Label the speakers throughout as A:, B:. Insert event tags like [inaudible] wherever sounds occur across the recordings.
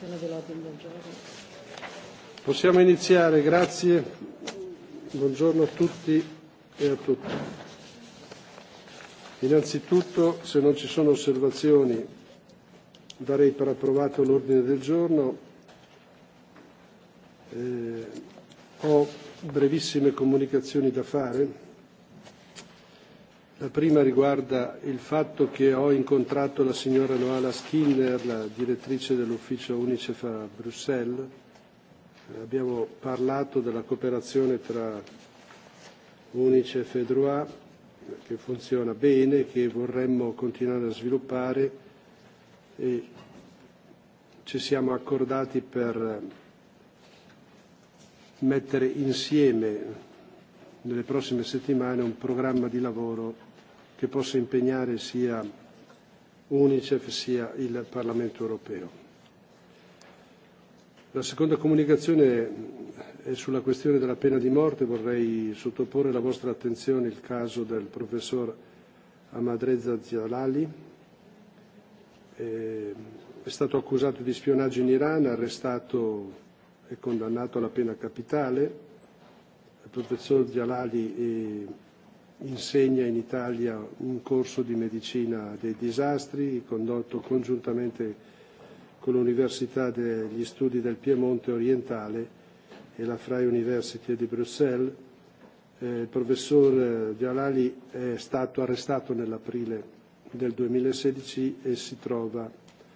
A: approvazione dell'ordine del giorno.
B: Possiamo iniziare, grazie. Buongiorno a tutti e a tutte. Innanzitutto, se non ci sono osservazioni, darei per approvato l'ordine del giorno. Eh, ho brevissime comunicazioni da fare. La eh, prima riguarda il fatto che ho incontrato la signora Noala Skinner, la direttrice dell'ufficio UNICEF a Bruxelles. Eh, abbiamo parlato della cooperazione tra UNICEF e DRUA, che funziona bene, che vorremmo continuare a sviluppare e ci siamo accordati per mettere insieme nelle prossime settimane un programma di lavoro che possa impegnare sia UNICEF sia il Parlamento europeo. La seconda comunicazione è sulla questione della pena di morte. Vorrei sottoporre alla vostra attenzione il caso del professor Amadrezza Zialali. Eh, è stato accusato di spionaggio in Iran, arrestato e condannato alla pena capitale. Il professor Zialali è eh, insegna in Italia un corso di medicina dei disastri condotto congiuntamente con l'Università degli Studi del Piemonte Orientale e la Freie University di Bruxelles. Eh, il professor Gialali è stato arrestato nell'aprile del 2016 e si trova,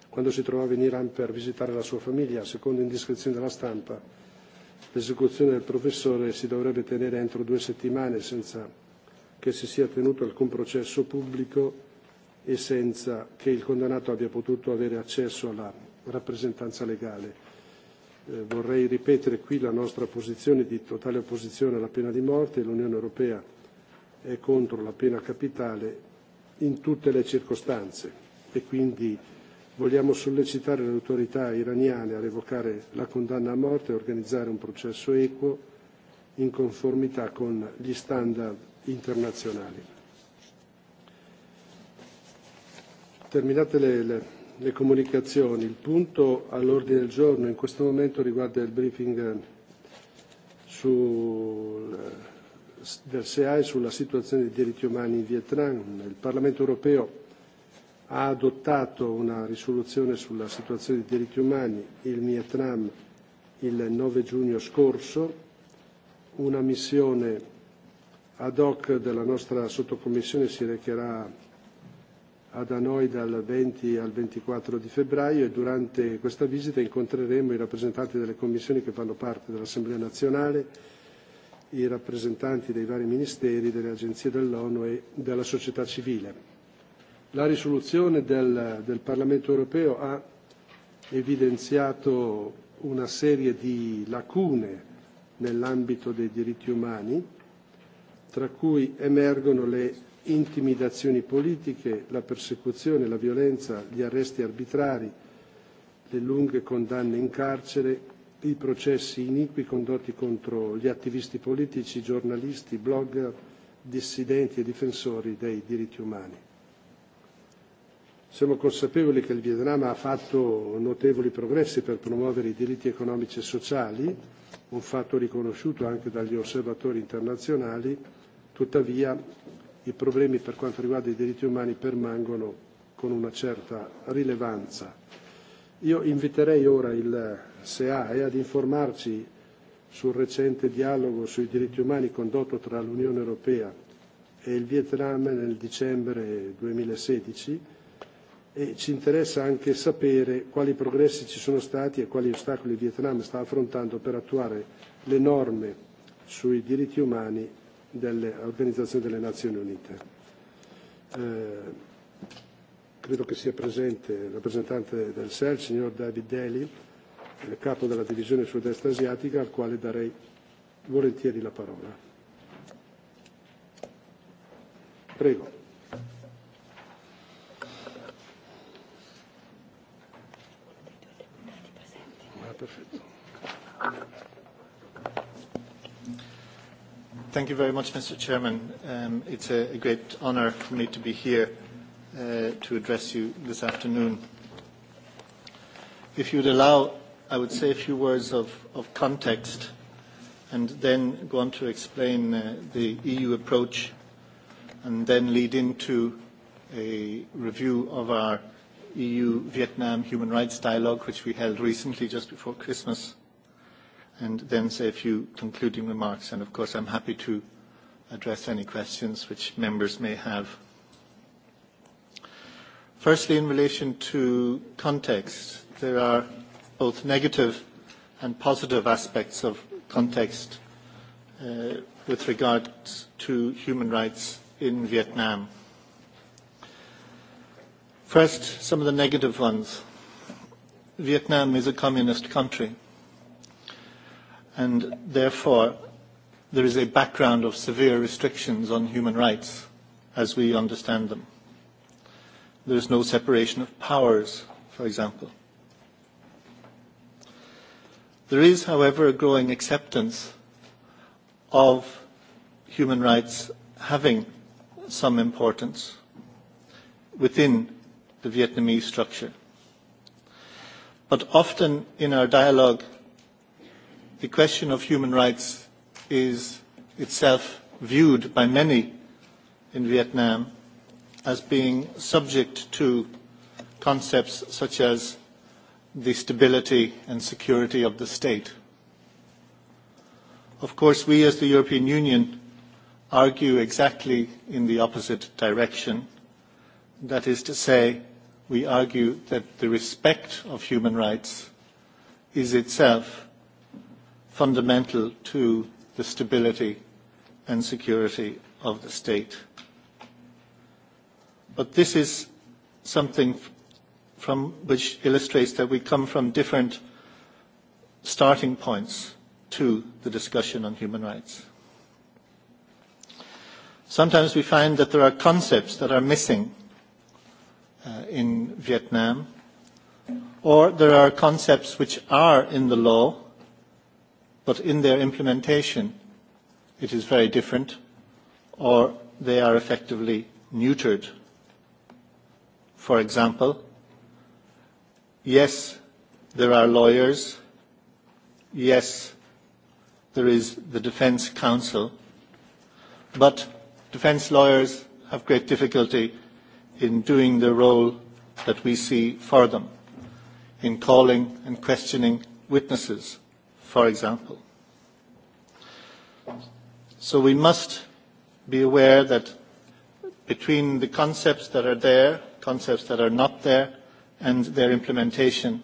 B: quando si trovava in Iran per visitare la sua famiglia, secondo indiscrezioni della stampa, l'esecuzione del professore si dovrebbe tenere entro due settimane senza che si sia tenuto alcun processo pubblico e senza che il condannato abbia potuto avere accesso alla rappresentanza legale. Eh, vorrei ripetere qui la nostra posizione di totale opposizione alla pena di morte. L'Unione Europea è contro la pena capitale in tutte le circostanze e quindi vogliamo sollecitare le autorità iraniane a revocare la condanna a morte e organizzare un processo equo in conformità con gli standard internazionali. Terminate le, le, le comunicazioni, il punto all'ordine del giorno in questo momento riguarda il briefing eh, sul, eh, del SEAI sulla situazione dei diritti umani in Vietnam. Il Parlamento europeo ha adottato una risoluzione sulla situazione dei diritti umani in Vietnam il 9 giugno scorso, una missione ad hoc della nostra sottocommissione si recherà ad Hanoi dal 20 al 24 di febbraio e durante questa visita incontreremo i rappresentanti delle commissioni che fanno parte dell'Assemblea nazionale, i rappresentanti dei vari ministeri, delle agenzie dell'ONU e della società civile. La risoluzione del, del Parlamento europeo ha evidenziato una serie di lacune nell'ambito dei diritti umani tra cui emergono le intimidazioni politiche, la persecuzione, la violenza, gli arresti arbitrari, le lunghe condanne in carcere, i processi iniqui condotti contro gli attivisti politici, giornalisti, blogger, dissidenti e difensori dei diritti umani. Siamo consapevoli che il Vietnam ha fatto notevoli progressi per promuovere i diritti economici e sociali, un fatto riconosciuto anche dagli osservatori internazionali, Tuttavia i problemi per quanto riguarda i diritti umani permangono con una certa rilevanza. Io inviterei ora il SEAE ad informarci sul recente dialogo sui diritti umani condotto tra l'Unione Europea e il Vietnam nel dicembre 2016 e ci interessa anche sapere quali progressi ci sono stati e quali ostacoli il Vietnam sta affrontando per attuare le norme sui diritti umani dell'Organizzazione delle Nazioni Unite. Eh, credo che sia presente il rappresentante del SEL, il signor David Daly, il capo della divisione sud-est asiatica, al quale darei volentieri la parola. Prego. Ah, perfetto.
C: Thank you very much, Mr. Chairman. Um, it's a, a great honour for me to be here uh, to address you this afternoon. If you'd allow, I would say a few words of, of context and then go on to explain uh, the EU approach and then lead into a review of our EU-Vietnam human rights dialogue, which we held recently just before Christmas and then say a few concluding remarks. And of course, I'm happy to address any questions which members may have. Firstly, in relation to context, there are both negative and positive aspects of context uh, with regard to human rights in Vietnam. First, some of the negative ones. Vietnam is a communist country and therefore there is a background of severe restrictions on human rights as we understand them. There is no separation of powers, for example. There is, however, a growing acceptance of human rights having some importance within the Vietnamese structure. But often in our dialogue the question of human rights is itself viewed by many in Vietnam as being subject to concepts such as the stability and security of the state. Of course, we as the European Union argue exactly in the opposite direction. That is to say, we argue that the respect of human rights is itself fundamental to the stability and security of the state. But this is something from which illustrates that we come from different starting points to the discussion on human rights. Sometimes we find that there are concepts that are missing uh, in Vietnam, or there are concepts which are in the law but in their implementation it is very different or they are effectively neutered. For example, yes, there are lawyers, yes, there is the defense counsel, but defense lawyers have great difficulty in doing the role that we see for them, in calling and questioning witnesses for example. So we must be aware that between the concepts that are there, concepts that are not there, and their implementation,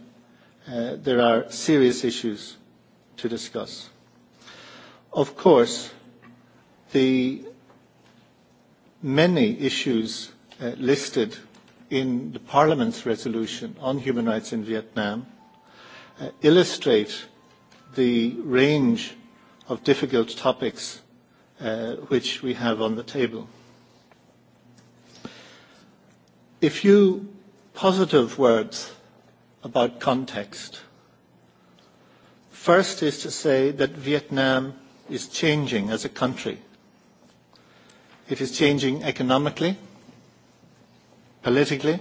C: uh, there are serious issues to discuss. Of course, the many issues uh, listed in the Parliament's resolution on human rights in Vietnam uh, illustrate the range of difficult topics uh, which we have on the table. A few positive words about context. First is to say that Vietnam is changing as a country. It is changing economically, politically,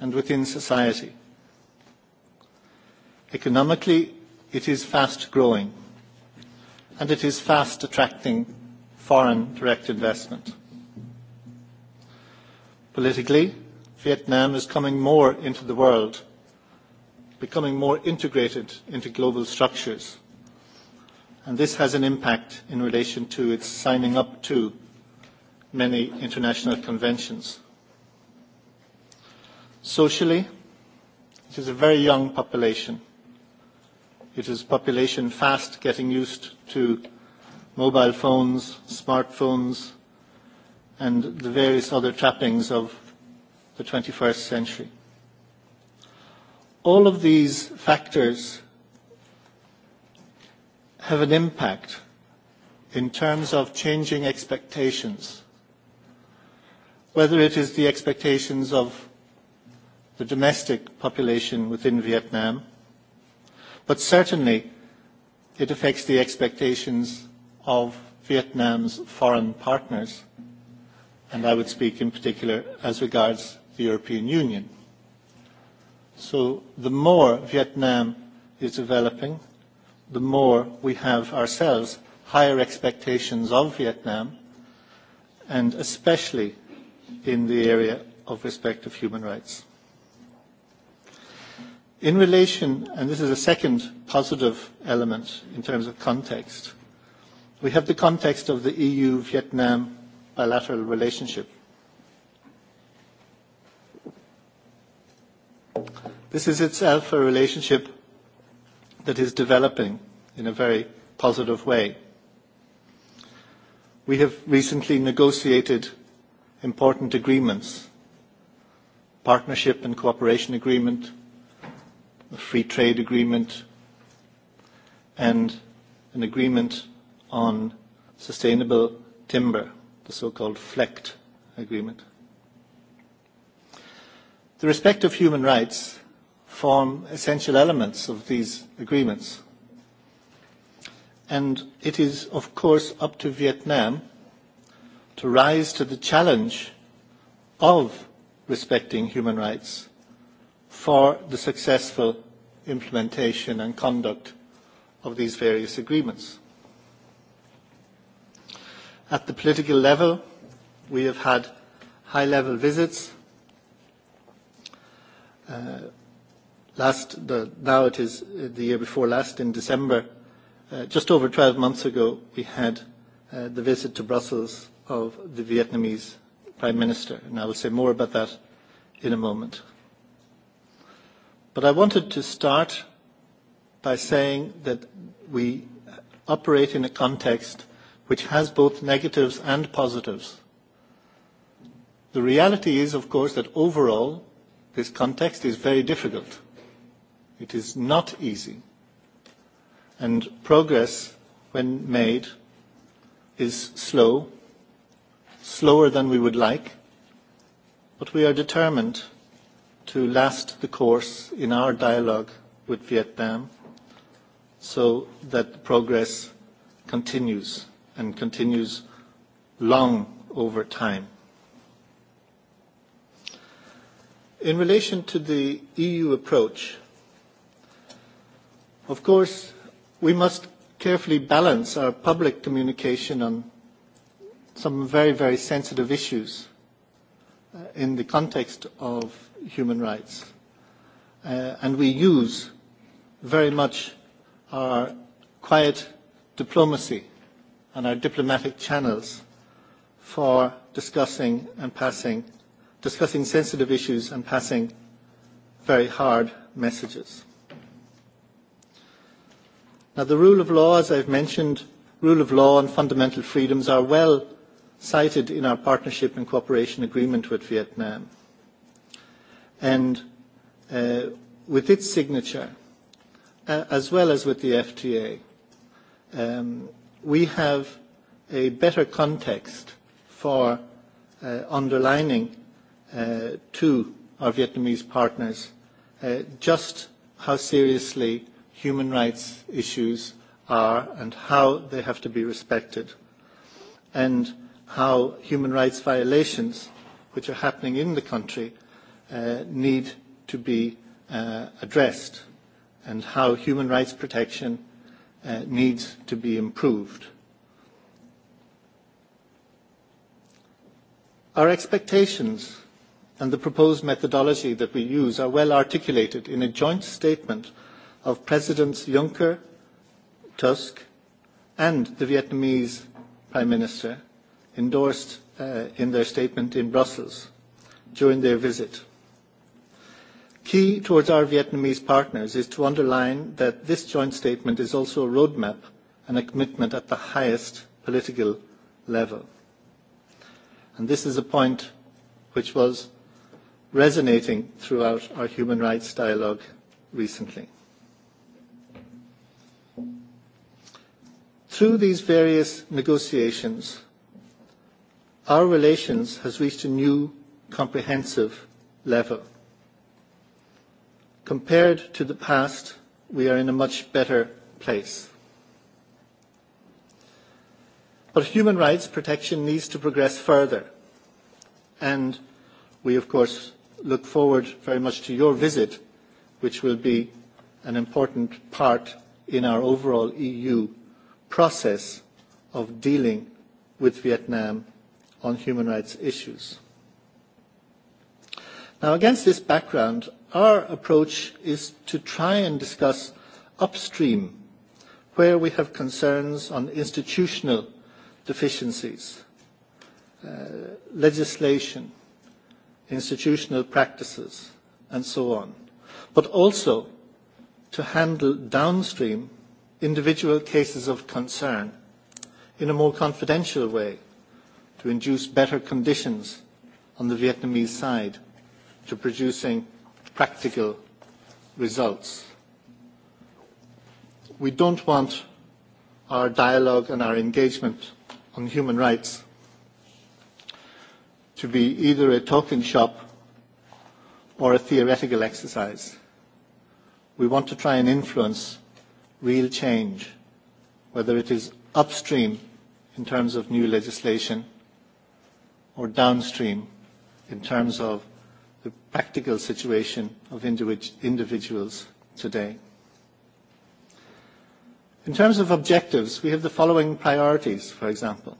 C: and within society. Economically, It is fast growing and it is fast attracting foreign direct investment. Politically, Vietnam is coming more into the world, becoming more integrated into global structures. And this has an impact in relation to its signing up to many international conventions. Socially, it is a very young population – It is population fast getting used to mobile phones, smartphones, and the various other trappings of the 21st century. All of these factors have an impact in terms of changing expectations, whether it is the expectations of the domestic population within Vietnam, But certainly it affects the expectations of Vietnam's foreign partners, and I would speak in particular as regards the European Union. So the more Vietnam is developing, the more we have ourselves higher expectations of Vietnam, and especially in the area of respect of human rights. In relation, and this is a second positive element in terms of context, we have the context of the EU-Vietnam bilateral relationship. This is itself a relationship that is developing in a very positive way. We have recently negotiated important agreements, partnership and cooperation agreement a free trade agreement and an agreement on sustainable timber, the so-called FLECT agreement. The respect of human rights form essential elements of these agreements. And it is, of course, up to Vietnam to rise to the challenge of respecting human rights for the successful implementation and conduct of these various agreements. At the political level, we have had high-level visits. Uh, last, the, now it is uh, the year before last, in December, uh, just over 12 months ago, we had uh, the visit to Brussels of the Vietnamese Prime Minister, and I will say more about that in a moment. But I wanted to start by saying that we operate in a context which has both negatives and positives. The reality is, of course, that overall this context is very difficult. It is not easy. And progress, when made, is slow, slower than we would like, but we are determined to last the course in our dialogue with Vietnam so that progress continues and continues long over time. In relation to the EU approach, of course, we must carefully balance our public communication on some very, very sensitive issues uh, in the context of human rights. Uh, and we use very much our quiet diplomacy and our diplomatic channels for discussing and passing, discussing sensitive issues and passing very hard messages. Now the rule of law, as I've mentioned, rule of law and fundamental freedoms are well cited in our partnership and cooperation agreement with Vietnam. And uh, with its signature, uh, as well as with the FTA, um, we have a better context for uh, underlining uh, to our Vietnamese partners uh, just how seriously human rights issues are and how they have to be respected and how human rights violations which are happening in the country uh, need to be uh, addressed and how human rights protection uh, needs to be improved. Our expectations and the proposed methodology that we use are well articulated in a joint statement of Presidents Juncker, Tusk, and the Vietnamese Prime Minister, endorsed uh, in their statement in Brussels during their visit. Key towards our Vietnamese partners is to underline that this joint statement is also a roadmap and a commitment at the highest political level. And this is a point which was resonating throughout our human rights dialogue recently. Through these various negotiations, our relations has reached a new comprehensive level. Compared to the past, we are in a much better place. But human rights protection needs to progress further. And we, of course, look forward very much to your visit, which will be an important part in our overall EU process of dealing with Vietnam on human rights issues. Now, against this background, Our approach is to try and discuss upstream where we have concerns on institutional deficiencies, uh, legislation, institutional practices, and so on, but also to handle downstream individual cases of concern in a more confidential way to induce better conditions on the Vietnamese side to producing practical results. We don't want our dialogue and our engagement on human rights to be either a talking shop or a theoretical exercise. We want to try and influence real change, whether it is upstream in terms of new legislation or downstream in terms of the practical situation of individuals today. In terms of objectives, we have the following priorities, for example.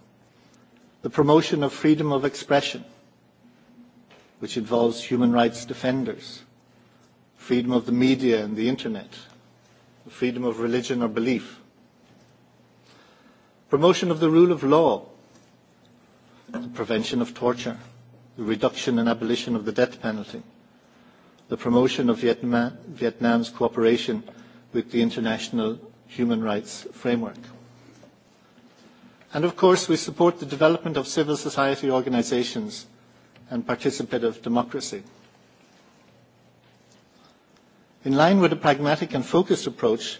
C: The promotion of freedom of expression, which involves human rights defenders, freedom of the media and the internet, the freedom of religion or belief, promotion of the rule of law, the prevention of torture, the reduction and abolition of the death penalty, the promotion of Vietnam, Vietnam's cooperation with the international human rights framework. And of course, we support the development of civil society organizations and participative democracy. In line with a pragmatic and focused approach,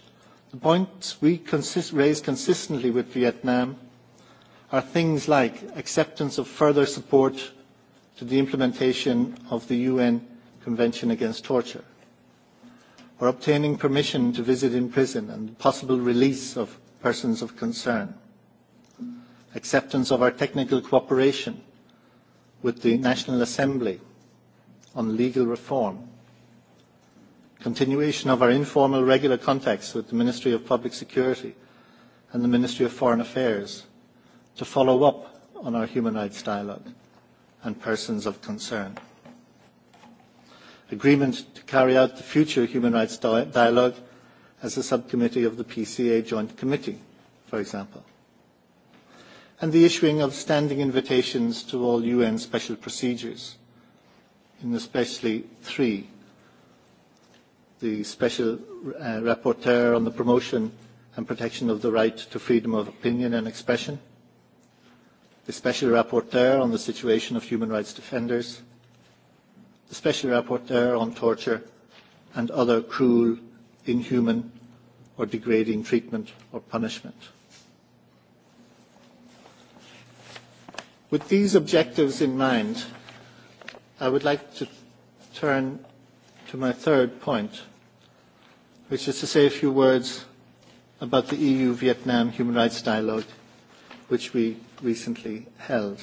C: the points we consist raise consistently with Vietnam are things like acceptance of further support to the implementation of the UN Convention Against Torture, or obtaining permission to visit in prison and possible release of persons of concern, acceptance of our technical cooperation with the National Assembly on legal reform, continuation of our informal regular contacts with the Ministry of Public Security and the Ministry of Foreign Affairs to follow up on our human rights dialogue and persons of concern. Agreement to carry out the future human rights dialogue as a subcommittee of the PCA Joint Committee, for example. And the issuing of standing invitations to all UN special procedures, in especially three. The special uh, rapporteur on the promotion and protection of the right to freedom of opinion and expression – the Special Rapporteur on the Situation of Human Rights Defenders, the Special Rapporteur on Torture and Other Cruel, Inhuman or Degrading Treatment or Punishment. With these objectives in mind, I would like to turn to my third point, which is to say a few words about the EU-Vietnam human rights dialogue which we recently held.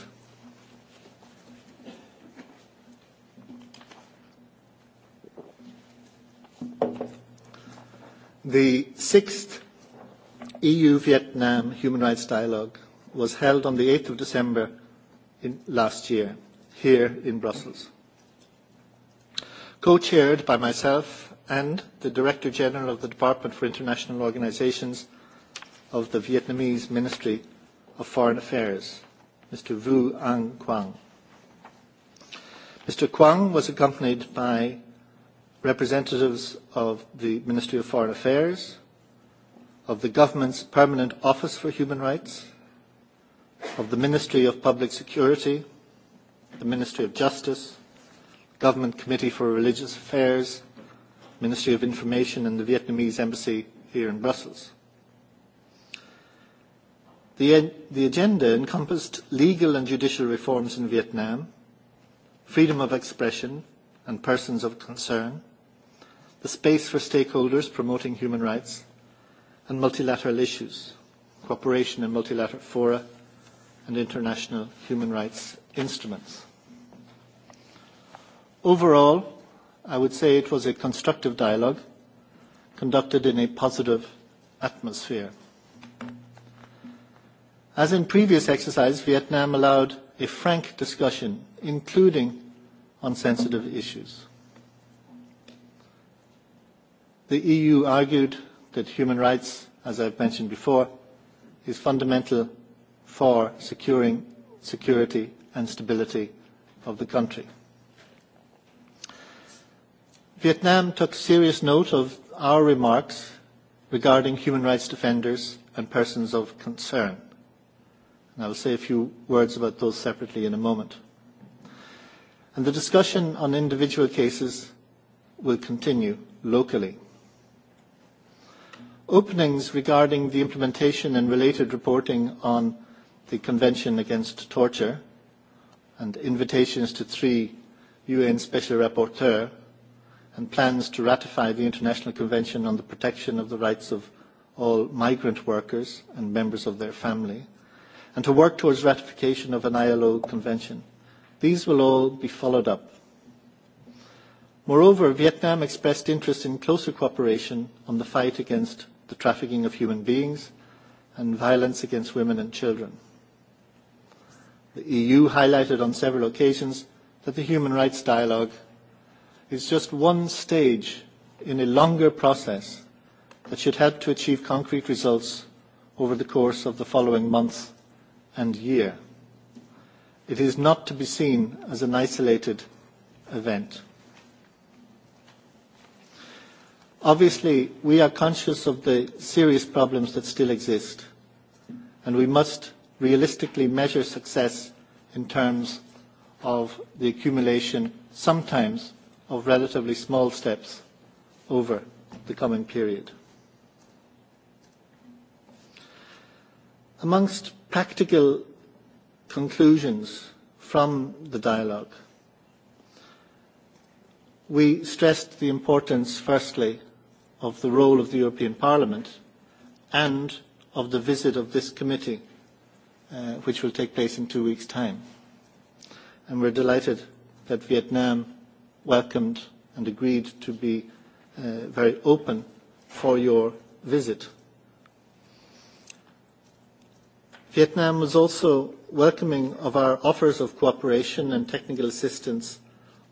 C: The sixth EU-Vietnam Human Rights Dialogue was held on the 8th of December in, last year here in Brussels. Co-chaired by myself and the Director General of the Department for International Organizations of the Vietnamese Ministry of Foreign Affairs, Mr. Wu Ang Kwang. Mr. Kwang was accompanied by representatives of the Ministry of Foreign Affairs, of the government's Permanent Office for Human Rights, of the Ministry of Public Security, the Ministry of Justice, Government Committee for Religious Affairs, Ministry of Information and the Vietnamese Embassy here in Brussels. The, the agenda encompassed legal and judicial reforms in Vietnam, freedom of expression and persons of concern, the space for stakeholders promoting human rights, and multilateral issues, cooperation in multilateral fora and international human rights instruments. Overall, I would say it was a constructive dialogue conducted in a positive atmosphere. As in previous exercises, Vietnam allowed a frank discussion, including on sensitive issues. The EU argued that human rights, as I've mentioned before, is fundamental for securing security and stability of the country. Vietnam took serious note of our remarks regarding human rights defenders and persons of concern and I will say a few words about those separately in a moment. And the discussion on individual cases will continue locally. Openings regarding the implementation and related reporting on the Convention Against Torture and invitations to three UN Special Rapporteur and plans to ratify the International Convention on the Protection of the Rights of All Migrant Workers and Members of Their Family – and to work towards ratification of an ILO convention. These will all be followed up. Moreover, Vietnam expressed interest in closer cooperation on the fight against the trafficking of human beings and violence against women and children. The EU highlighted on several occasions that the human rights dialogue is just one stage in a longer process that should help to achieve concrete results over the course of the following months and year. It is not to be seen as an isolated event. Obviously, we are conscious of the serious problems that still exist, and we must realistically measure success in terms of the accumulation, sometimes, of relatively small steps over the coming period. Amongst practical conclusions from the dialogue. We stressed the importance, firstly, of the role of the European Parliament and of the visit of this committee, uh, which will take place in two weeks' time. And we're delighted that Vietnam welcomed and agreed to be uh, very open for your visit. Vietnam was also welcoming of our offers of cooperation and technical assistance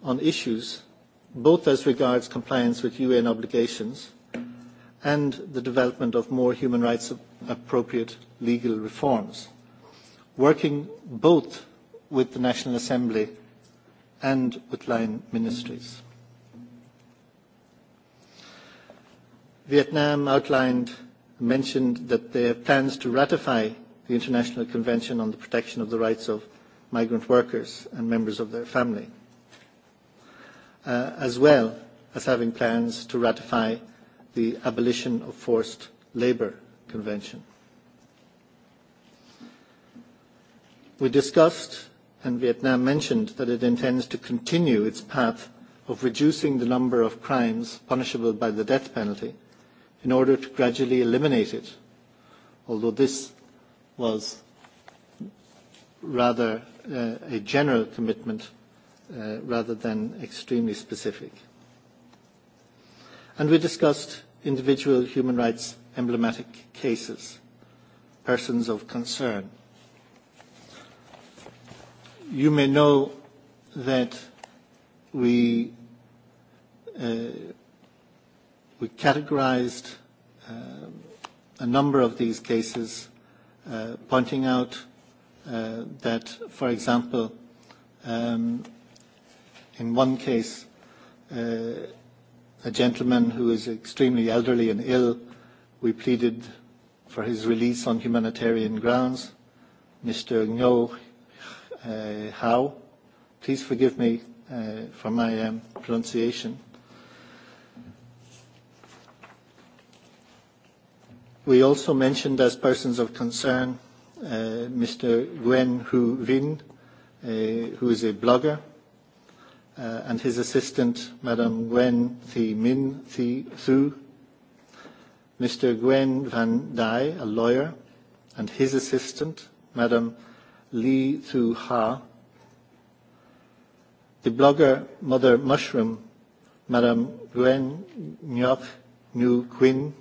C: on issues, both as regards compliance with UN obligations and the development of more human rights appropriate legal reforms, working both with the National Assembly and with line ministries. Vietnam outlined, mentioned that have plans to ratify the International Convention on the Protection of the Rights of Migrant Workers and Members of Their Family, uh, as well as having plans to ratify the Abolition of Forced Labour Convention. We discussed and Vietnam mentioned that it intends to continue its path of reducing the number of crimes punishable by the death penalty in order to gradually eliminate it, although this was rather uh, a general commitment uh, rather than extremely specific. And we discussed individual human rights emblematic cases, persons of concern. You may know that we, uh, we categorized um, a number of these cases Uh, pointing out uh, that, for example, um, in one case, uh, a gentleman who is extremely elderly and ill, we pleaded for his release on humanitarian grounds. Mr. Ngo uh, Howe, please forgive me uh, for my um, pronunciation. We also mentioned as persons of concern uh, Mr. Gwen Hu Vin, uh, who is a blogger, uh, and his assistant, Madam Gwen Thi Min Thi Thu, Mr. Gwen Van Dai, a lawyer, and his assistant, Madam Li Thu Ha, the blogger Mother Mushroom, Madam Gwen Nyok Nhu Quinn,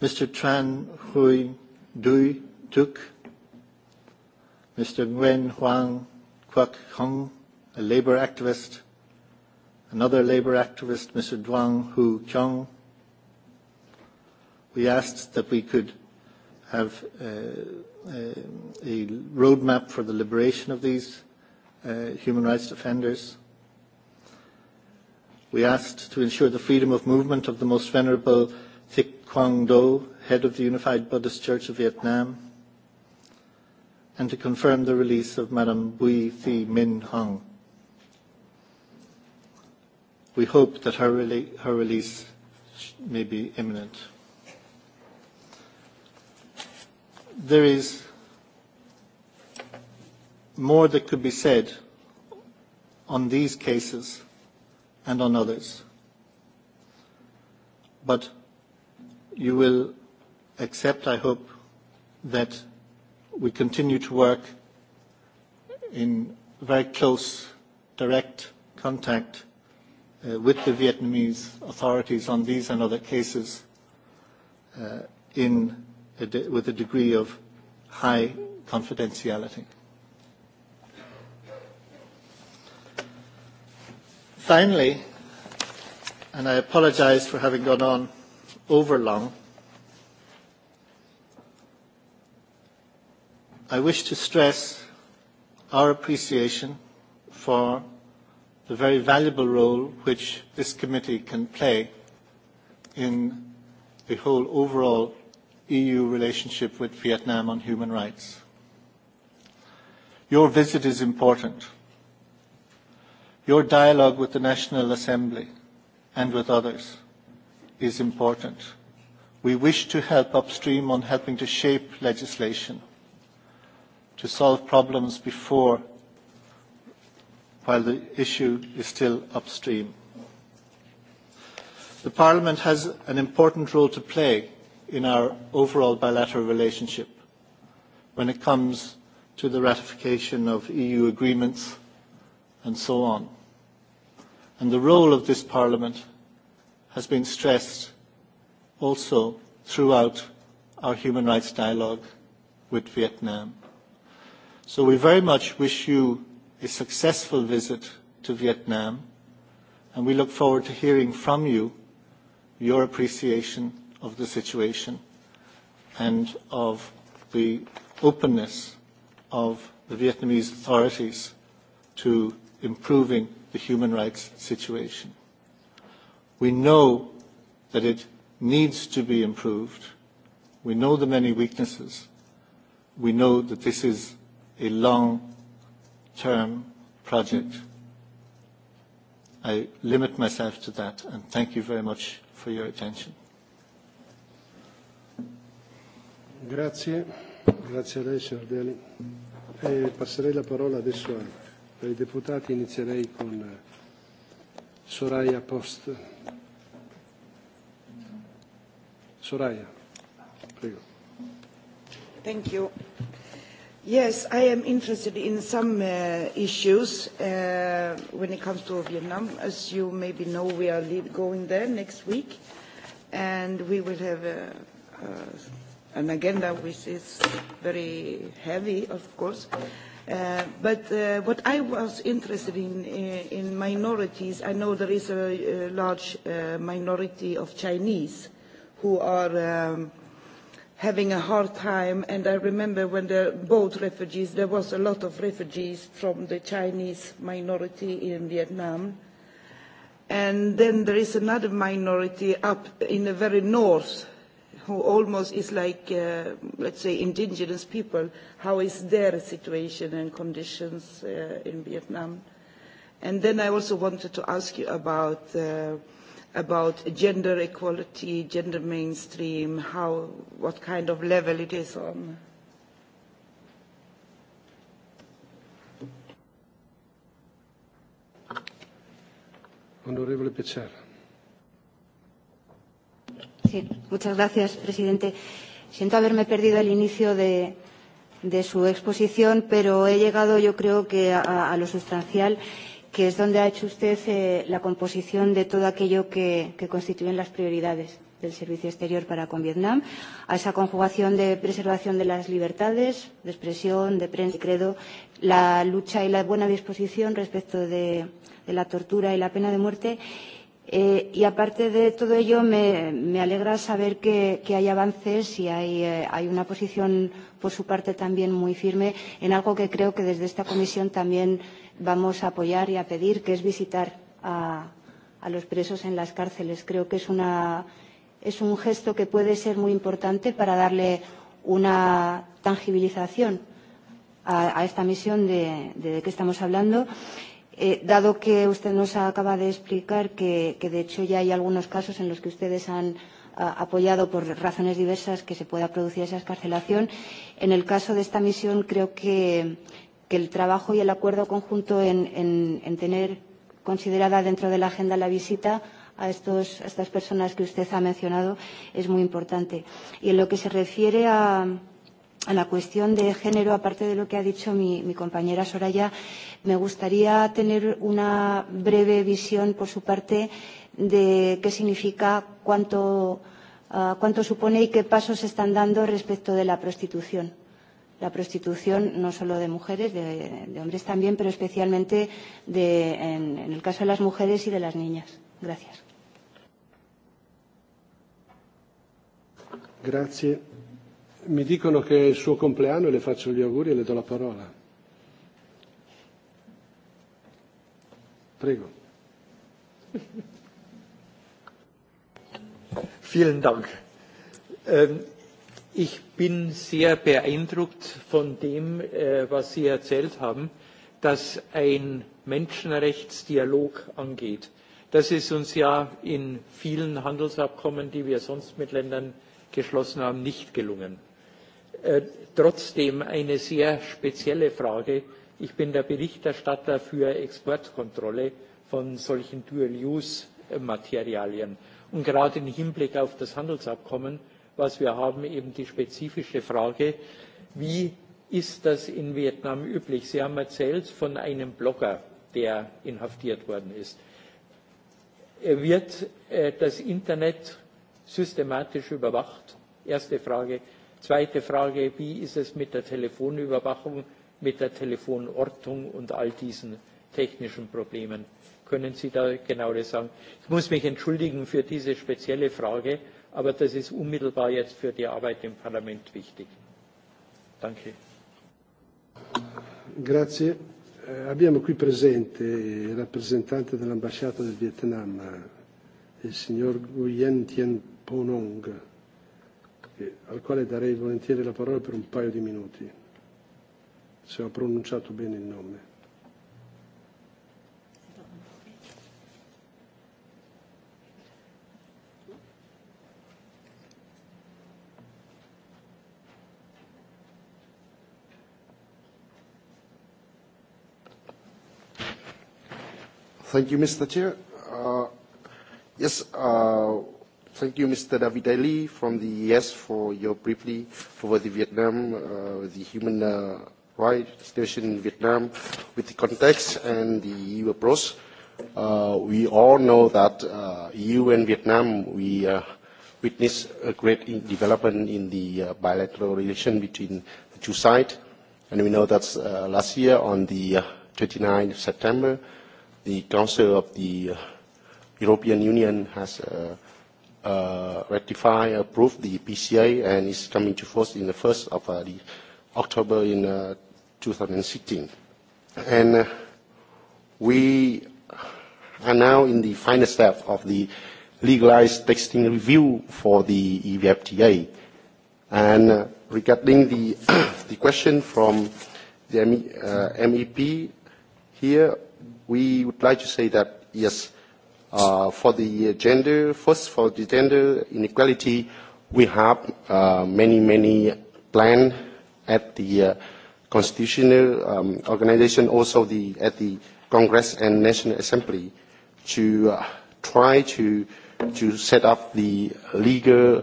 C: Mr. Tran Hui Dui Duk, Mr. Nguyen Huang Quoc Hung, a labor activist, another labor activist, Mr. Duang Hu Kyung. We asked that we could have uh, uh, a roadmap for the liberation of these uh, human rights defenders. We asked to ensure the freedom of movement of the most venerable Thich Quang Do, head of the Unified Buddhist Church of Vietnam, and to confirm the release of Madam Bui Thi Minh Hong. We hope that her, rele her release may be imminent. There is more that could be said on these cases and on others. But you will accept, I hope, that we continue to work in very close, direct contact uh, with the Vietnamese authorities on these and other cases uh, in a de with a degree of high confidentiality. Finally, and I apologize for having gone on long. I wish to stress our appreciation for the very valuable role which this committee can play in the whole overall EU relationship with Vietnam on human rights. Your visit is important. Your dialogue with the National Assembly and with others is important. We wish to help upstream on helping to shape legislation, to solve problems before while the issue is still upstream. The Parliament has an important role to play in our overall bilateral relationship when it comes to the ratification of EU agreements and so on. And the role of this Parliament has been stressed also throughout our human rights dialogue with Vietnam. So we very much wish you a successful visit to Vietnam and we look forward to hearing from you your appreciation of the situation and of the openness of the Vietnamese authorities to improving the human rights situation. We know that it needs to be improved. We know the many weaknesses. We know that this is a long-term project. I limit myself to that, and thank you very much for your attention.
B: Grazie, grazie a lei signor Deli. E passerei la parola adesso ai deputati, inizierei con Soraya Post. Soraya,
D: Thank you. Yes, I am interested in some uh, issues uh, when it comes to Vietnam. As you maybe know, we are leave going there next week, and we will have a, a, an agenda which is very heavy, of course. Uh, but uh, what I was interested in, uh, in minorities, I know there is a, a large uh, minority of Chinese who are um, having a hard time. And I remember when the boat refugees, there was a lot of refugees from the Chinese minority in Vietnam. And then there is another minority up in the very north who almost is like, uh, let's say, indigenous people, how is their situation and conditions uh, in Vietnam? And then I also wanted to ask you about, uh, about gender equality, gender mainstream, how, what kind of level it is on.
B: Honorable Pizzerra.
E: Sí, muchas gracias, presidente. Siento haberme perdido el inicio de, de su exposición, pero he llegado yo creo que a, a lo sustancial, que es donde ha hecho usted eh, la composición de todo aquello que, que constituyen las prioridades del Servicio Exterior para con Vietnam, a esa conjugación de preservación de las libertades, de expresión, de prensa y credo, la lucha y la buena disposición respecto de, de la tortura y la pena de muerte Eh, y aparte de todo ello, me, me alegra saber que, que hay avances y hay, eh, hay una posición por su parte también muy firme en algo que creo que desde esta comisión también vamos a apoyar y a pedir, que es visitar a, a los presos en las cárceles. Creo que es, una, es un gesto que puede ser muy importante para darle una tangibilización a, a esta misión de, de, de que estamos hablando. Eh, dado que usted nos acaba de explicar que, que de hecho ya hay algunos casos en los que ustedes han a, ah, apoyado por razones diversas que se pueda producir esa escarcelación, en el caso de esta misión creo que, que el trabajo y el acuerdo conjunto en, en, en tener considerada dentro de la agenda la visita a, estos, a estas personas que usted ha mencionado es muy importante. Y en lo que se refiere a, a la cuestión de género, aparte de lo que ha dicho mi, mi compañera Soraya, me gustaría tener una breve visión por su parte de qué significa, cuánto, uh, cuánto supone y qué pasos se están dando respecto de la prostitución. La prostitución no solo de mujeres, de, de hombres también, pero especialmente de, en, en el caso de las mujeres y de las niñas. Gracias.
B: Grazie mi dicono che è il suo compleanno e le faccio gli auguri e le do la parola. Prego. [laughs]
F: Vielen Dank. Ähm, ich bin sehr beeindruckt von dem, äh, was Sie erzählt haben, dass ein Menschenrechtsdialog angeht. Das ist uns ja in vielen Handelsabkommen, die wir sonst mit Ländern geschlossen haben, nicht gelungen. Äh, trotzdem eine sehr spezielle Frage. Ich bin der Berichterstatter für Exportkontrolle von solchen Dual-Use-Materialien. Und gerade im Hinblick auf das Handelsabkommen, was wir haben, eben die spezifische Frage, wie ist das in Vietnam üblich? Sie haben erzählt von einem Blogger, der inhaftiert worden ist. Er wird äh, das Internet systematisch überwacht? Erste Frage. Zweite Frage, wie ist es mit der Telefonüberwachung, mit der Telefonortung und all diesen technischen Problemen? Können Sie da genauer sagen? Ich muss mich entschuldigen für diese spezielle Frage, aber das ist unmittelbar jetzt für die Arbeit im Parlament wichtig. Danke.
B: Grazie. Eh, abbiamo qui presente il rappresentante dell'ambasciata del Vietnam, eh, il signor Nguyen Thien Ponong al quale darei volentieri la parola per un paio di minuti, se ho pronunciato bene il nome.
G: Thank you, Mr. Chair. Uh, yes, uh, Thank you, Mr. David Ali from the ES for your briefly over the Vietnam, uh, the human uh, rights situation in Vietnam with the context and the EU approach. Uh, we all know that uh, EU and Vietnam, we uh, witness a great development in the uh, bilateral relation between the two sides. And we know that uh, last year on the uh, 29th of September, the Council of the uh, European Union has uh, uh, ratify, approve the PCA, and it's coming to force in the 1st of uh, the October in uh, 2016. And uh, we are now in the final step of the legalized texting review for the EVFTA. And uh, regarding the, [coughs] the question from the ME, uh, MEP here, we would like to say that, yes, uh, for the gender, first for the gender inequality, we have uh, many, many plans at the uh, constitutional um, organization, also the, at the Congress and National Assembly to uh, try to, to set up the legal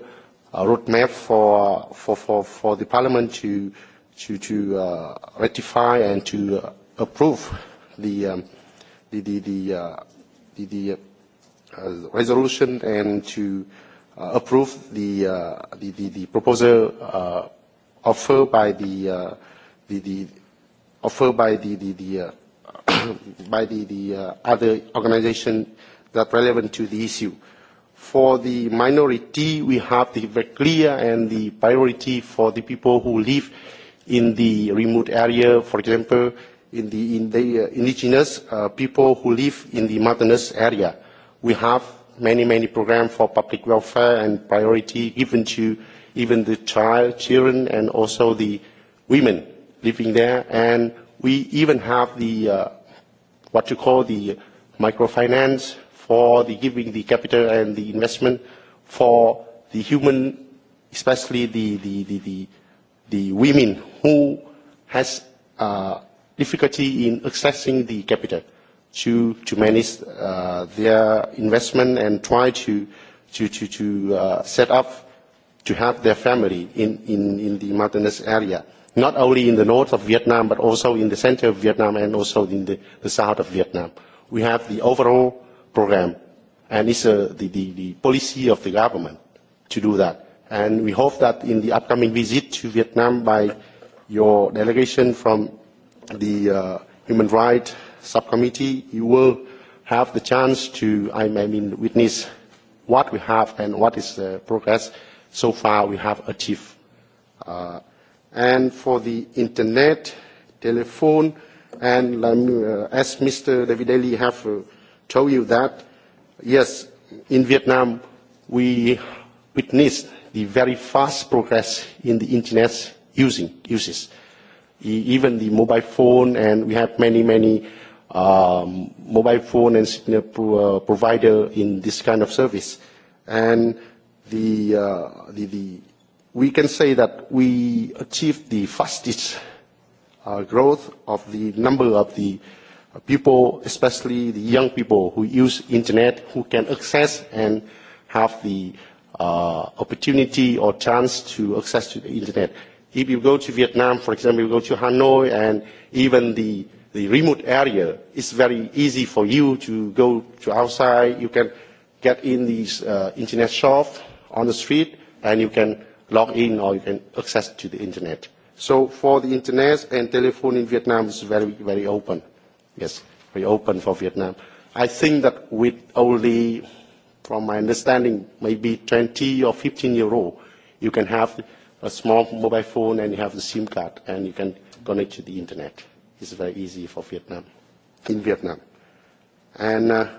G: uh, roadmap for, for, for, for the Parliament to, to, to uh, ratify and to uh, approve the, um, the, the, the, uh, the, the uh, Uh, resolution and to uh, approve the, uh, the, the, the proposal uh, offered by the, uh, the, the by the, the, the uh, [coughs] by the, the uh, other organization that relevant to the issue. For the minority, we have the very clear and the priority for the people who live in the remote area, for example, in the, in the uh, indigenous uh, people who live in the mountainous area we have many, many programs for public welfare and priority given to even the child, children and also the women living there. And we even have the, uh, what you call the microfinance for the giving the capital and the investment for the human, especially the, the, the, the, the women who has uh, difficulty in accessing the capital to, to manage uh, their investment and try to, to, to, to uh, set up to have their family in, in, in the mountainous area, not only in the north of Vietnam, but also in the center of Vietnam and also in the, the south of Vietnam. We have the overall program, and it's uh, the, the, the policy of the government to do that. And we hope that in the upcoming visit to Vietnam by your delegation from the uh, Human Rights subcommittee, you will have the chance to, I mean, witness what we have and what is the progress so far we have achieved. Uh, and for the internet, telephone, and um, uh, as Mr. Davidelli have uh, told you that, yes, in Vietnam we witnessed the very fast progress in the internet using, uses, e even the mobile phone, and we have many, many um, mobile phone and signal pro, uh, provider in this kind of service. And the, uh, the, the, we can say that we achieved the fastest uh, growth of the number of the people, especially the young people who use internet, who can access and have the uh, opportunity or chance to access to the internet. If you go to Vietnam, for example, you go to Hanoi and even the the remote area, it's very easy for you to go to outside. You can get in these uh, internet shop on the street, and you can log in or you can access to the internet. So for the internet and telephone in Vietnam is very, very open. Yes, very open for Vietnam. I think that with only, from my understanding, maybe 20 or 15 euro you can have a small mobile phone and you have the SIM card and you can connect to the internet is very easy for Vietnam, in Vietnam. And uh,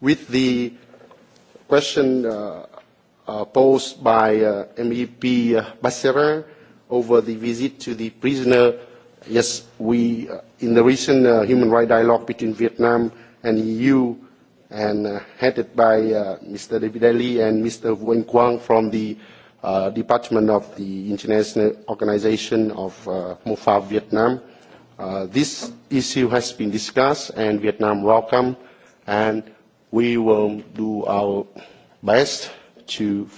G: with the question uh, uh, posed by uh, MEP uh, Basserin Basera over the visit to the prisoner, yes, we, uh, in the recent uh, human rights dialogue between Vietnam and EU, and uh, headed by uh, Mr. David Ali and Mr. Wen Quang from the uh, Department of the International Organization of uh, MOFA Vietnam, Uh, this issue has been discussed and Vietnam welcome and we will do our best to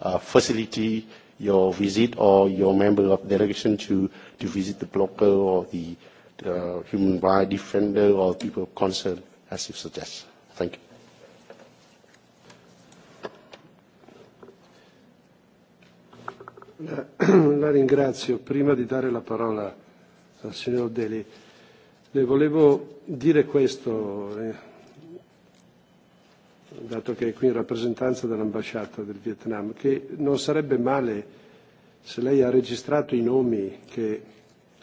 G: uh, facilitate your visit or your member of delegation to, to visit the blocker or the uh, human rights defender or people of concern as you suggest. Thank you.
B: [clears throat] la ringrazio. Prima di dare la parola signor Deli. Le volevo dire questo, eh, dato che è qui in rappresentanza dell'ambasciata del Vietnam, che non sarebbe male se lei ha registrato i nomi che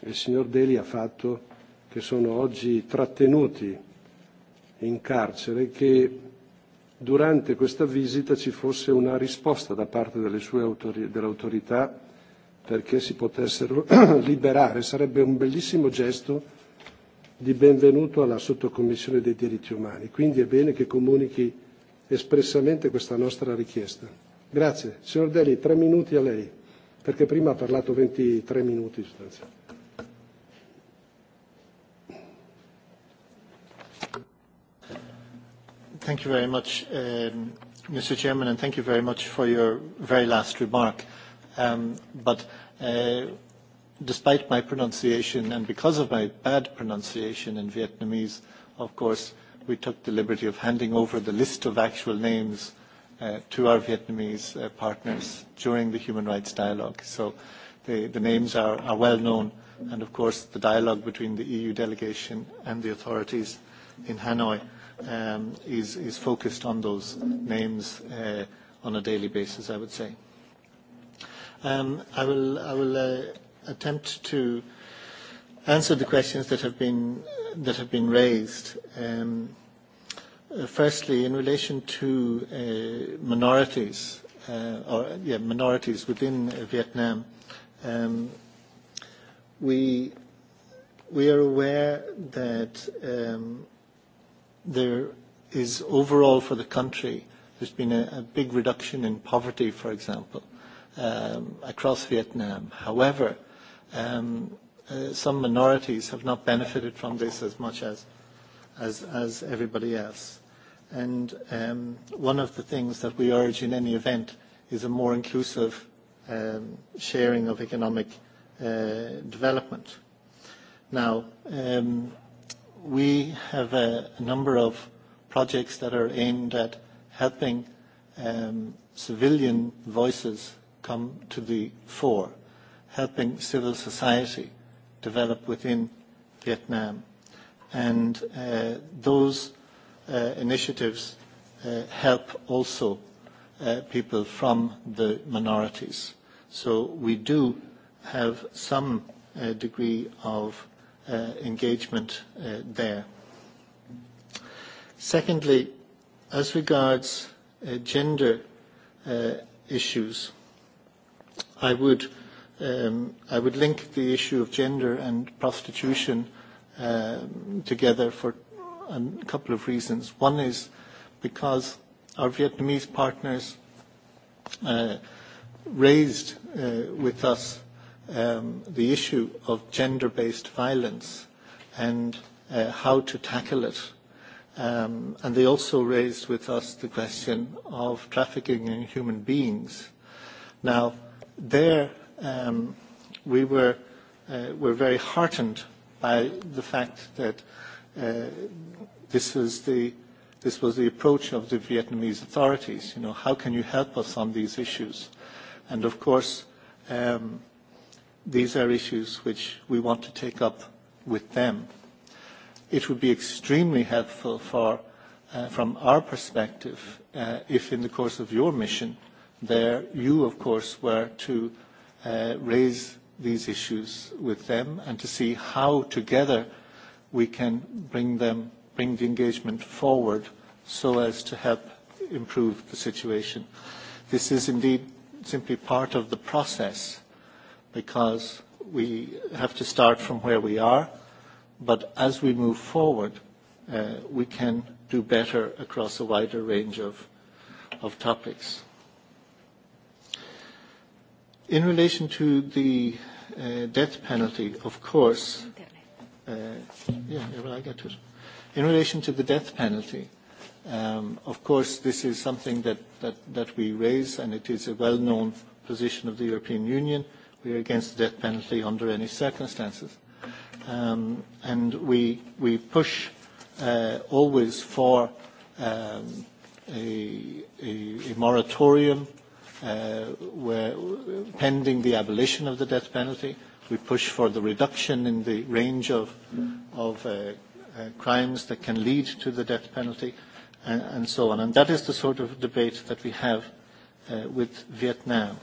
B: il signor Deli ha fatto, che sono oggi trattenuti in carcere, che durante questa visita ci fosse una risposta da parte delle sue autori- dell'autorità perché si potessero [clears throat] liberare. Sarebbe un bellissimo gesto di benvenuto alla sottocommissione dei diritti umani. Quindi è bene che comunichi espressamente questa nostra richiesta. Grazie. Signor Deli, tre minuti a lei, perché prima ha parlato 23 minuti sostanzialmente.
C: Thank you very much, um, Mr. Chairman, and thank you very much for your very last remark. Um, but uh, despite my pronunciation and because of my bad pronunciation in Vietnamese, of course, we took the liberty of handing over the list of actual names uh, to our Vietnamese uh, partners during the human rights dialogue. So the, the names are, are well known. And of course, the dialogue between the EU delegation and the authorities in Hanoi um, is, is focused on those names uh, on a daily basis, I would say. Um, I will, I will uh, attempt to answer the questions that have been, that have been raised. Um, uh, firstly, in relation to uh, minorities, uh, or yeah, minorities within uh, Vietnam, um, we, we are aware that um, there is overall for the country, there's been a, a big reduction in poverty, for example um, across Vietnam. However, um, uh, some minorities have not benefited from this as much as, as, as everybody else. And um, one of the things that we urge in any event is a more inclusive um, sharing of economic uh, development. Now, um, we have a, a number of projects that are aimed at helping um, civilian voices come to the fore, helping civil society develop within Vietnam. And uh, those uh, initiatives uh, help also uh, people from the minorities. So we do have some uh, degree of uh, engagement uh, there. Secondly, as regards uh, gender uh, issues, I would, um, I would link the issue of gender and prostitution uh together for a couple of reasons. One is because our Vietnamese partners uh, raised uh, with us um, the issue of gender-based violence and uh, how to tackle it. Um, and they also raised with us the question of trafficking in human beings. Now, there um, we were, uh, were very heartened by the fact that uh, this was the this was the approach of the Vietnamese authorities. You know, how can you help us on these issues? And of course, um, these are issues which we want to take up with them. It would be extremely helpful for, uh, from our perspective, uh, if in the course of your mission there, you, of course, were to uh, raise these issues with them and to see how together we can bring, them, bring the engagement forward so as to help improve the situation. This is indeed simply part of the process because we have to start from where we are, but as we move forward, uh, we can do better across a wider range of, of topics. In relation to the uh, death penalty, of course, uh, yeah, well, I get it. In relation to the death penalty, um, of course, this is something that, that, that we raise, and it is a well-known position of the European Union. We are against the death penalty under any circumstances. Um, and we, we push uh, always for um, a, a, a moratorium uh, where, pending the abolition of the death penalty. We push for the reduction in the range of, of uh, uh, crimes that can lead to the death penalty and, and so on. And that is the sort of debate that we have uh, with Vietnam.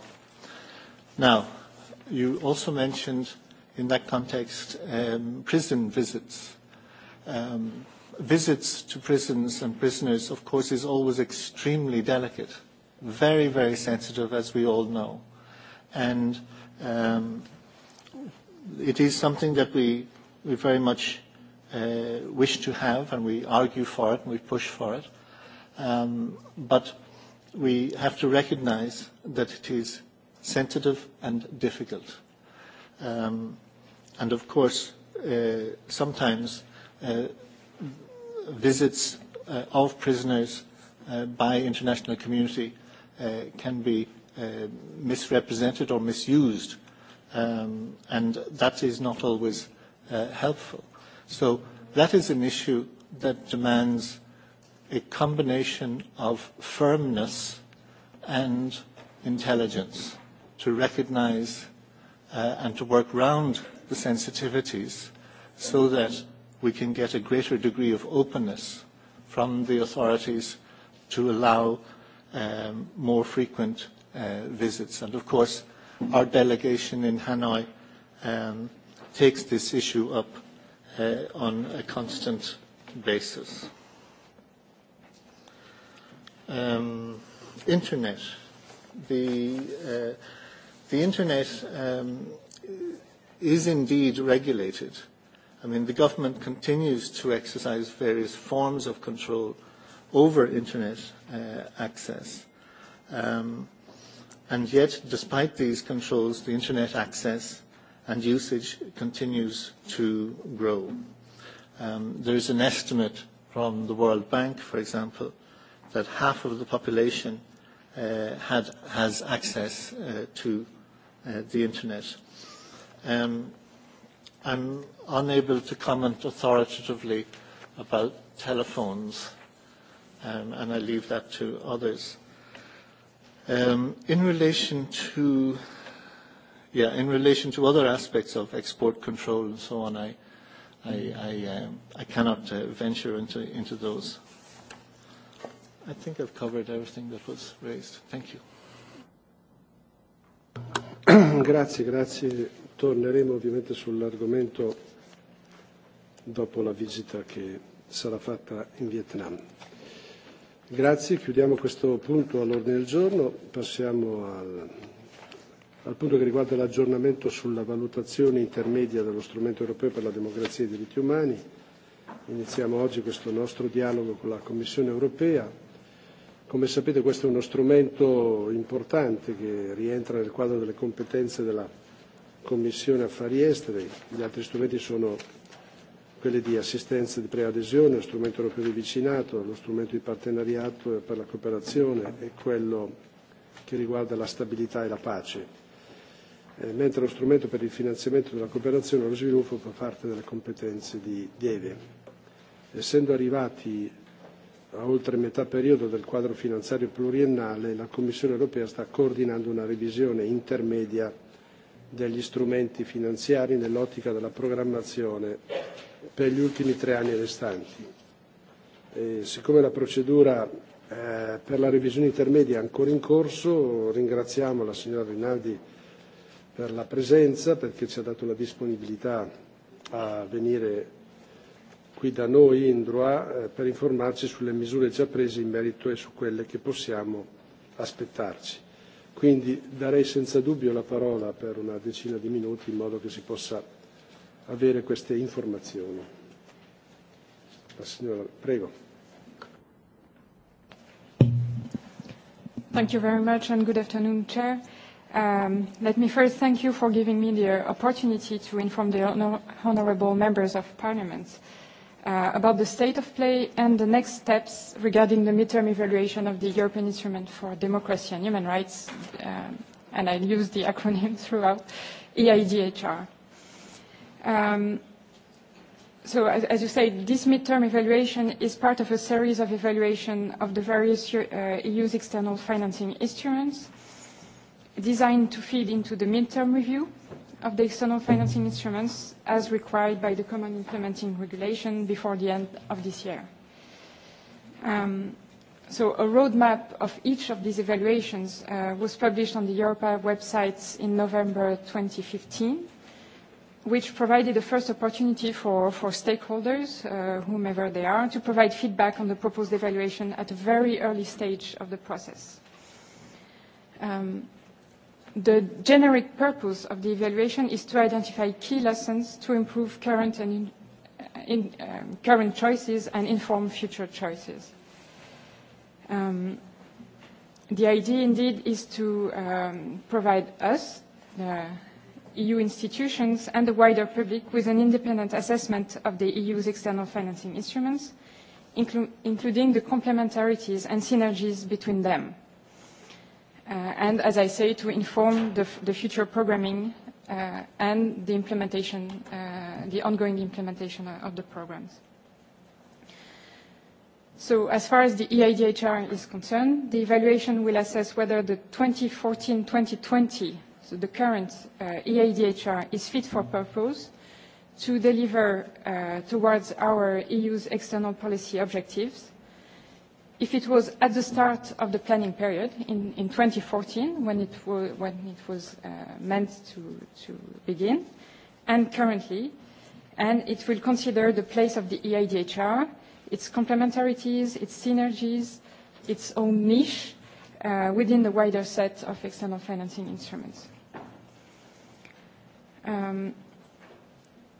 C: Now, you also mentioned in that context um, prison visits. Um, visits to prisons and prisoners, of course, is always extremely delicate very, very sensitive, as we all know. And um, it is something that we, we very much uh, wish to have, and we argue for it, and we push for it. Um, but we have to recognize that it is sensitive and difficult. Um, and of course, uh, sometimes uh, visits uh, of prisoners uh, by international community Uh, can be uh, misrepresented or misused, um, and that is not always uh, helpful. So that is an issue that demands a combination of firmness and intelligence to recognize uh, and to work round the sensitivities so that we can get a greater degree of openness from the authorities to allow um, more frequent uh, visits. And of course, our delegation in Hanoi um, takes this issue up uh, on a constant basis. Um, internet. The, uh, the internet um, is indeed regulated. I mean, the government continues to exercise various forms of control uh, over internet uh, access. Um, and yet, despite these controls, the internet access and usage continues to grow. Um, there is an estimate from the World Bank, for example, that half of the population uh, had, has access uh, to uh, the internet. Um, I'm unable to comment authoritatively about telephones um, and I leave that to others. Um, in relation to yeah, in relation to other aspects of export control and so on, I, I, I, um, I cannot uh, venture into, into those. I think I've covered everything that was raised. Thank you.
B: [coughs] grazie, grazie. Torneremo ovviamente sull'argomento dopo la visita che sarà fatta in Vietnam. Grazie, chiudiamo questo punto all'ordine del giorno. Passiamo al, al punto che riguarda l'aggiornamento sulla valutazione intermedia dello strumento europeo per la democrazia e i diritti umani. Iniziamo oggi questo nostro dialogo con la Commissione europea. Come sapete questo è uno strumento importante che rientra nel quadro delle competenze della Commissione Affari Esteri. Gli altri strumenti sono quelle di assistenza di preadesione, lo strumento europeo di vicinato, lo strumento di partenariato per la cooperazione e quello che riguarda la stabilità e la pace eh, mentre lo strumento per il finanziamento della cooperazione e lo sviluppo fa parte delle competenze di Deve. Essendo arrivati a oltre metà periodo del quadro finanziario pluriennale, la Commissione europea sta coordinando una revisione intermedia degli strumenti finanziari nell'ottica della programmazione per gli ultimi tre anni restanti. E, siccome la procedura eh, per la revisione intermedia è ancora in corso, ringraziamo la signora Rinaldi per la presenza, perché ci ha dato la disponibilità a venire qui da noi in Droit eh, per informarci sulle misure già prese in merito e su quelle che possiamo aspettarci. Quindi darei senza dubbio la parola per una decina di minuti in modo che si possa avere queste informazioni. La signora, prego.
H: Thank you very much and good afternoon, Chair. Um, let me first thank you for giving me the opportunity to inform the honor honourable members of Parliament uh, about the state of play and the next steps regarding the midterm evaluation of the European Instrument for Democracy and Human Rights, um, and I use the acronym [laughs] throughout, EIDHR. Um, so as, as you say, this midterm evaluation is part of a series of evaluation of the various uh, EU's external financing instruments designed to feed into the midterm review of the external financing instruments as required by the Common Implementing Regulation before the end of this year. Um, so a roadmap of each of these evaluations uh, was published on the Europa website in November 2015 which provided the first opportunity for, for stakeholders, uh, whomever they are, to provide feedback on the proposed evaluation at a very early stage of the process. Um, the generic purpose of the evaluation is to identify key lessons to improve current, and in, uh, in, um, current choices and inform future choices. Um, the idea, indeed, is to um, provide us, the uh, EU institutions and the wider public with an independent assessment of the EU's external financing instruments, inclu including the complementarities and synergies between them. Uh, and, as I say, to inform the, the future programming uh, and the implementation, uh, the ongoing implementation of the programs. So as far as the EIDHR is concerned, the evaluation will assess whether the 2014-2020 the current uh, EADHR is fit for purpose to deliver uh, towards our EU's external policy objectives. If it was at the start of the planning period in, in 2014 when it, when it was uh, meant to, to begin, and currently, and it will consider the place of the EIDHR, its complementarities, its synergies, its own niche uh, within the wider set of external financing instruments. Um,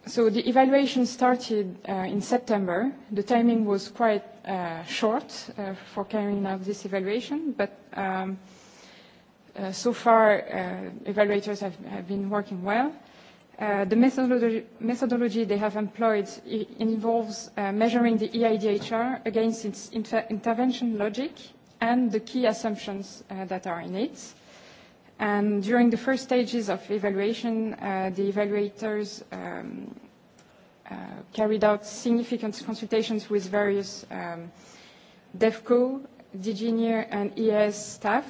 H: so the evaluation started uh, in September. The timing was quite uh, short uh, for carrying out this evaluation, but um, uh, so far uh, evaluators have, have been working well. Uh, the methodology, methodology they have employed involves uh, measuring the EIDHR against its intervention logic and the key assumptions uh, that are in it. Uh, And during the first stages of evaluation, uh, the evaluators um, uh, carried out significant consultations with various um, DEFCO, DGNIR, and EAS staff,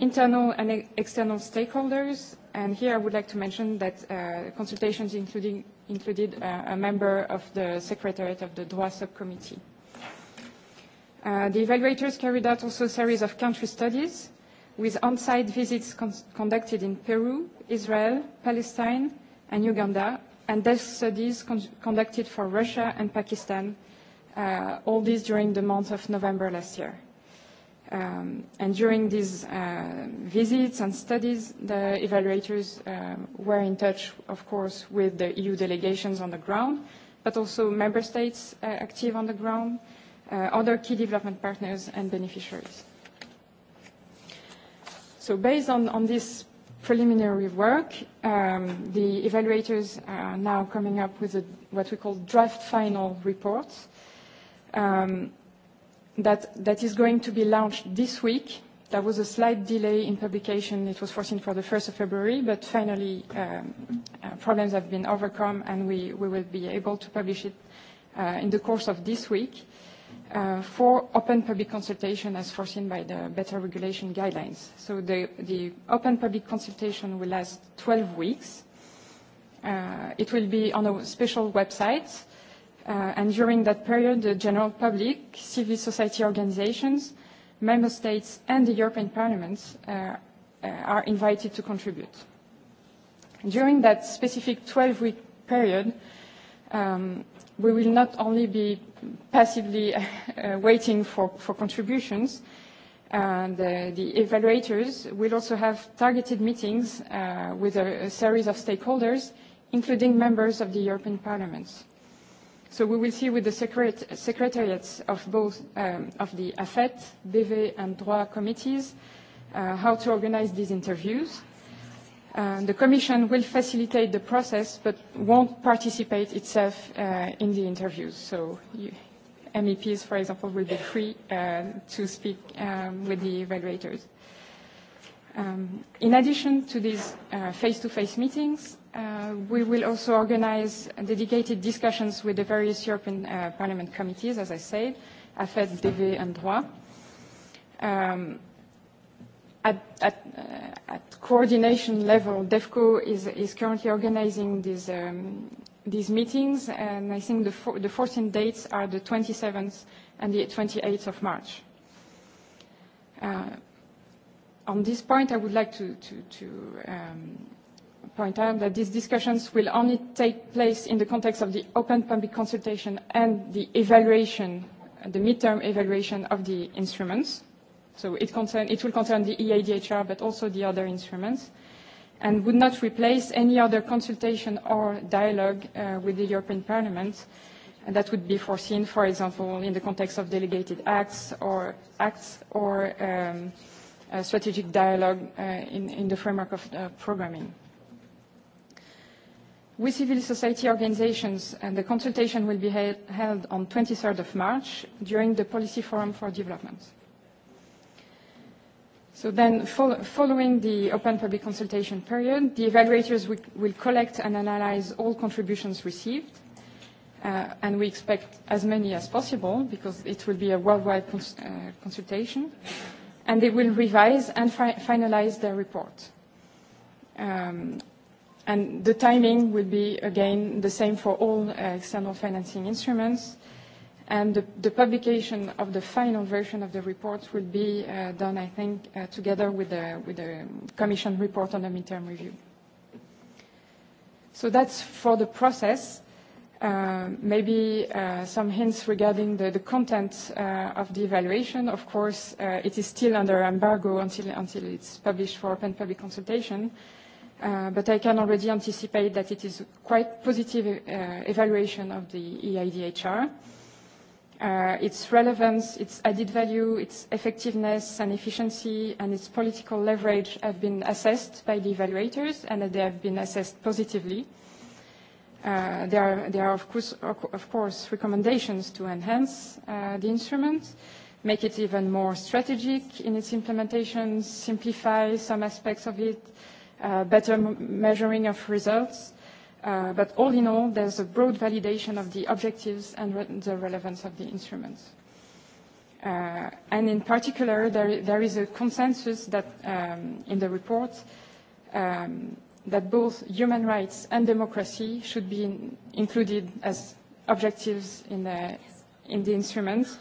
H: internal and external stakeholders, and here I would like to mention that uh, consultations including, included uh, a member of the Secretariat of the DROIT subcommittee. Uh, the evaluators carried out also a series of country studies with on-site visits con conducted in Peru, Israel, Palestine and Uganda, and desk studies con conducted for Russia and Pakistan, uh, all this during the month of November last year. Um, and during these uh, visits and studies, the evaluators uh, were in touch, of course, with the EU delegations on the ground, but also member states uh, active on the ground, uh, other key development partners and beneficiaries. So based on, on this preliminary work, um, the evaluators are now coming up with a, what we call draft final report um, that, that is going to be launched this week. There was a slight delay in publication. It was foreseen for the 1st of February, but finally um, uh, problems have been overcome and we, we will be able to publish it uh, in the course of this week uh, for open public consultation as foreseen by the better regulation guidelines. So the, the open public consultation will last 12 weeks. Uh, it will be on a special website. Uh, and during that period, the general public, civil society organizations, member states, and the European Parliament uh, uh, are invited to contribute. During that specific 12-week period, um, we will not only be passively [laughs] uh, waiting for, for contributions. And uh, the evaluators will also have targeted meetings uh, with a, a series of stakeholders, including members of the European Parliament. So we will see with the secret secretariats of both um, of the AFET, BV and DROIT committees uh, how to organize these interviews uh, the Commission will facilitate the process but won't participate itself uh, in the interviews. So you, MEPs, for example, will be free uh, to speak um, with the evaluators. Um, in addition to these uh, face-to-face uh, -face meetings, uh, we will also organize dedicated discussions with the various European uh, Parliament committees, as I said, AFED, DV, and DROIT. Um, at, at, uh, at coordination level, DEFCO is, is currently organizing these, um, these meetings, and I think the, fo the 14 dates are the 27th and the 28th of March. Uh, on this point, I would like to, to, to um, point out that these discussions will only take place in the context of the open public consultation and the evaluation, the midterm evaluation of the instruments. So it, concern, it will concern the EADHR but also the other instruments and would not replace any other consultation or dialogue uh, with the European Parliament and that would be foreseen, for example, in the context of delegated acts or acts or um, strategic dialogue uh, in, in the framework of uh, programming. With civil society organizations, and uh, the consultation will be held on 23rd of March during the Policy Forum for Development. So then, fol following the open public consultation period, the evaluators will, will collect and analyze all contributions received, uh, and we expect as many as possible because it will be a worldwide cons uh, consultation, and they will revise and fi finalize their report. Um, and the timing will be, again, the same for all uh, external financing instruments, And the, the publication of the final version of the report will be uh, done, I think, uh, together with the, with the Commission report on the midterm review. So that's for the process. Uh, maybe uh, some hints regarding the, the content uh, of the evaluation. Of course, uh, it is still under embargo until, until it's published for open public consultation. Uh, but I can already anticipate that it is quite positive uh, evaluation of the EIDHR uh, its relevance, its added value, its effectiveness and efficiency, and its political leverage have been assessed by the evaluators, and they have been assessed positively. Uh, there are, there are of, course, of course recommendations to enhance uh, the instrument, make it even more strategic in its implementation, simplify some aspects of it, uh, better measuring of results, Uh, but all in all, there's a broad validation of the objectives and re the relevance of the instruments. Uh, and in particular, there, there is a consensus that um, in the report um, that both human rights and democracy should be in, included as objectives in the, in the instruments,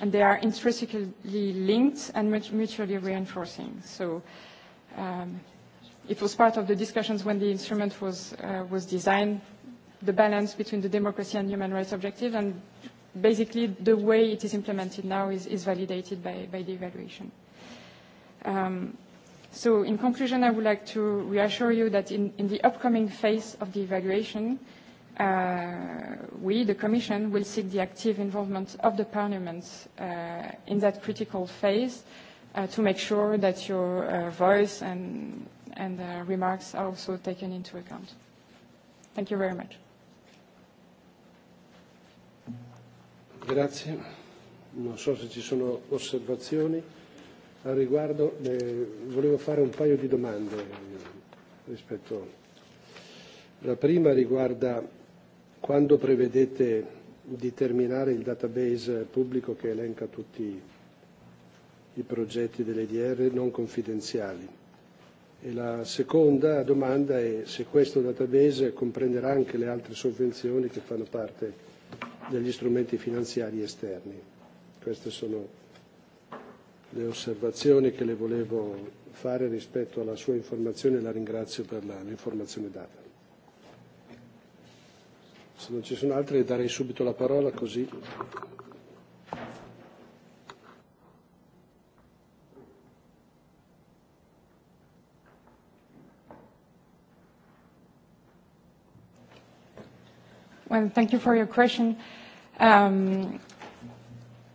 H: and they are intrinsically linked and mutually reinforcing. So um, it was part of the discussions when the instrument was, uh, was designed, the balance between the democracy and human rights objective, and basically the way it is implemented now is, is validated by, by the evaluation. Um, so in conclusion, I would like to reassure you that in, in the upcoming phase of the evaluation, uh, we, the Commission, will seek the active involvement of the Parliament uh, in that critical phase uh, to make sure that your uh, voice and and uh, remarks are also taken into account. Thank you very much.
B: Grazie. Non so se ci sono osservazioni. A riguardo eh, volevo fare un paio di domande rispetto. La prima riguarda quando prevedete di terminare il database pubblico che elenca tutti i progetti dell'EDR non confidenziali E la seconda domanda è se questo database comprenderà anche le altre sovvenzioni che fanno parte degli strumenti finanziari esterni. Queste sono le osservazioni che le volevo fare rispetto alla sua informazione e la ringrazio per l'informazione data. Se non ci sono altre, darei subito la parola così
H: Well, thank you for your question. Um,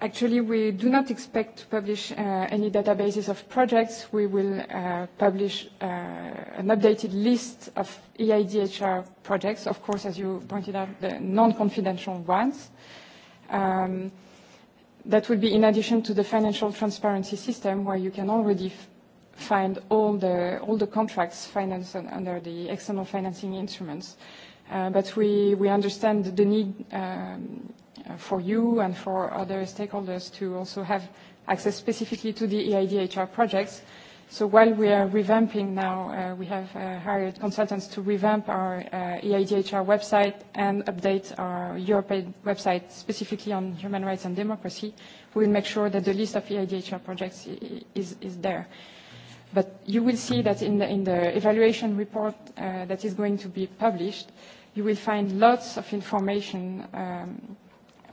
H: actually, we do not expect to publish uh, any databases of projects. We will uh, publish uh, an updated list of EIDHR projects, of course, as you pointed out, the non-confidential ones. Um, that would be in addition to the financial transparency system where you can already find all the, all the contracts financed under the external financing instruments. Uh, but we, we understand the need um, uh, for you and for other stakeholders to also have access specifically to the EIDHR projects. So while we are revamping now, uh, we have uh, hired consultants to revamp our uh, EIDHR website and update our European website specifically on human rights and democracy. We'll make sure that the list of EIDHR projects is, is there. But you will see that in the, in the evaluation report uh, that is going to be published, uh, you will find lots of information um,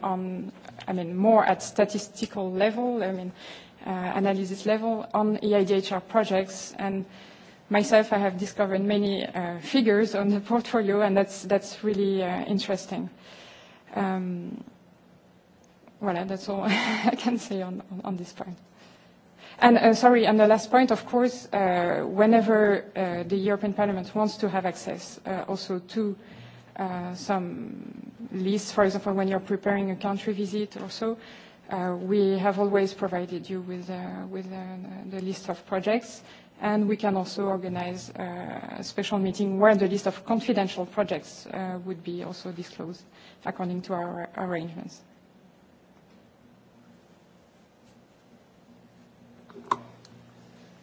H: on, I mean, more at statistical level, I mean, uh, analysis level on EIDHR projects. And myself, I have discovered many uh, figures on the [laughs] portfolio, and that's, that's really uh, interesting. Um, voilà, that's all [laughs] I can say on, on, on this point. And uh, sorry, and the last point, of course, uh, whenever uh, the European Parliament wants to have access uh, also to uh, some lists, for example, when you're preparing a country visit or so, uh, we have always provided you with, uh, with uh, the list of projects, and we can also organize uh, a special meeting where the list of confidential projects uh, would be also disclosed according to our arrangements.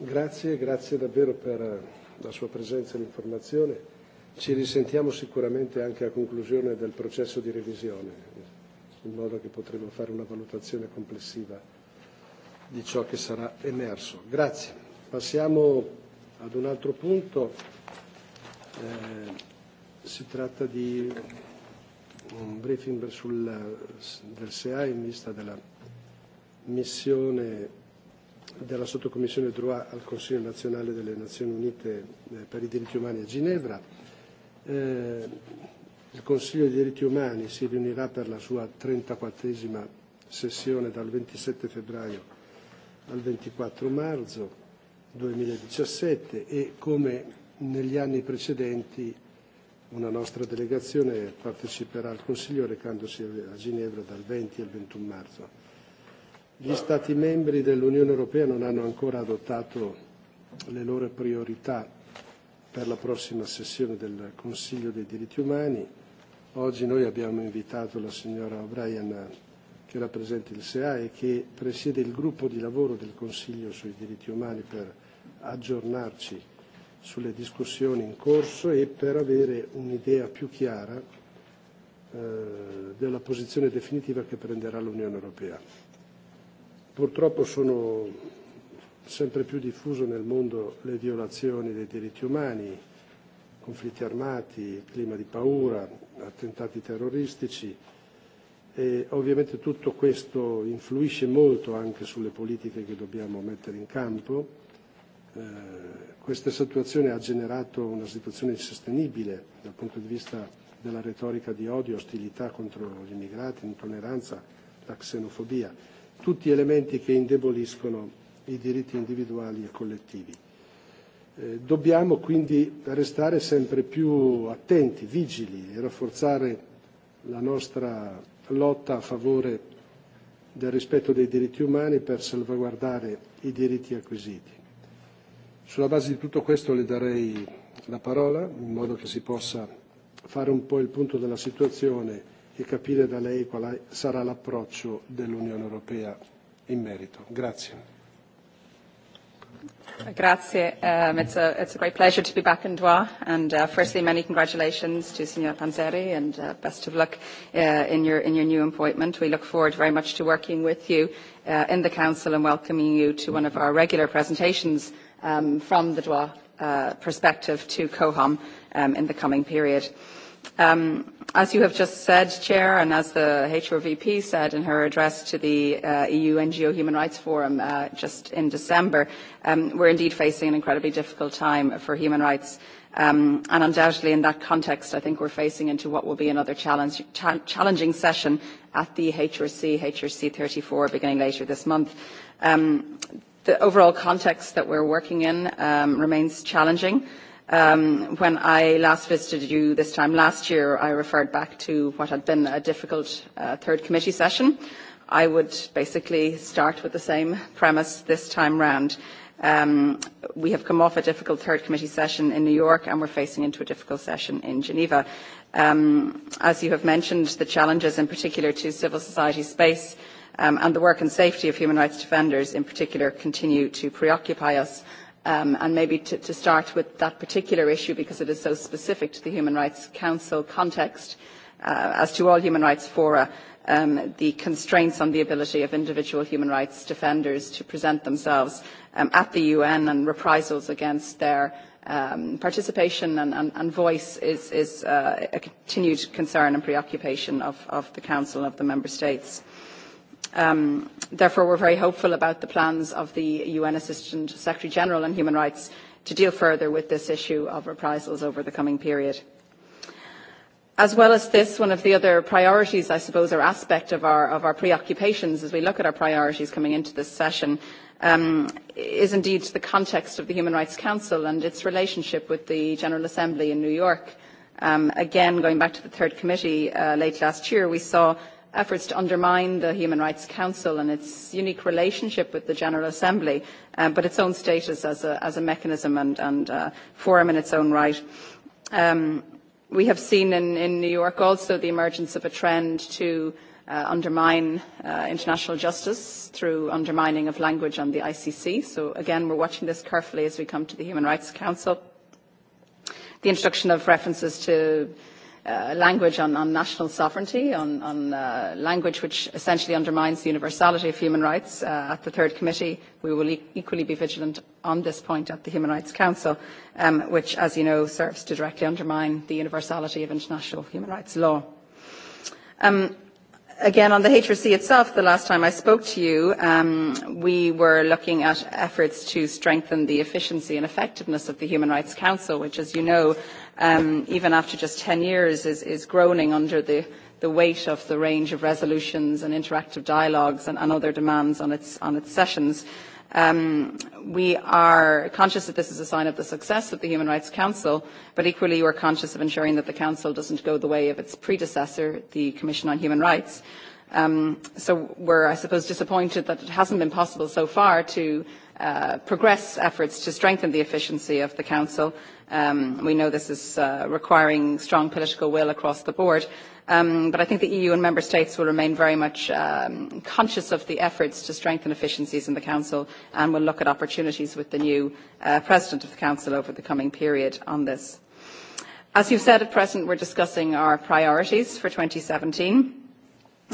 B: Grazie, grazie davvero per uh, la sua presenza e l'informazione ci risentiamo sicuramente anche a conclusione del processo di revisione, in modo che potremo fare una valutazione complessiva di ciò che sarà emerso. Grazie. Passiamo ad un altro punto. Eh, si tratta di un briefing sul, del SEA in vista della missione della sottocommissione DROA al Consiglio nazionale delle Nazioni Unite eh, per i diritti umani a Ginevra. Eh, il Consiglio dei diritti umani si riunirà per la sua 34esima sessione dal 27 febbraio al 24 marzo 2017 e come negli anni precedenti una nostra delegazione parteciperà al Consiglio recandosi a Ginevra dal 20 al 21 marzo. Gli Stati membri dell'Unione Europea non hanno ancora adottato le loro priorità per la prossima sessione del Consiglio dei diritti umani. Oggi noi abbiamo invitato la signora O'Brien che rappresenta il SEA e che presiede il gruppo di lavoro del Consiglio sui diritti umani per aggiornarci sulle discussioni in corso e per avere un'idea più chiara eh, della posizione definitiva che prenderà l'Unione Europea. Purtroppo sono sempre più diffuso nel mondo le violazioni dei diritti umani, conflitti armati, clima di paura, attentati terroristici e ovviamente tutto questo influisce molto anche sulle politiche che dobbiamo mettere in campo. Eh, questa situazione ha generato una situazione insostenibile dal punto di vista della retorica di odio, ostilità contro gli immigrati, intolleranza, la xenofobia, tutti elementi che indeboliscono i diritti individuali e collettivi. Eh, dobbiamo quindi restare sempre più attenti, vigili e rafforzare la nostra lotta a favore del rispetto dei diritti umani per salvaguardare i diritti acquisiti. Sulla base di tutto questo le darei la parola in modo che si possa fare un po' il punto della situazione e capire da lei qual sarà l'approccio dell'Unione Europea in merito. Grazie.
I: Grazie. Um, it's, a, it's a great pleasure to be back in Dwa. And uh, firstly, many congratulations to Signor Panzeri and uh, best of luck uh, in, your, in your new appointment. We look forward very much to working with you uh, in the Council and welcoming you to one of our regular presentations um, from the Dwa uh, perspective to COHOM um, in the coming period. Um, as you have just said, Chair, and as the HRVP said in her address to the uh, EU NGO Human Rights Forum uh, just in December, um, we're indeed facing an incredibly difficult time for human rights. Um, and undoubtedly in that context, I think we're facing into what will be another challenge, cha challenging session at the HRC, HRC 34, beginning later this month. Um, the overall context that we're working in um, remains challenging. Um, when I last visited you this time last year, I referred back to what had been a difficult uh, third committee session. I would basically start with the same premise this time round. Um, we have come off a difficult third committee session in New York and we're facing into a difficult session in Geneva. Um, as you have mentioned, the challenges in particular to civil society space um, and the work and safety of human rights defenders in particular continue to preoccupy us um, and maybe to, to start with that particular issue because it is so specific to the Human Rights Council context, uh, as to all human rights fora, um, the constraints on the ability of individual human rights defenders to present themselves um, at the UN and reprisals against their um, participation and, and, and voice is, is uh, a continued concern and preoccupation of, of the Council and of the Member States. Um, therefore, we're very hopeful about the plans of the UN Assistant Secretary General on Human Rights to deal further with this issue of reprisals over the coming period. As well as this, one of the other priorities, I suppose, or aspect of our, of our preoccupations as we look at our priorities coming into this session um, is indeed the context of the Human Rights Council and its relationship with the General Assembly in New York. Um, again, going back to the third committee uh, late last year, we saw efforts to undermine the Human Rights Council and its unique relationship with the General Assembly, uh, but its own status as a, as a mechanism and, and uh, forum in its own right. Um, we have seen in, in New York also the emergence of a trend to uh, undermine uh, international justice through undermining of language on the ICC. So again, we're watching this carefully as we come to the Human Rights Council. The introduction of references to uh, language on, on national sovereignty, on, on uh, language which essentially undermines the universality of human rights. Uh, at the Third Committee, we will e equally be vigilant on this point at the Human Rights Council, um, which, as you know, serves to directly undermine the universality of international human rights law. Um, Again, on the HRC itself, the last time I spoke to you, um, we were looking at efforts to strengthen the efficiency and effectiveness of the Human Rights Council, which, as you know, um, even after just 10 years, is, is groaning under the, the weight of the range of resolutions and interactive dialogues and, and other demands on its, on its sessions. Um, we are conscious that this is a sign of the success of the Human Rights Council, but equally we're conscious of ensuring that the Council doesn't go the way of its predecessor, the Commission on Human Rights. Um, so we're, I suppose, disappointed that it hasn't been possible so far to uh, progress efforts to strengthen the efficiency of the Council Um, we know this is uh, requiring strong political will across the board. Um, but I think the EU and member states will remain very much um, conscious of the efforts to strengthen efficiencies in the Council and will look at opportunities with the new uh, President of the Council over the coming period on this. As you've said, at present we're discussing our priorities for 2017.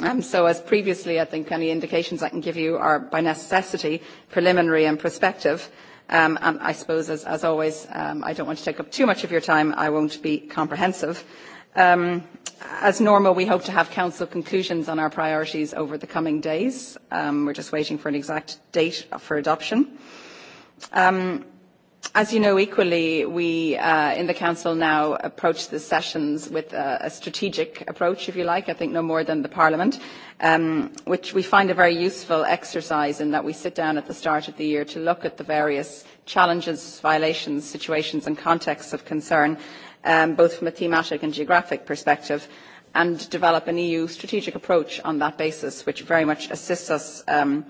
I: Um, so as previously, I think any indications I can give you are by necessity preliminary and prospective. Um, and I suppose, as, as always, um, I don't want to take up too much of your time. I won't be comprehensive. Um, as normal, we hope to have Council conclusions on our priorities over the coming days. Um, we're just waiting for an exact date for adoption. Um, As you know, equally, we uh, in the Council now approach the sessions with a, a strategic approach, if you like, I think no more than the Parliament, um, which we find a very useful exercise in that we sit down at the start of the year to look at the various challenges, violations, situations and contexts of concern, um, both from a thematic and geographic perspective, and develop an EU strategic approach on that basis, which very much assists us um,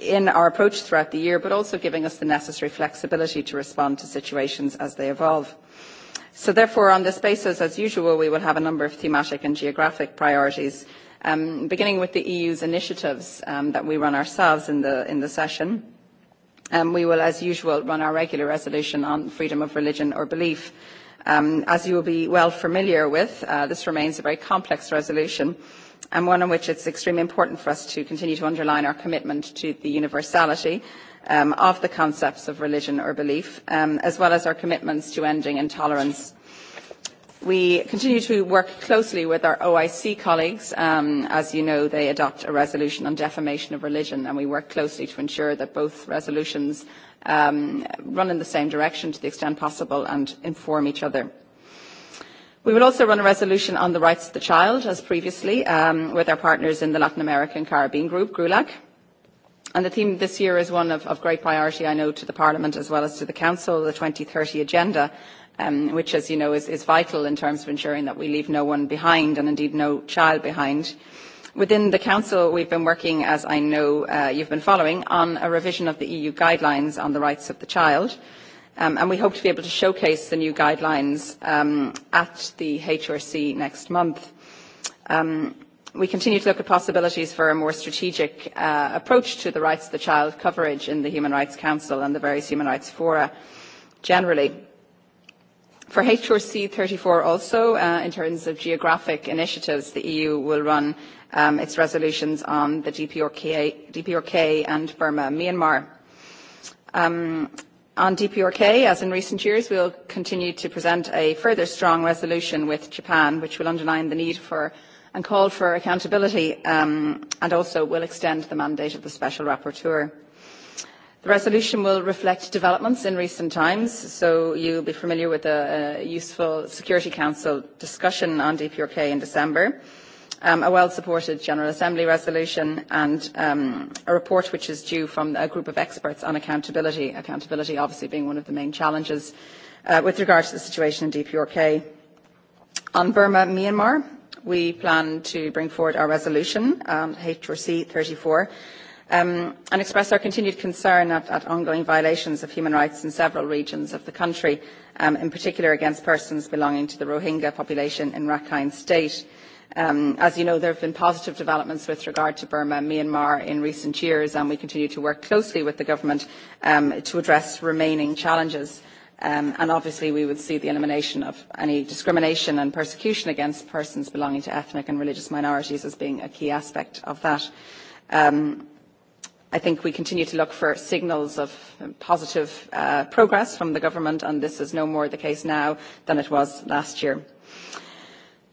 I: in our approach throughout the year, but also giving us the necessary flexibility to respond to situations as they evolve. So therefore, on this basis, as usual, we will have a number of thematic and geographic priorities, um, beginning with the EU's initiatives um, that we run ourselves in the, in the session. Um, we will, as usual, run our regular resolution on freedom of religion or belief. Um, as you will be well familiar with, uh, this remains a very complex resolution and one on which it is extremely important for us to continue to underline our commitment to the universality um, of the concepts of religion or belief, um, as well as our commitments to ending intolerance. We continue to work closely with our OIC colleagues. Um, as you know, they adopt a resolution on defamation of religion, and we work closely to ensure that both resolutions um, run in the same direction to the extent possible and inform each other. We will also run a resolution on the rights of the child, as previously, um, with our partners in the Latin American Caribbean Group, GRULAC. And the theme this year is one of, of great priority, I know, to the Parliament as well as to the Council, the 2030 Agenda, um, which, as you know, is, is vital in terms of ensuring that we leave no one behind and indeed no child behind. Within the Council, we've been working, as I know uh, you've been following, on a revision of the EU guidelines on the rights of the child. Um, and we hope to be able to showcase the new guidelines um, at the HRC next month. Um, we continue to look at possibilities for a more strategic uh, approach to the rights of the child coverage in the Human Rights Council and the various human rights fora generally. For HRC 34 also, uh, in terms of geographic initiatives, the EU will run um, its resolutions on the DPRK, DPRK and Burma, Myanmar. Um, On DPRK, as in recent years, we will continue to present a further strong resolution with Japan, which will underline the need for and call for accountability um, and also will extend the mandate of the Special Rapporteur. The resolution will reflect developments in recent times, so you will be familiar with the a uh, useful Security Council discussion on DPRK in December um, a well-supported General Assembly resolution and um, a report which is due from a group of experts on accountability, accountability obviously being one of the main challenges uh, with regard to the situation in DPRK. On Burma, Myanmar, we plan to bring forward our resolution, um, HRC 34, um, and express our continued concern at, at ongoing violations of human rights in several regions of the country, um, in particular against persons belonging to the Rohingya population in Rakhine State. Um, as you know, there have been positive developments with regard to Burma and Myanmar in recent years, and we continue to work closely with the government um, to address remaining challenges. Um, and obviously, we would see the elimination of any discrimination and persecution against persons belonging to ethnic and religious minorities as being a key aspect of that. Um, I think we continue to look for signals of positive uh, progress from the government, and this is no more the case now than it was last year.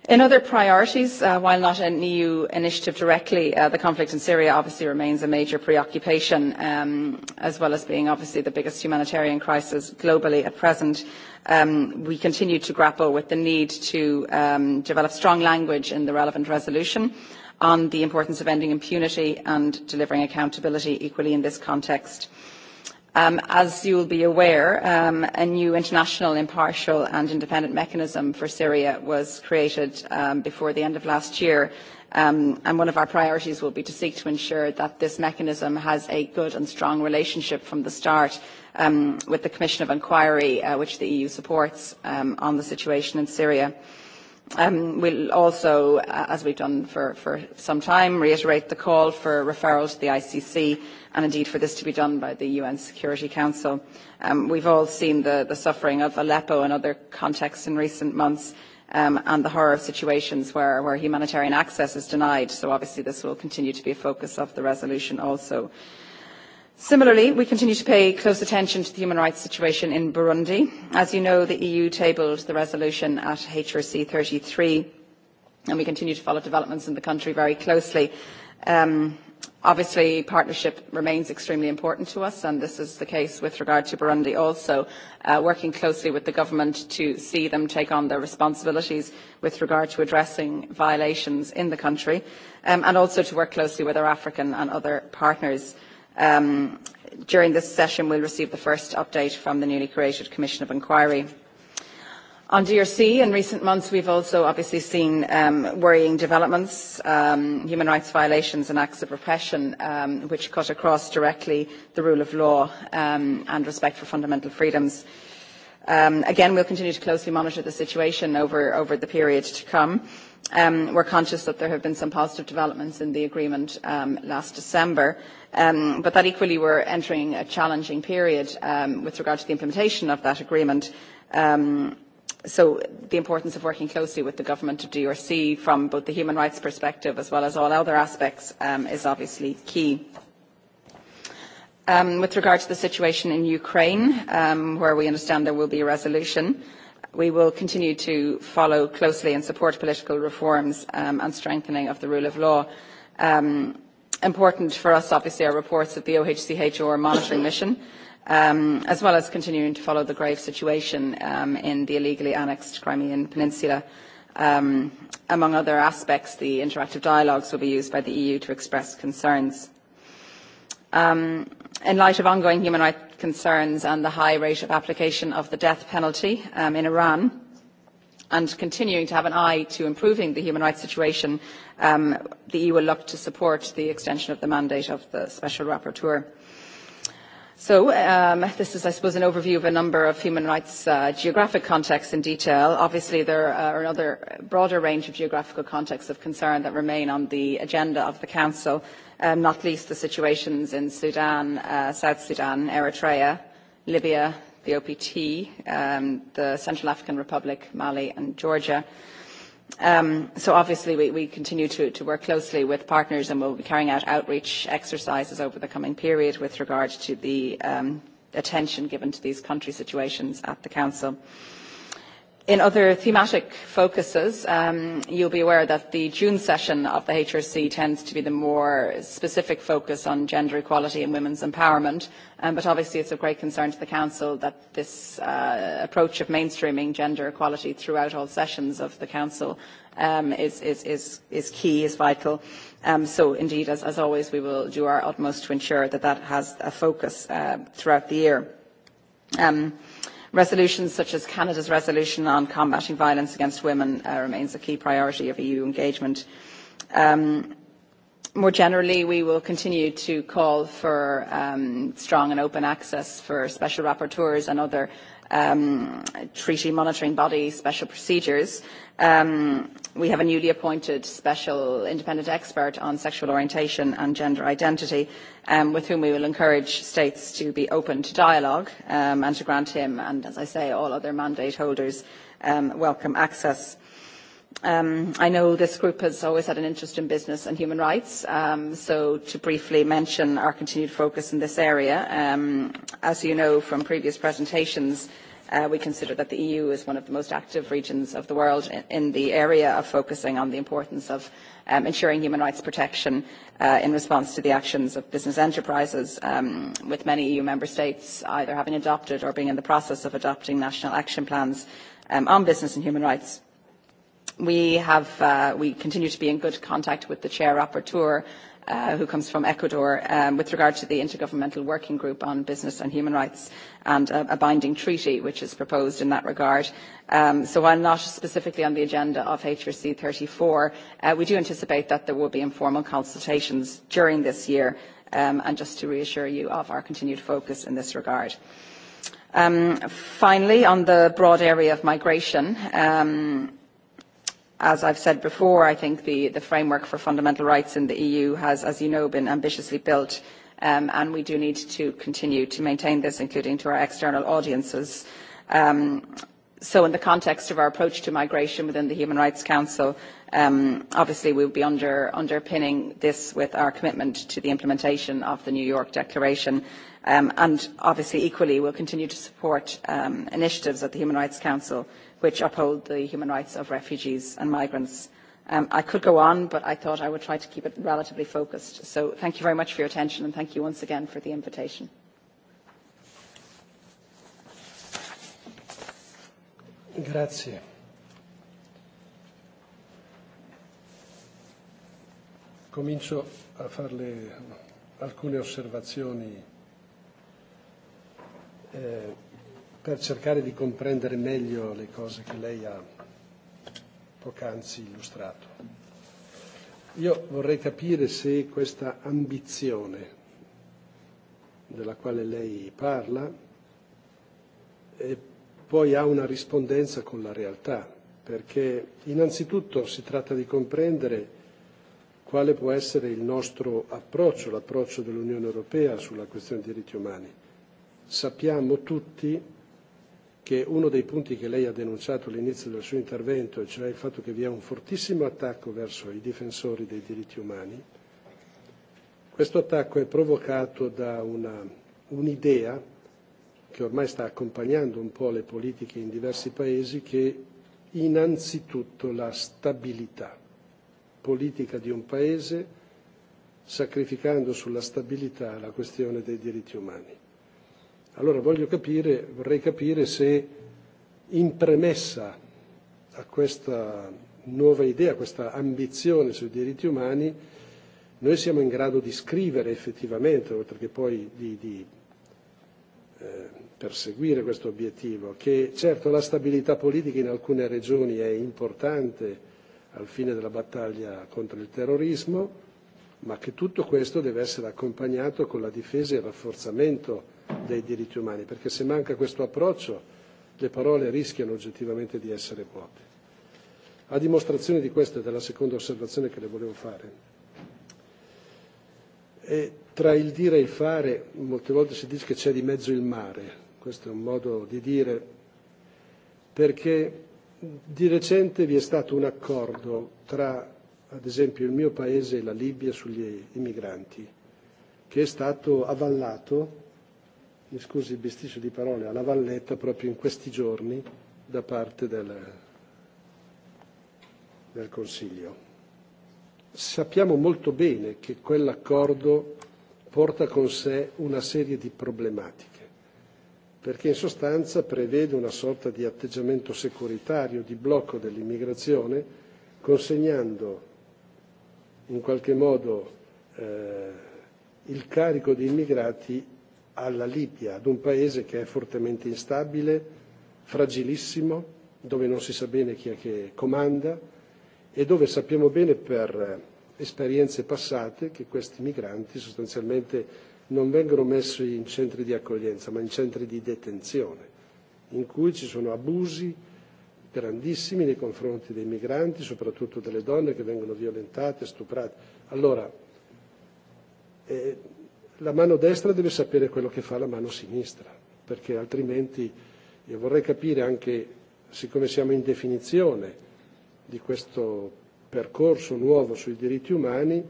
I: In other priorities, uh, while not an EU initiative directly, uh, the conflict in Syria obviously remains a major preoccupation, um, as well as being obviously the biggest humanitarian crisis globally at present. Um, we continue to grapple with the need to um, develop strong language in the relevant resolution on the importance of ending impunity and delivering accountability equally in this context. Um, as you will be aware, um, a new international impartial and independent mechanism for Syria was created um, before the end of last year. Um, and one of our priorities will be to seek to ensure that this mechanism has a good and strong relationship from the start um, with the Commission of Inquiry, uh, which the EU supports um, on the situation in Syria. Um, we'll also, uh, as we've done for, for some time, reiterate the call for referrals to the ICC and indeed for this to be done by the UN Security Council. Um, we've all seen the, the suffering of Aleppo and other contexts in recent months um, and the horror of situations where, where humanitarian access is denied, so obviously this will continue to be a focus of the resolution also. Similarly, we continue to pay close attention to the human rights situation in Burundi. As you know, the EU tabled the resolution at HRC 33, and we continue to follow developments in the country very closely. Um, obviously, partnership remains extremely important to us, and this is the case with regard to Burundi also, uh, working closely with the government to see them take on their responsibilities with regard to addressing violations in the country, um, and also to work closely with our African and other partners. Um, during this session, we'll receive the first update from the newly created Commission of Inquiry. On DRC, in recent months, we've also obviously seen um, worrying developments, um, human rights violations and acts of repression, um, which cut across directly the rule of law um, and respect for fundamental freedoms. Um, again, we'll continue to closely monitor the situation over, over the period to come. Um, we're conscious that there have been some positive developments in the agreement um, last December, um, but that equally we're entering a challenging period um, with regard to the implementation of that agreement. Um, so the importance of working closely with the government of DRC from both the human rights perspective as well as all other aspects um, is obviously key. Um, with regard to the situation in Ukraine, um, where we understand there will be a resolution, we will continue to follow closely and support political reforms um, and strengthening of the rule of law. Um, important for us, obviously, are reports of the OHCHR monitoring mission, um, as well as continuing to follow the grave situation um, in the illegally annexed Crimean Peninsula. Um, among other aspects, the interactive dialogues will be used by the EU to express concerns. Um, in light of ongoing human rights concerns and the high rate of application of the death penalty um, in Iran and continuing to have an eye to improving the human rights situation, um, the EU will look to support the extension of the mandate of the Special Rapporteur. So um, this is, I suppose, an overview of a number of human rights uh, geographic contexts in detail. Obviously, there are another broader range of geographical contexts of concern that remain on the agenda of the Council, um, not least the situations in Sudan, uh, South Sudan, Eritrea, Libya, the OPT, um, the Central African Republic, Mali and Georgia. Um, so obviously we, we continue to, to work closely with partners and we'll be carrying out outreach exercises over the coming period with regard to the um, attention given to these country situations at the Council. In other thematic focuses, um, you'll be aware that the June session of the HRC tends to be the more specific focus on gender equality and women's empowerment, um, but obviously it's of great concern to the Council that this uh, approach of mainstreaming gender equality throughout all sessions of the Council um, is, is, is, is key, is vital. Um, so indeed, as, as always, we will do our utmost to ensure that that has a focus uh, throughout the year. Um, Resolutions such as Canada's resolution on combating violence against women uh, remains a key priority of EU engagement. Um, more generally, we will continue to call for um, strong and open access for special rapporteurs and other um, treaty monitoring body special procedures. Um, we have a newly appointed special independent expert on sexual orientation and gender identity um, with whom we will encourage states to be open to dialogue um, and to grant him and, as I say, all other mandate holders um, welcome access. Um, I know this group has always had an interest in business and human rights, um, so to briefly mention our continued focus in this area, um, as you know from previous presentations, uh, we consider that the EU is one of the most active regions of the world in, in the area of focusing on the importance of um, ensuring human rights protection uh, in response to the actions of business enterprises, um, with many EU member states either having adopted or being in the process of adopting national action plans um, on business and human rights. We, have, uh, we continue to be in good contact with the chair rapporteur, uh, who comes from Ecuador, um, with regard to the Intergovernmental Working Group on Business and Human Rights and a, a binding treaty which is proposed in that regard. Um, so while not specifically on the agenda of HRC 34, uh, we do anticipate that there will be informal consultations during this year, um, and just to reassure you of our continued focus in this regard. Um, finally, on the broad area of migration, um, as I've said before, I think the, the framework for fundamental rights in the EU has, as you know, been ambitiously built, um, and we do need to continue to maintain this, including to our external audiences. Um, so in the context of our approach to migration within the Human Rights Council, um, obviously we will be under, underpinning this with our commitment to the implementation of the New York Declaration. Um, and obviously equally we'll continue to support um, initiatives at the Human Rights Council which uphold the human rights of refugees and migrants. Um, I could go on, but I thought I would try to keep it relatively focused. So thank you very much for your attention, and thank you once again for the invitation.
B: Grazie. Comincio a farle alcune osservazioni eh, per cercare di comprendere meglio le cose che lei ha poc'anzi illustrato. Io vorrei capire se questa ambizione della quale lei parla e poi ha una rispondenza con la realtà, perché innanzitutto si tratta di comprendere quale può essere il nostro approccio, l'approccio dell'Unione Europea sulla questione dei diritti umani. Sappiamo tutti che uno dei punti che lei ha denunciato all'inizio del suo intervento, cioè il fatto che vi è un fortissimo attacco verso i difensori dei diritti umani, questo attacco è provocato da una, un'idea che ormai sta accompagnando un po' le politiche in diversi paesi che innanzitutto la stabilità politica di un paese sacrificando sulla stabilità la questione dei diritti umani. Allora voglio capire, vorrei capire se in premessa a questa nuova idea, a questa ambizione sui diritti umani, noi siamo in grado di scrivere effettivamente, oltre che poi di, di eh, perseguire questo obiettivo, che certo la stabilità politica in alcune regioni è importante al fine della battaglia contro il terrorismo, ma che tutto questo deve essere accompagnato con la difesa e il rafforzamento dei diritti umani, perché se manca questo approccio le parole rischiano oggettivamente di essere vuote. A dimostrazione di questa e della seconda osservazione che le volevo fare, e tra il dire e il fare molte volte si dice che c'è di mezzo il mare, questo è un modo di dire, perché di recente vi è stato un accordo tra, ad esempio, il mio paese e la Libia sugli immigranti, che è stato avallato mi scusi il bisticcio di parole, alla Valletta proprio in questi giorni da parte del, del Consiglio. Sappiamo molto bene che quell'accordo porta con sé una serie di problematiche, perché in sostanza prevede una sorta di atteggiamento securitario, di blocco dell'immigrazione, consegnando in qualche modo eh, il carico di immigrati alla Libia, ad un paese che è fortemente instabile, fragilissimo, dove non si sa bene chi è che comanda e dove sappiamo bene per eh, esperienze passate che questi migranti sostanzialmente non vengono messi in centri di accoglienza ma in centri di detenzione, in cui ci sono abusi grandissimi nei confronti dei migranti, soprattutto delle donne che vengono violentate, stuprate. Allora, eh, la mano destra deve sapere quello che fa la mano sinistra, perché altrimenti io vorrei capire anche, siccome siamo in definizione di questo percorso nuovo sui diritti umani,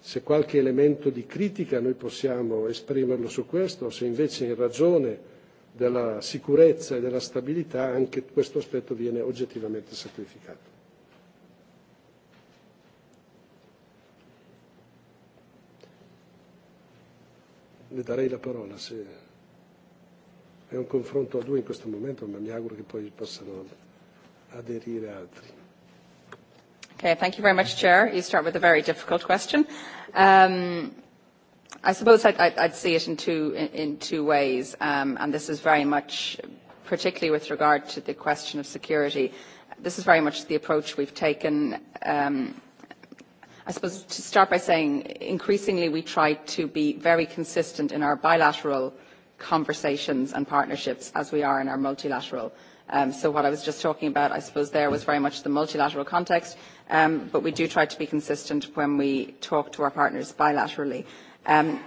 B: se qualche elemento di critica noi possiamo esprimerlo su questo, se invece in ragione della sicurezza e della stabilità anche questo aspetto viene oggettivamente sacrificato. le darei la parola se è un confronto a due in questo momento, ma mi auguro che poi possano aderire altri.
I: Okay, thank you very much, Chair. You start with a very difficult question. Um, I suppose I'd, I'd see it in two, in in two ways, um, and this is very much, particularly with regard to the question of security, this is very much the approach we've taken um, I suppose to start by saying increasingly we try to be very consistent in our bilateral conversations and partnerships as we are in our multilateral. Um, so what I was just talking about, I suppose, there was very much the multilateral context, um, but we do try to be consistent when we talk to our partners bilaterally. Um,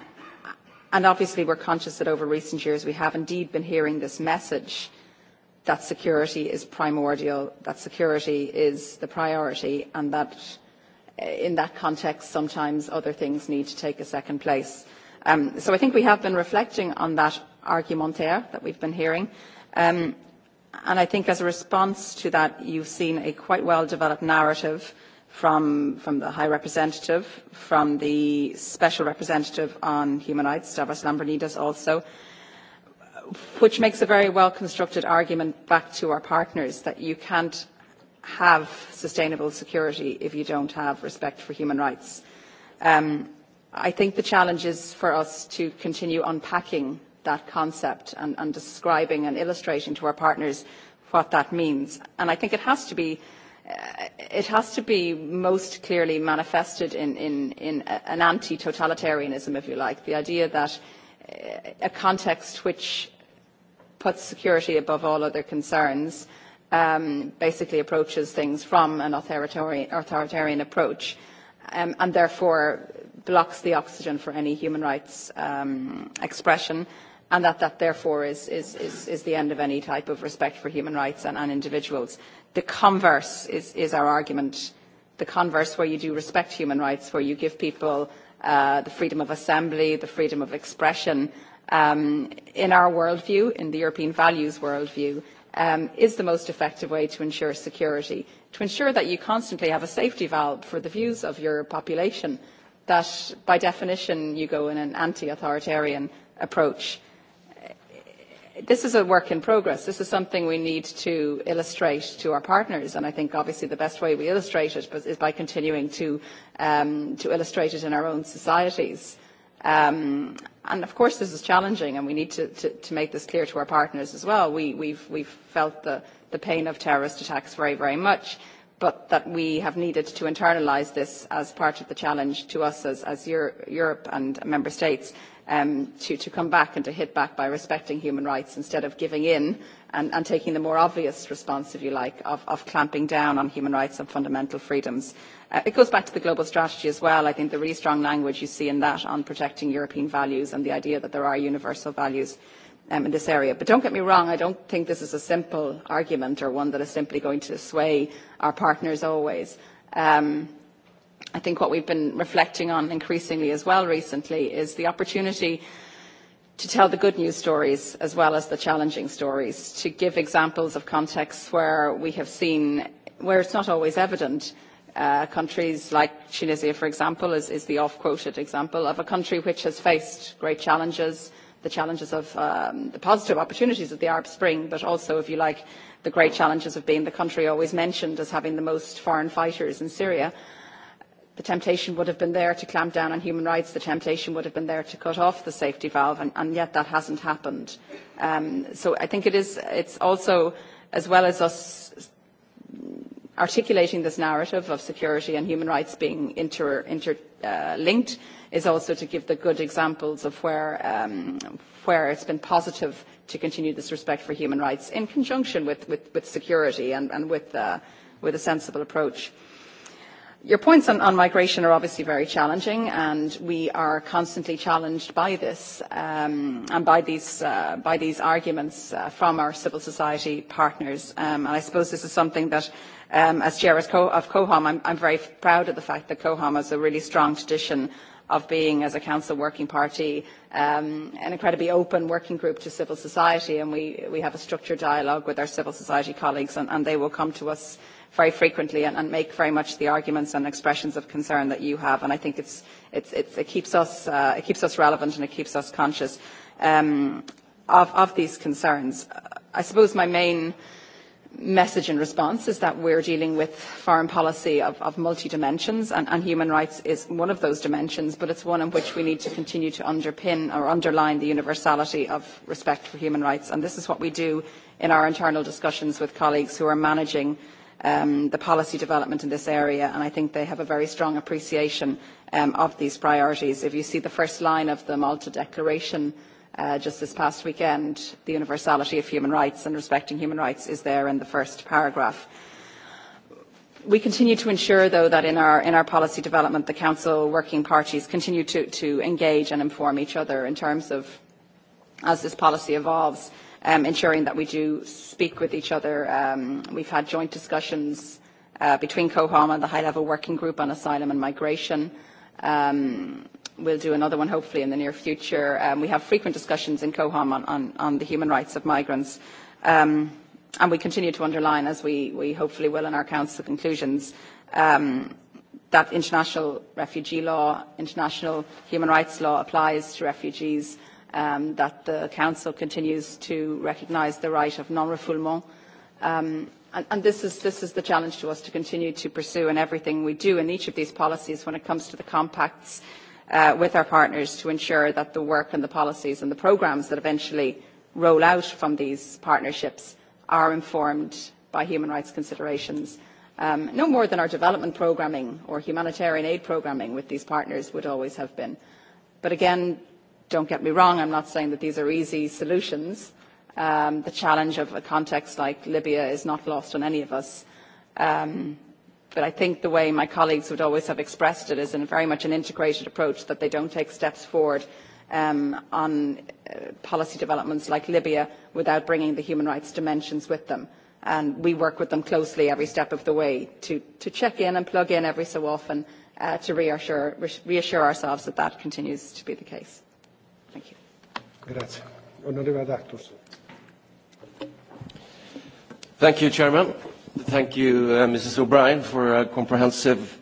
I: and obviously we're conscious that over recent years we have indeed been hearing this message that security is primordial, that security is the priority, and that in that context, sometimes other things need to take a second place. Um, so I think we have been reflecting on that argumentaire that we've been hearing. Um, and I think as a response to that, you've seen a quite well-developed narrative from, from the High Representative, from the Special Representative on Human Rights, Davos Lambrinidis also, which makes a very well-constructed argument back to our partners that you can't have sustainable security if you don't have respect for human rights. Um, I think the challenge is for us to continue unpacking that concept and, and describing and illustrating to our partners what that means. And I think it has to be, uh, it has to be most clearly manifested in, in, in an anti-totalitarianism, if you like, the idea that uh, a context which puts security above all other concerns – um, basically approaches things from an authoritarian, authoritarian approach um, and therefore blocks the oxygen for any human rights um, expression and that that therefore is, is, is, is the end of any type of respect for human rights and, and individuals. The converse is, is our argument, the converse where you do respect human rights, where you give people uh, the freedom of assembly, the freedom of expression. Um, in our worldview, in the European values worldview, um, is the most effective way to ensure security, to ensure that you constantly have a safety valve for the views of your population, that by definition you go in an anti-authoritarian approach. This is a work in progress. This is something we need to illustrate to our partners, and I think obviously the best way we illustrate it is by continuing to, um, to illustrate it in our own societies Um, and of course this is challenging and we need to, to, to make this clear to our partners as well. We, we've, we've felt the, the pain of terrorist attacks very, very much, but that we have needed to internalise this as part of the challenge to us as, as Euro Europe and member states um, to, to come back and to hit back by respecting human rights instead of giving in and, and taking the more obvious response, if you like, of, of clamping down on human rights and fundamental freedoms. Uh, it goes back to the global strategy as well. I think the really strong language you see in that on protecting European values and the idea that there are universal values um, in this area. But don't get me wrong, I don't think this is a simple argument or one that is simply going to sway our partners always. Um, I think what we've been reflecting on increasingly as well recently is the opportunity to tell the good news stories as well as the challenging stories, to give examples of contexts where we have seen, where it's not always evident, uh, countries like Tunisia, for example, is, is the off-quoted example of a country which has faced great challenges, the challenges of um, the positive opportunities of the Arab Spring, but also, if you like, the great challenges of being the country always mentioned as having the most foreign fighters in Syria. The temptation would have been there to clamp down on human rights. The temptation would have been there to cut off the safety valve, and, and yet that hasn't happened. Um, so I think it is, it's also, as well as us articulating this narrative of security and human rights being interlinked inter, uh, is also to give the good examples of where, um, where it's been positive to continue this respect for human rights in conjunction with, with, with security and, and with, uh, with a sensible approach. Your points on, on migration are obviously very challenging, and we are constantly challenged by this um, and by these, uh, by these arguments uh, from our civil society partners. Um, and I suppose this is something that Um, as chair of COHOM, I'm, I'm very proud of the fact that COHOM has a really strong tradition of being, as a council working party, um, an incredibly open working group to civil society, and we, we have a structured dialogue with our civil society colleagues, and, and they will come to us very frequently and, and make very much the arguments and expressions of concern that you have. And I think it's, it's, it's, it, keeps us, uh, it keeps us relevant and it keeps us conscious um, of, of these concerns. I suppose my main message in response is that we're dealing with foreign policy of, of multi dimensions, and, and human rights is one of those dimensions, but it's one in which we need to continue to underpin or underline the universality of respect for human rights. And this is what we do in our internal discussions with colleagues who are managing um, the policy development in this area, and I think they have a very strong appreciation um, of these priorities. If you see the first line of the Malta Declaration, Uh, just this past weekend, the universality of human rights and respecting human rights is there in the first paragraph. We continue to ensure, though, that in our, in our policy development, the Council working parties continue to, to engage and inform each other in terms of, as this policy evolves, um, ensuring that we do speak with each other. Um, we've had joint discussions uh, between COHOM and the High-Level Working Group on Asylum and Migration. Um, we'll do another one hopefully in the near future. Um, we have frequent discussions in COHOM on, on, on the human rights of migrants. Um, and we continue to underline, as we, we hopefully will in our council conclusions, um, that international refugee law, international human rights law applies to refugees, um, that the council continues to recognise the right of non-refoulement. Um, and, and this, is, this is the challenge to us to continue to pursue in everything we do in each of these policies when it comes to the compacts, uh, with our partners to ensure that the work and the policies and the programmes that eventually roll out from these partnerships are informed by human rights considerations. Um, no more than our development programming or humanitarian aid programming with these partners would always have been. But again, don't get me wrong, I'm not saying that these are easy solutions. Um, the challenge of a context like Libya is not lost on any of us. Um, But I think the way my colleagues would always have expressed it is in very much an integrated approach that they don't take steps forward um, on uh, policy developments like Libya without bringing the human rights dimensions with them. And we work with them closely every step of the way to, to check in and plug in every so often uh, to reassure, reassure ourselves that that continues to be the case. Thank
B: you. Grazie. Onorevole
J: Thank you, Chairman. Thank you, uh, Mrs. O'Brien, for a comprehensive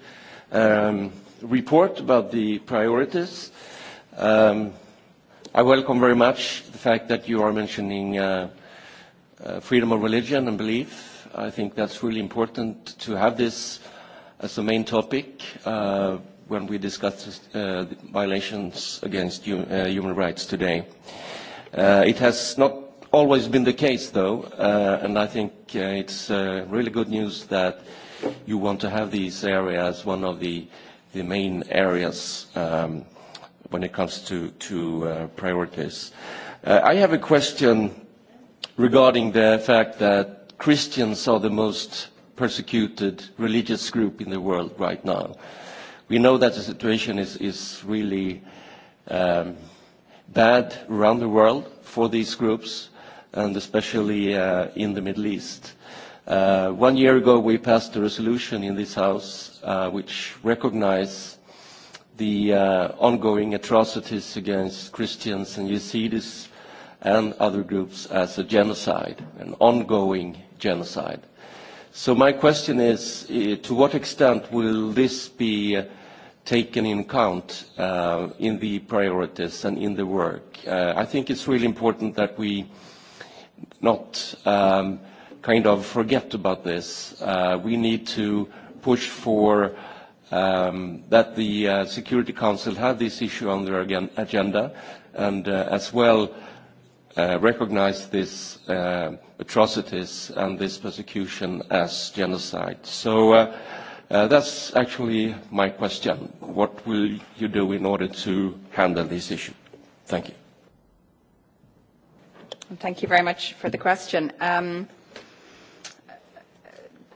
J: um, report about the priorities. Um, I welcome very much the fact that you are mentioning uh, uh, freedom of religion and belief. I think that's really important to have this as a main topic uh, when we discuss uh, violations against hum uh, human rights today. Uh, it has not always been the case, though, uh, and I think uh, it's uh, really good news that you want to have these areas one of the, the main areas um, when it comes to, to uh, priorities. Uh, I have a question regarding the fact that Christians are the most persecuted religious group in the world right now. We know that the situation is, is really um, bad around the world for these groups and especially uh, in the Middle East. Uh, one year ago, we passed a resolution in this House uh, which recognized the uh, ongoing atrocities against Christians and Yazidis and other groups as a genocide, an ongoing genocide. So my question is, to what extent will this be uh, taken in account uh, in the priorities and in the work? Uh, I think it's really important that we uh, not um, kind of forget about this. Uh, we need to push for um, that the uh, Security Council have this issue on their agenda and uh, as well uh, recognize these uh, atrocities and this persecution as genocide. So uh, uh, that's actually my question. What will you do in order to handle this issue? Thank you.
I: Thank you very much for the question. Um,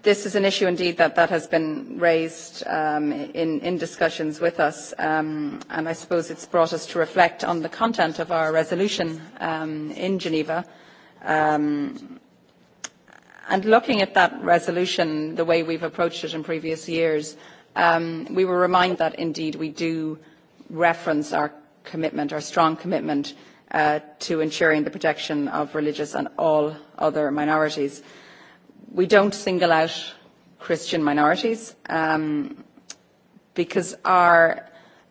I: this is an issue indeed that, that has been raised um, in, in discussions with us, um, and I suppose it's brought us to reflect on the content of our resolution um, in Geneva. Um, and looking at that resolution, the way we've approached it in previous years, um, we were reminded that indeed we do reference our commitment, our strong commitment uh, to ensuring the protection of religious and all other minorities. We don't single out Christian minorities um, because our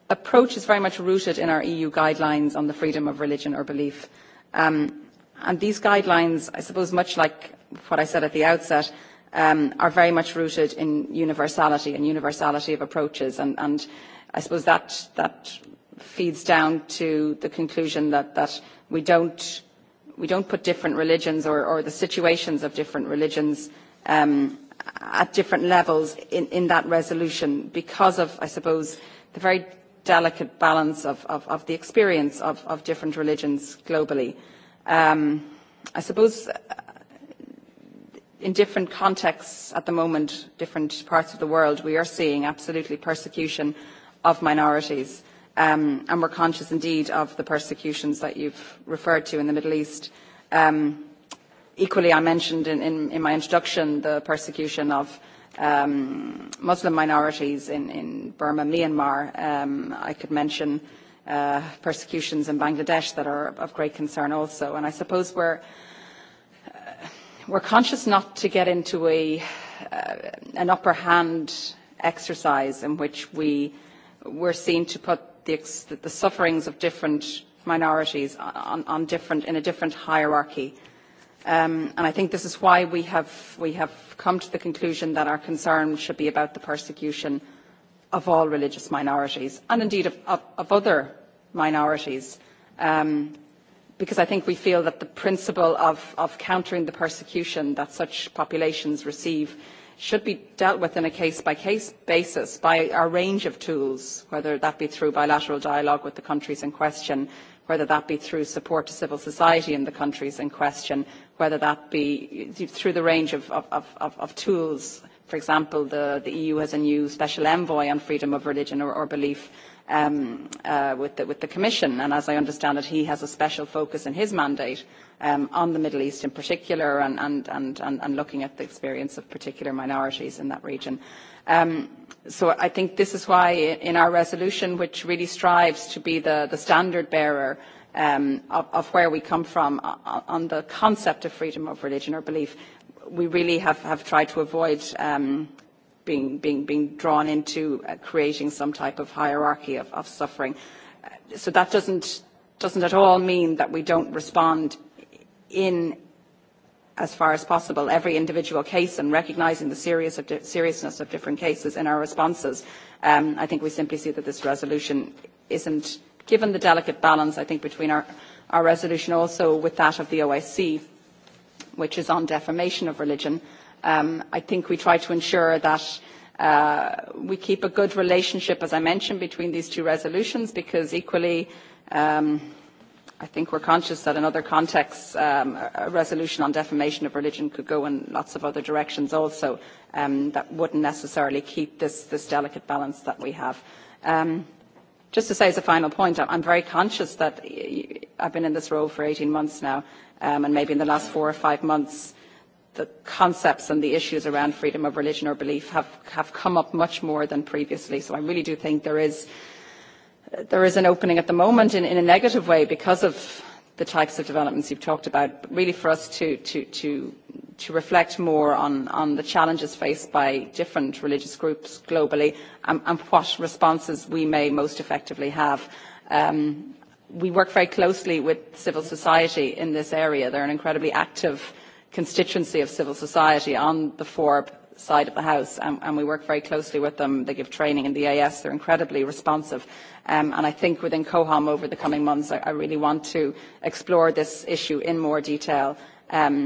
I: approach is very much rooted in our EU guidelines on the freedom of religion or belief. Um, and these guidelines, I suppose, much like what I said at the outset, um, are very much rooted in universality and universality of approaches. And, and I suppose that, that feeds down to the conclusion that, that we don't we don't put different religions or, or the situations of different religions um, at different levels in, in that resolution because of, I suppose, the very delicate balance of, of, of the experience of, of different religions globally. Um, I suppose uh, in different contexts at the moment, different parts of the world, we are seeing absolutely persecution of minorities um, and we're conscious indeed of the persecutions that you've referred to in the Middle East. Um, equally, I mentioned in, in, in my introduction the persecution of um, Muslim minorities in, in Burma, Myanmar. Um, I could mention uh, persecutions in Bangladesh that are of great concern also. And I suppose we're, uh, we're conscious not to get into a, uh, an upper hand exercise in which we we're seen to put the, the sufferings of different minorities on, on different, in a different hierarchy. Um, and I think this is why we have, we have come to the conclusion that our concern should be about the persecution of all religious minorities and indeed of, of, of other minorities um, because I think we feel that the principle of, of countering the persecution that such populations receive should be dealt with on a case-by-case -case basis by a range of tools, whether that be through bilateral dialogue with the countries in question, whether that be through support to civil society in the countries in question, whether that be through the range of, of, of, of tools. For example, the, the EU has a new special envoy on freedom of religion or, or belief um, uh, with, the, with the Commission. And as I understand it, he has a special focus in his mandate um, on the Middle East in particular and, and, and, and, and looking at the experience of particular minorities in that region. Um, so I think this is why in our resolution, which really strives to be the, the standard bearer um, of, of where we come from uh, uh, on the concept of freedom of religion or belief, we really have, have tried to avoid um, being, being, being drawn into uh, creating some type of hierarchy of, of suffering. Uh, so that doesn't, doesn't at all mean that we don't respond in as far as possible every individual case and recognising the serious of seriousness of different cases in our responses. Um, I think we simply see that this resolution isn't, given the delicate balance, I think, between our, our resolution also with that of the OIC, which is on defamation of religion, Um, I think we try to ensure that uh, we keep a good relationship, as I mentioned, between these two resolutions because equally um, I think we're conscious that in other contexts um, a resolution on defamation of religion could go in lots of other directions also um, that wouldn't necessarily keep this, this delicate balance that we have. Um, just to say as a final point, I'm very conscious that I've been in this role for 18 months now um, and maybe in the last four or five months the concepts and the issues around freedom of religion or belief have, have come up much more than previously. So I really do think there is, there is an opening at the moment in, in a negative way because of the types of developments you've talked about, but really for us to, to, to, to reflect more on, on the challenges faced by different religious groups globally and, and what responses we may most effectively have. Um, we work very closely with civil society in this area. They're an incredibly active constituency of civil society on the FORB side of the house and um, and we work very closely with them. They give training in the AS, they're incredibly responsive um, and I think within COHOM over the coming months I, I really want to explore this issue in more detail um,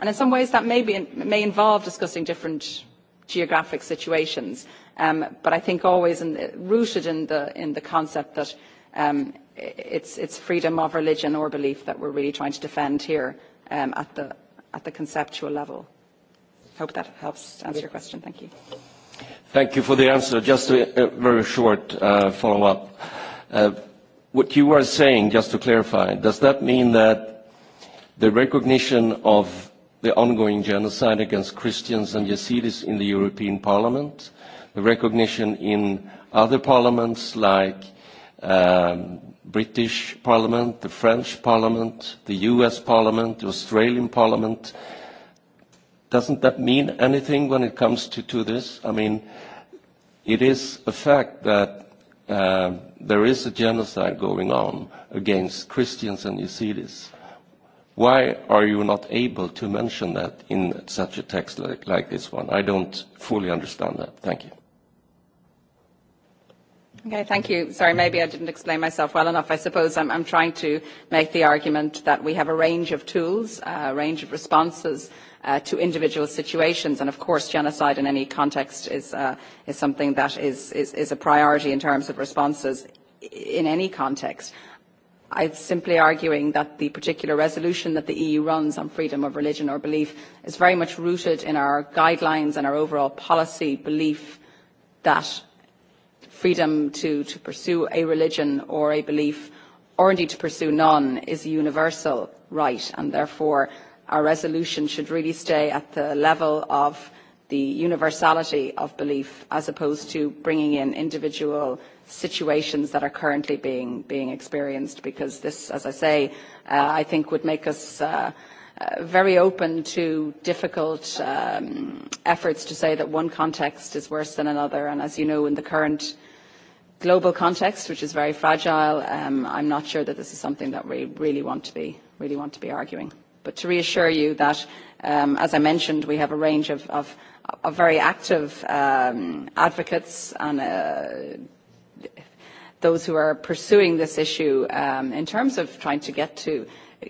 I: and in some ways that may, be, may involve discussing different geographic situations um, but I think always in the, rooted in the, in the concept that um, it's, it's freedom of religion or belief that we're really trying to defend here um, at the at the conceptual level. Hope that helps answer your question. Thank you.
J: Thank you for the answer. Just a, a very short uh, follow-up. Uh, what you are saying, just to clarify, does that mean that the recognition of the ongoing genocide against Christians and Yazidis in the European Parliament, the recognition in other parliaments like um, British Parliament, the French Parliament, the US Parliament, the Australian Parliament. Doesn't that mean anything when it comes to, to this? I mean, it is a fact that uh, there is a genocide going on against Christians and Yazidis. Why are you not able to mention that in such a text like, like this one? I don't fully understand that. Thank you.
I: Okay, thank you. Sorry, maybe I didn't explain myself well enough. I suppose I'm, I'm trying to make the argument that we have a range of tools, uh, a range of responses uh, to individual situations. And of course, genocide in any context is, uh, is something that is, is, is a priority in terms of responses in any context. I'm simply arguing that the particular resolution that the EU runs on freedom of religion or belief is very much rooted in our guidelines and our overall policy belief that freedom to, to pursue a religion or a belief, or indeed to pursue none, is a universal right, and therefore our resolution should really stay at the level of the universality of belief as opposed to bringing in individual situations that are currently being, being experienced because this, as I say, uh, I think would make us uh, uh, very open to difficult um, efforts to say that one context is worse than another. And as you know, in the current global context, which is very fragile, um, I'm not sure that this is something that we really want to be, really want to be arguing. But to reassure you that, um, as I mentioned, we have a range of, of, of very active um, advocates and uh, those who are pursuing this issue um, in terms of trying to get to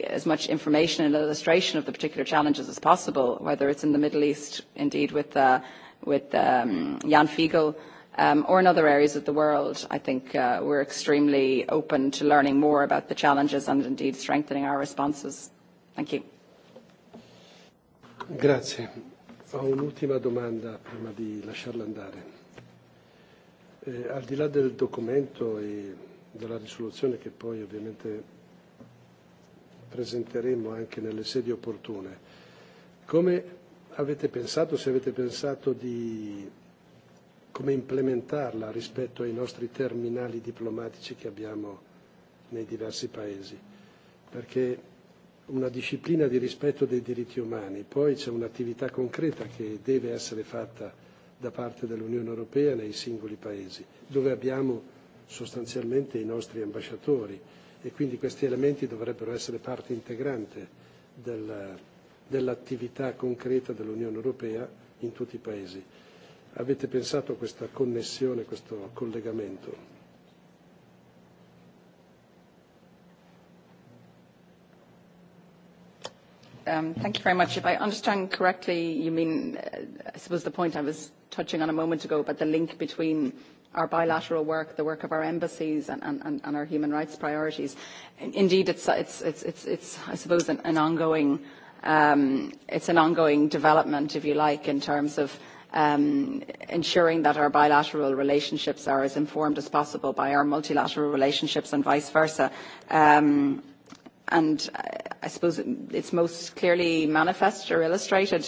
I: as much information and illustration of the particular challenges as possible, whether it's in the Middle East, indeed with, uh, with um, Jan Fiegel, Um, or in other areas of the world. I think uh, we're extremely open to learning more about the challenges and indeed strengthening our responses. Thank you.
B: Grazie. Ho un'ultima domanda prima di lasciarla andare. Eh, al di là del documento e della risoluzione che poi ovviamente presenteremo anche nelle sedi opportune, come avete pensato, se avete pensato di come implementarla rispetto ai nostri terminali diplomatici che abbiamo nei diversi paesi, perché una disciplina di rispetto dei diritti umani, poi c'è un'attività concreta che deve essere fatta da parte dell'Unione Europea nei singoli paesi, dove abbiamo sostanzialmente i nostri ambasciatori e quindi questi elementi dovrebbero essere parte integrante del, dell'attività concreta dell'Unione Europea in tutti i paesi avete pensato a questa connessione, a questo collegamento?
I: Um, thank you very much. If I understand correctly, you mean, uh, I suppose the point I was touching on a moment ago about the link between our bilateral work, the work of our embassies and, and, and our human rights priorities. Indeed, it's, it's, it's, it's, it's I suppose, an, an ongoing, um, it's an ongoing development, if you like, in terms of um, ensuring that our bilateral relationships are as informed as possible by our multilateral relationships and vice versa. Um, and I suppose it's most clearly manifest or illustrated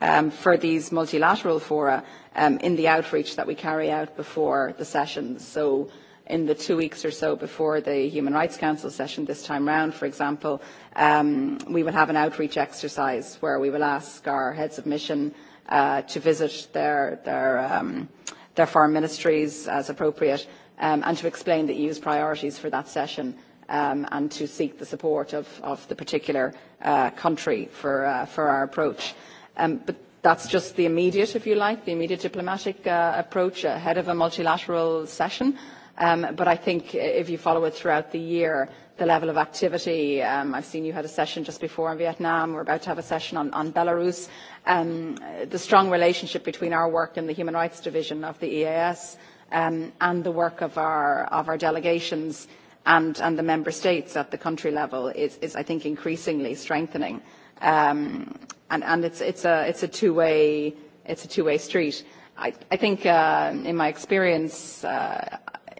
I: um, for these multilateral fora um, in the outreach that we carry out before the sessions. So in the two weeks or so before the Human Rights Council session this time round, for example, um, we will have an outreach exercise where we will ask our heads of mission uh, to visit their, their, um, their foreign ministries as appropriate um, and to explain the EU's priorities for that session um, and to seek the support of, of the particular uh, country for, uh, for our approach. Um, but that's just the immediate, if you like, the immediate diplomatic uh, approach ahead of a multilateral session. Um, but I think if you follow it throughout the year, the level of activity, um, I've seen you had a session just before on Vietnam, we're about to have a session on, on Belarus, um, the strong relationship between our work in the Human Rights Division of the EAS um, and the work of our, of our delegations and, and the member states at the country level is, is I think, increasingly strengthening. Um, and and it's, it's a, it's a two-way it's a two-way street. I, I think uh, in my experience, uh,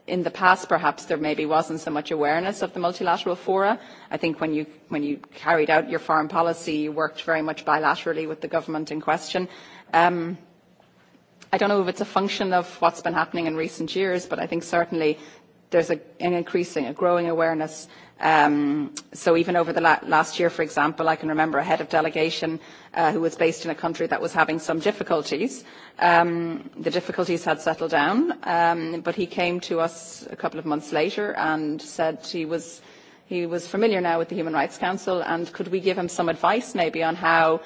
I: in the past, perhaps there maybe wasn't so much awareness of the multilateral fora. I think when you, when you carried out your foreign policy, you worked very much bilaterally with the government in question. Um, I don't know if it's a function of what's been happening in recent years, but I think certainly there's a, an increasing, a growing awareness. Um, so even over the la last year, for example, I can remember a head of delegation uh, who was based in a country that was having some difficulties. Um, the difficulties had settled down, um, but he came to us a couple of months later and said he was, he was familiar now with the Human Rights Council and could we give him some advice maybe on how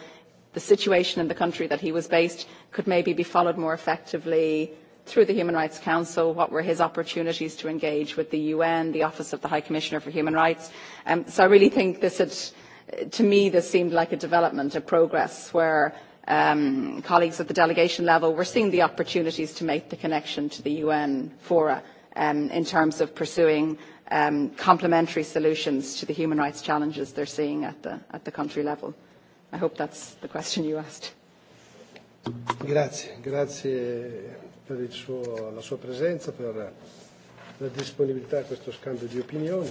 I: the situation in the country that he was based could maybe be followed more effectively through the Human Rights Council, what were his opportunities to engage with the UN, the Office of the High Commissioner for Human Rights. Um, so I really think this had, to me, this seemed like a development, a progress where um, colleagues at the delegation level were seeing the opportunities to make the connection to the UN fora um, in terms of pursuing um, complementary solutions to the human rights challenges they're seeing at the, at the country level. I hope that's the question you asked.
B: Grazie, grazie per il suo, la sua presenza, per la disponibilità a questo scambio di opinioni.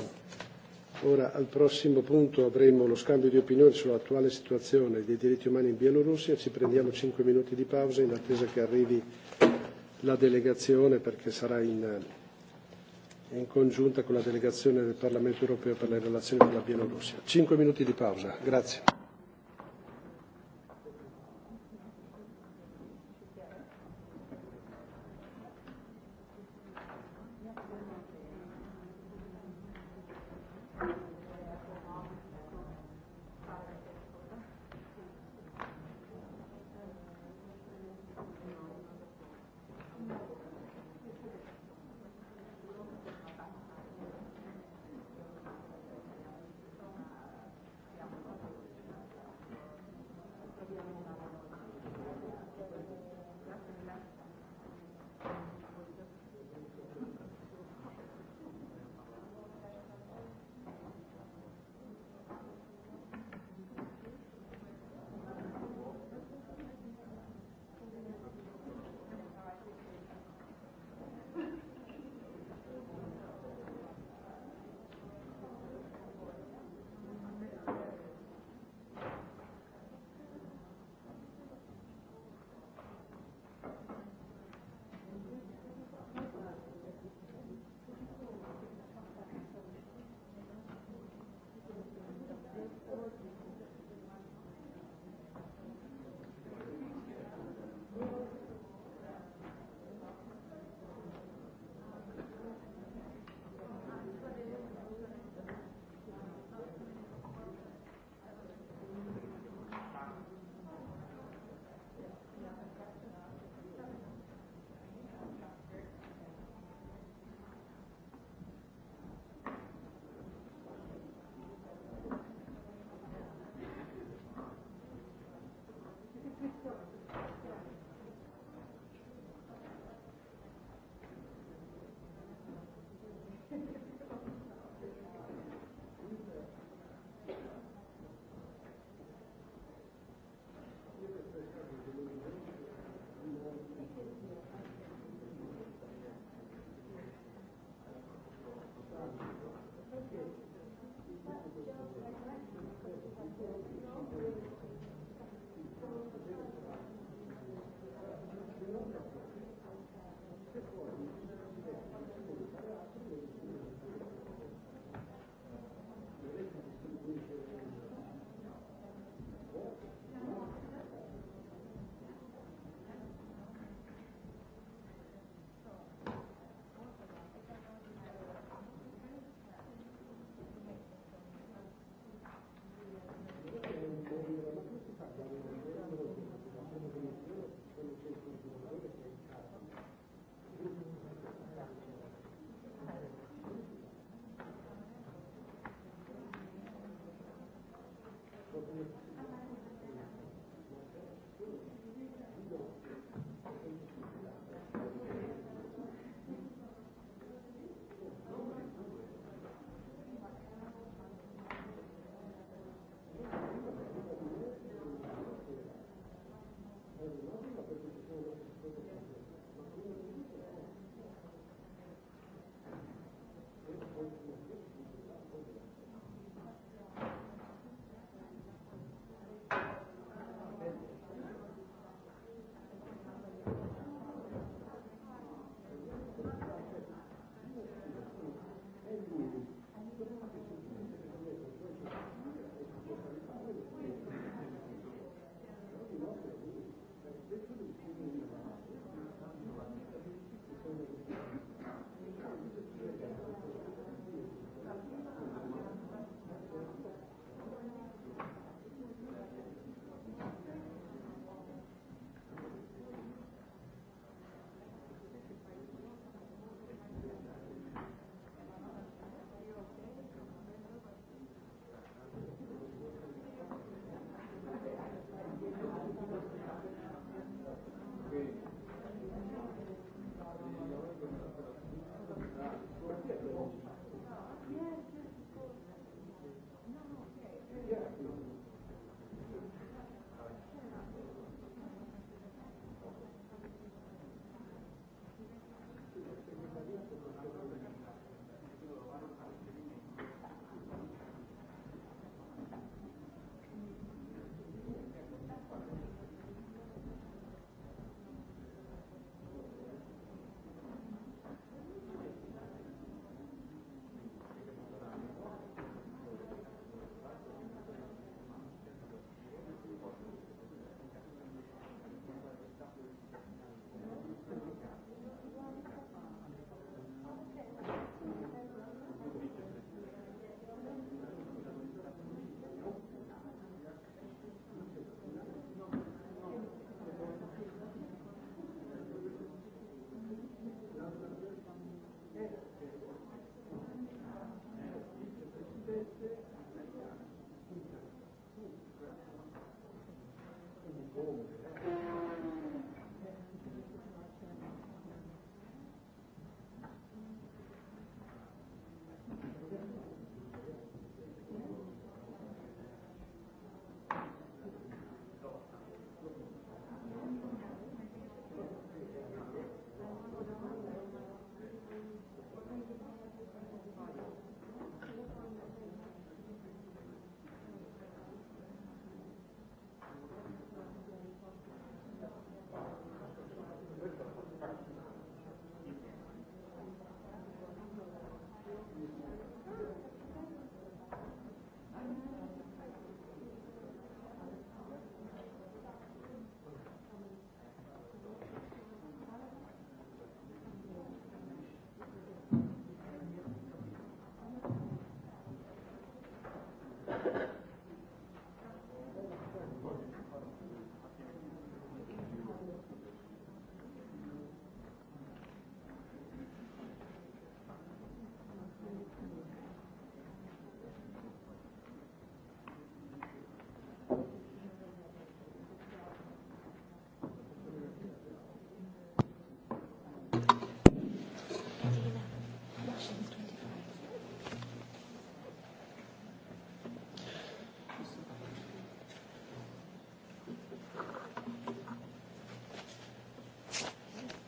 B: Ora al prossimo punto avremo lo scambio di opinioni sull'attuale situazione dei diritti umani in Bielorussia, ci prendiamo 5 minuti di pausa in attesa che arrivi la delegazione perché sarà in, in congiunta con la delegazione del Parlamento europeo per le relazioni con la Bielorussia. 5 minuti di pausa, grazie.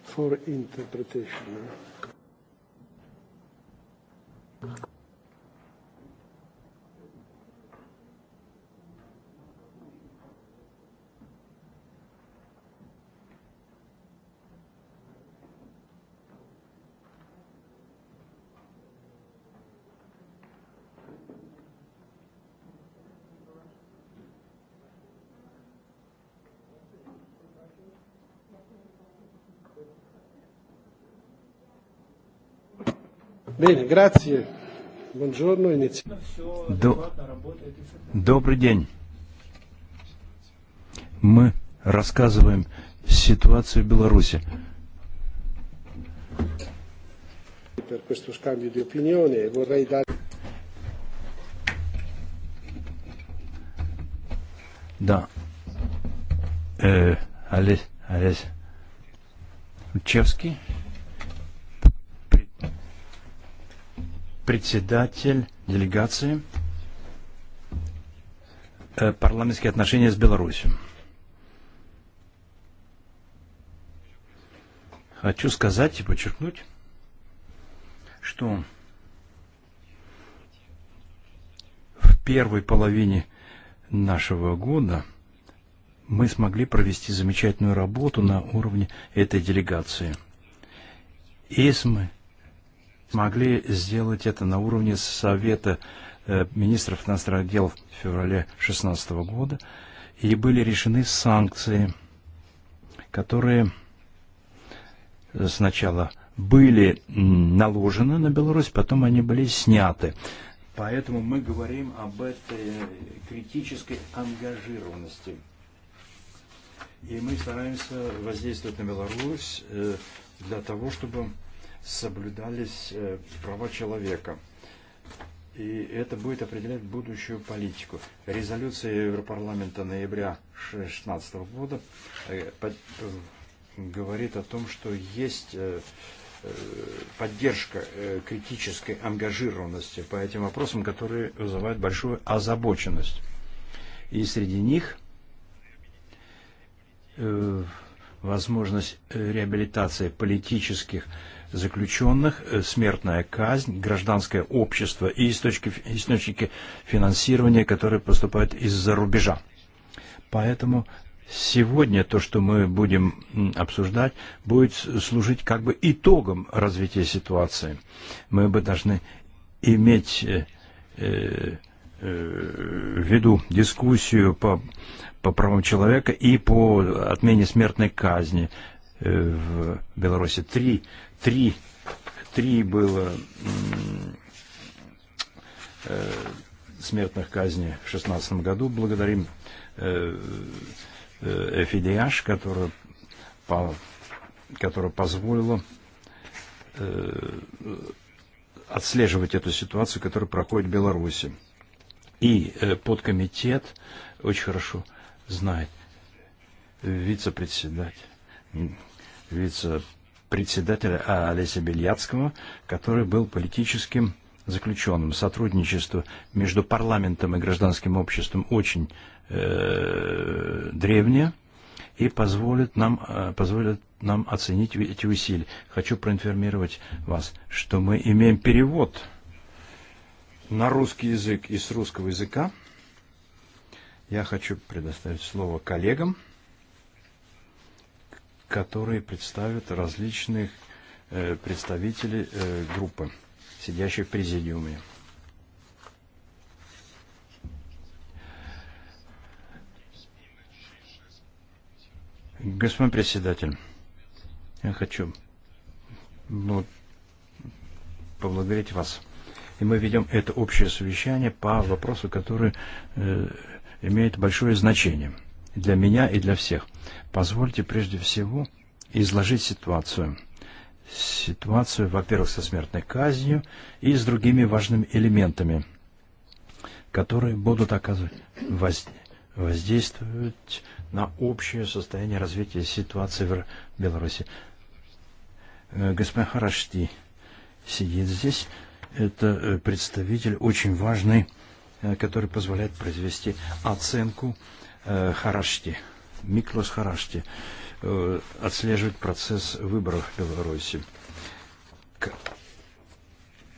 B: for interpretation. Bene, grazie. Buongiorno, iniziamo.
K: Do... Добрый день. Мы рассказываем ситуацию в Беларуси.
B: Per questo scambio di opinione vorrei dare
K: Да. Э, Олесь, Олесь. Чевский. председатель делегации э, парламентские отношения с Беларусью. Хочу сказать и подчеркнуть, что в первой половине нашего года мы смогли провести замечательную работу на уровне этой делегации. мы могли сделать это на уровне Совета э, министров иностранных дел в феврале 2016 года, и были решены санкции, которые сначала были наложены на Беларусь, потом они были сняты. Поэтому мы говорим об этой критической ангажированности. И мы стараемся воздействовать на Беларусь э, для того, чтобы соблюдались э, права человека. И это будет определять будущую политику. Резолюция Европарламента ноября 2016 года э, э, говорит о том, что есть поддержка критической ангажированности по этим вопросам, которые вызывают большую озабоченность. И среди них возможность реабилитации политических заключенных, э, смертная казнь, гражданское общество и источники, источники финансирования, которые поступают из-за рубежа. Поэтому сегодня то, что мы будем обсуждать, будет служить как бы итогом развития ситуации. Мы бы должны иметь э, э, э, в виду дискуссию по, по правам человека и по отмене смертной казни э, в Беларуси. Три три, три было э, смертных казни в 2016 году. Благодарим э, э, Эфидиаш, которая, по, которая позволила э, отслеживать эту ситуацию, которая проходит в Беларуси. И э, подкомитет очень хорошо знает вице-председатель, вице-председатель председателя Олеся Бельяцкого, который был политическим заключенным. Сотрудничество между парламентом и гражданским обществом очень э, древнее и позволит нам, э, позволит нам оценить эти усилия. Хочу проинформировать вас, что мы имеем перевод на русский язык и с русского языка. Я хочу предоставить слово коллегам которые представят различных э, представителей э, группы, сидящих в президиуме. Господин председатель, я хочу ну, поблагодарить вас. И мы ведем это общее совещание по вопросу, который э, имеет большое значение – для меня и для всех. Позвольте прежде всего изложить ситуацию. Ситуацию, во-первых, со смертной казнью и с другими важными элементами, которые будут оказывать воздействие воздействовать на общее состояние развития ситуации в Беларуси. Э, господин Харашти сидит здесь. Это э, представитель очень важный, э, который позволяет произвести оценку Э, Харашти, Миклос Харашти, э, отслеживать процесс выборов в Беларуси.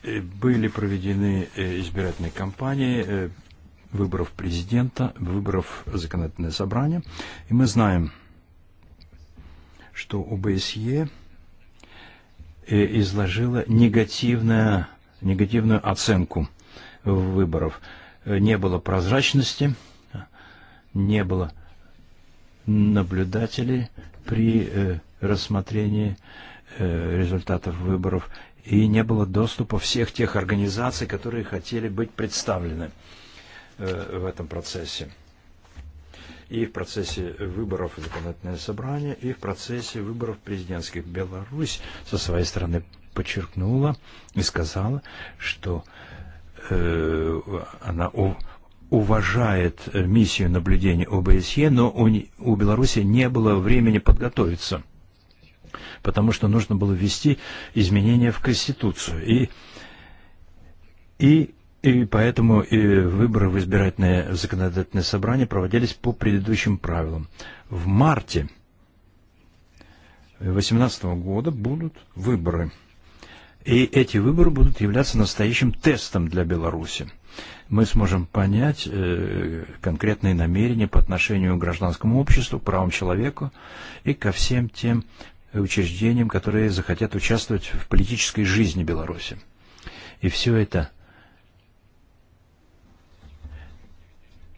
K: Э, были проведены избирательные кампании, выборов президента, выборов законодательное собрание. И мы знаем, что ОБСЕ изложила негативную, негативную оценку выборов. Не было прозрачности, не было наблюдателей при э, рассмотрении э, результатов выборов и не было доступа всех тех организаций, которые хотели быть представлены э, в этом процессе. И в процессе выборов законодательное собрание, и в процессе выборов президентских. Беларусь со своей стороны подчеркнула и сказала, что э, она... У, уважает э, миссию наблюдения ОБСЕ, но у, у Беларуси не было времени подготовиться, потому что нужно было ввести изменения в Конституцию. И, и, и поэтому и э, выборы в избирательное законодательное собрание проводились по предыдущим правилам. В марте 2018 года будут выборы – И эти выборы будут являться настоящим тестом для Беларуси. Мы сможем понять э, конкретные намерения по отношению к гражданскому обществу, правам человеку и ко всем тем учреждениям, которые захотят участвовать в политической жизни Беларуси. И все это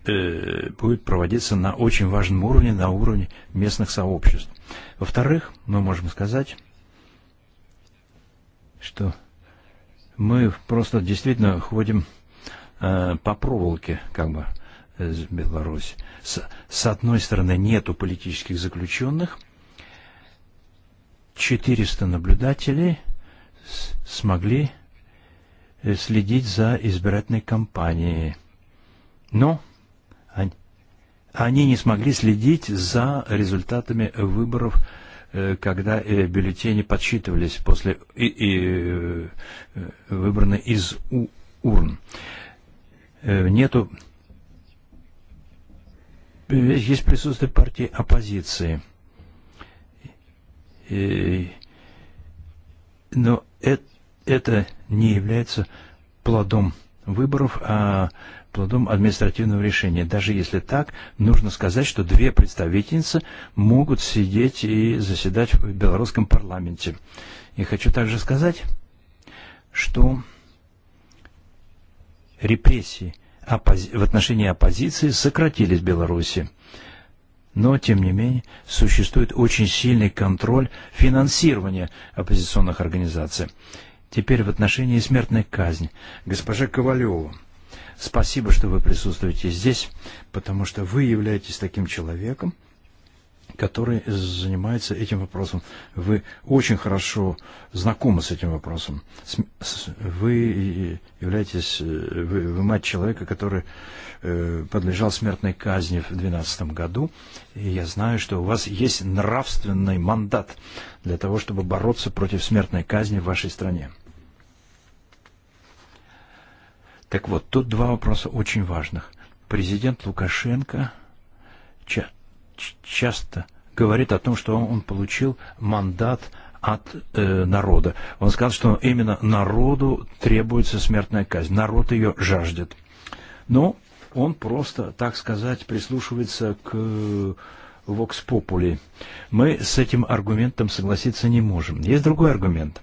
K: э, будет проводиться на очень важном уровне, на уровне местных сообществ. Во-вторых, мы можем сказать, что мы просто действительно ходим э, по проволоке, как бы, с Беларусь. С, с одной стороны, нету политических заключенных, 400 наблюдателей смогли э, следить за избирательной кампанией. Но они, они не смогли следить за результатами выборов Э, когда э, бюллетени подсчитывались после и, и э, выбраны из у, урн. Нету есть присутствие партии оппозиции. И, но это, это не является плодом выборов, а плодом административного решения. Даже если так, нужно сказать, что две представительницы могут сидеть и заседать в белорусском парламенте. И хочу также сказать, что репрессии в отношении оппозиции сократились в Беларуси. Но, тем не менее, существует очень сильный контроль финансирования оппозиционных организаций. Теперь в отношении смертной казни. Госпожа Ковалева Спасибо, что вы присутствуете здесь, потому что вы являетесь таким человеком, который занимается этим вопросом. Вы очень хорошо знакомы с этим вопросом. Вы являетесь, э, вы, вы мать человека, который э, подлежал смертной казни в 2012 году. И я знаю, что у вас есть нравственный мандат для того, чтобы бороться против смертной казни в вашей стране. Так вот, тут два вопроса очень важных. Президент Лукашенко ча часто говорит о том, что он, он получил мандат от э, народа. Он сказал, что именно народу требуется смертная казнь, народ ее жаждет. Но он просто, так сказать, прислушивается к Вокс э, Попули. Мы с этим аргументом согласиться не можем. Есть другой аргумент,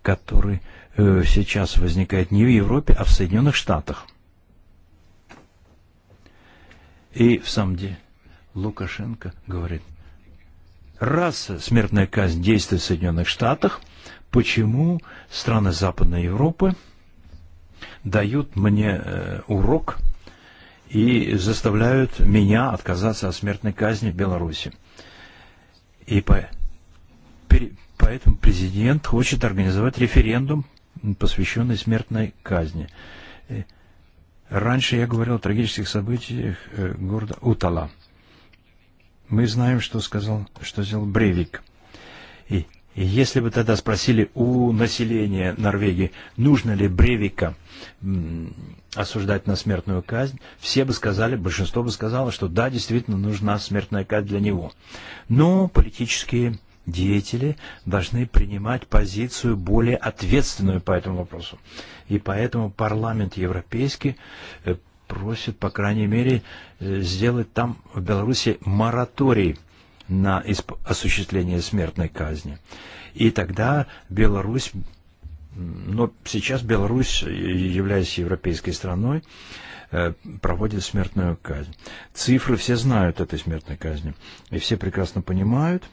K: который Э, сейчас возникает не в Европе, а в Соединенных Штатах. И в самом деле Лукашенко говорит, раз смертная казнь действует в Соединенных Штатах, почему страны Западной Европы дают мне э, урок и заставляют меня отказаться от смертной казни в Беларуси. И по, поэтому президент хочет организовать референдум посвященный смертной казни. Э, раньше я говорил о трагических событиях э, города Утала. Мы знаем, что сказал, что сделал Бревик. И если бы тогда спросили у населения Норвегии, нужно ли Бревика осуждать на смертную казнь, все бы сказали, большинство бы сказало, что да, действительно нужна смертная казнь для него. Но политические деятели должны принимать позицию более ответственную по этому вопросу. И поэтому парламент европейский э, просит, по крайней мере, э, сделать там, в Беларуси, мораторий на осуществление смертной казни. И тогда Беларусь, но сейчас Беларусь, э, являясь европейской страной, проводит смертную казнь. Цифры все знают этой смертной казни, и все прекрасно понимают –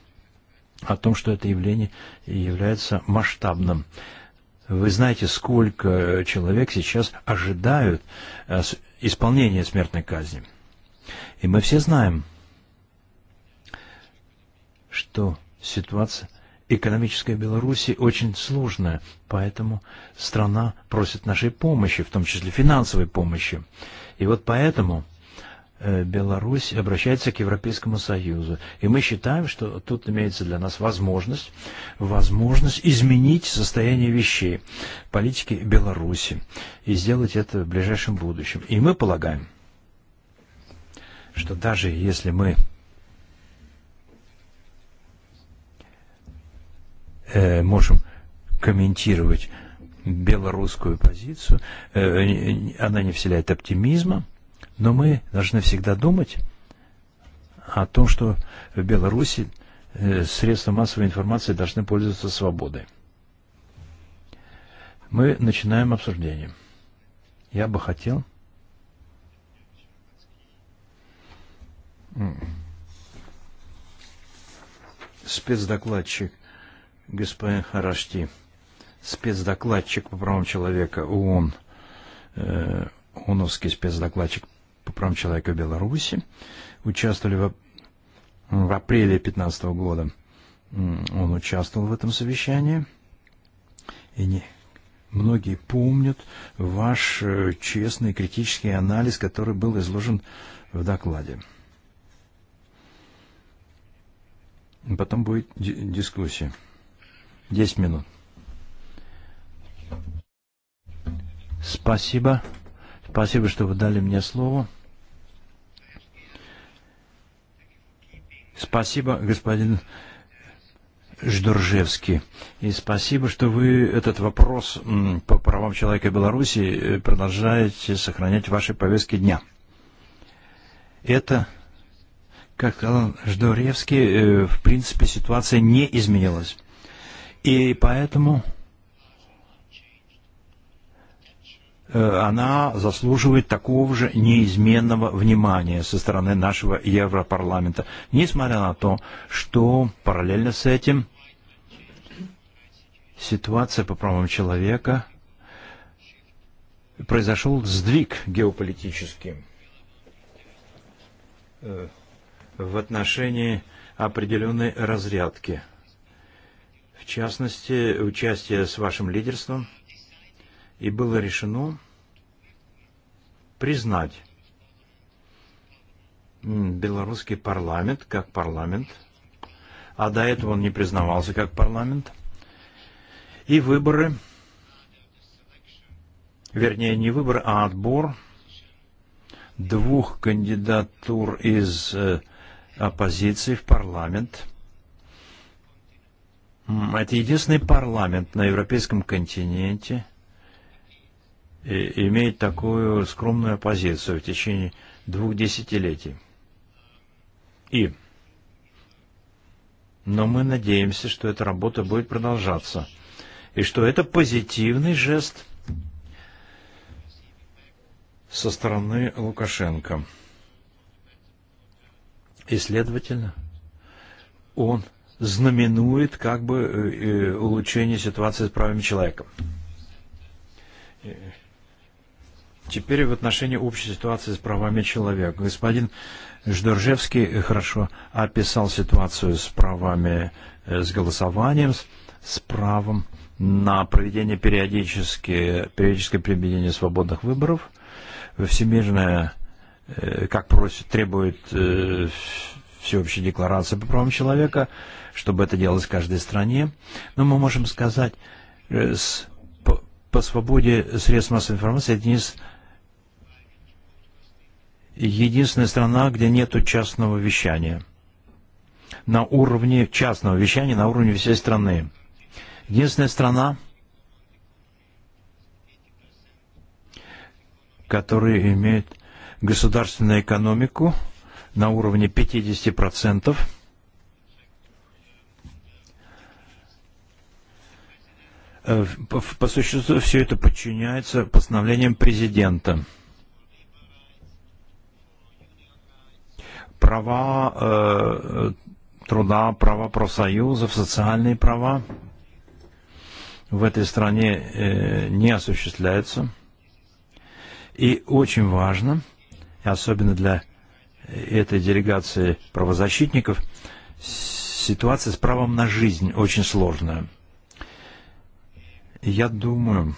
K: о том, что это явление является масштабным. Вы знаете, сколько человек сейчас ожидают э, исполнения смертной казни. И мы все знаем, что ситуация экономическая Беларуси очень сложная, поэтому страна просит нашей помощи, в том числе финансовой помощи. И вот поэтому Э, Беларусь обращается к Европейскому Союзу. И мы считаем, что тут имеется для нас возможность, возможность изменить состояние вещей политики Беларуси и сделать это в ближайшем будущем. И мы полагаем, что даже если мы э, можем комментировать белорусскую позицию, э, она не вселяет оптимизма, Но мы должны всегда думать о том, что в Беларуси э, средства массовой информации должны пользоваться свободой. Мы начинаем обсуждение. Я бы хотел спецдокладчик господин Харашти, спецдокладчик по правам человека ООН, э, ООНовский спецдокладчик по правам человека Беларуси. Участвовали в, в апреле 2015 года. Он участвовал в этом совещании. И не, многие помнят ваш э, честный критический анализ, который был изложен в докладе. Потом будет дискуссия. Десять минут. Спасибо. Спасибо, что вы дали мне слово. Спасибо, господин Ждоржевский. И спасибо, что вы этот вопрос по правам человека Беларуси э, продолжаете сохранять в вашей повестке дня. Это, как сказал Ждоржевский, э, в принципе ситуация не изменилась. И поэтому Э, она заслуживает такого же неизменного внимания со стороны нашего Европарламента, несмотря на то, что параллельно с этим ситуация по правам человека произошел сдвиг геополитический э, в отношении определенной разрядки. В частности, участие с вашим лидерством – и было решено признать белорусский парламент как парламент, а до этого он не признавался как парламент, и выборы, вернее не выборы, а отбор двух кандидатур из э, оппозиции в парламент. Это единственный парламент на европейском континенте – Э, имеет такую скромную позицию в течение двух десятилетий. И, но мы надеемся, что эта работа будет продолжаться, и что это позитивный жест со стороны Лукашенко. И, следовательно, он знаменует как бы э, э, улучшение ситуации с правами человека. Теперь в отношении общей ситуации с правами человека. Господин Ждоржевский хорошо описал ситуацию с правами, э, с голосованием, с правом на проведение периодического периодическое применение свободных выборов. Всемирная, э, как просит, требует э, всеобщей декларации по правам человека, чтобы это делалось в каждой стране. Но мы можем сказать, с, по, по свободе средств массовой информации это не единственная страна, где нет частного вещания. На уровне частного вещания, на уровне всей страны. Единственная страна, которая имеет государственную экономику на уровне 50%. Э, по существу все это подчиняется постановлениям президента. права э, труда, права профсоюзов, социальные права в этой стране э, не осуществляются. И очень важно, особенно для этой делегации правозащитников, ситуация с правом на жизнь очень сложная. Я думаю,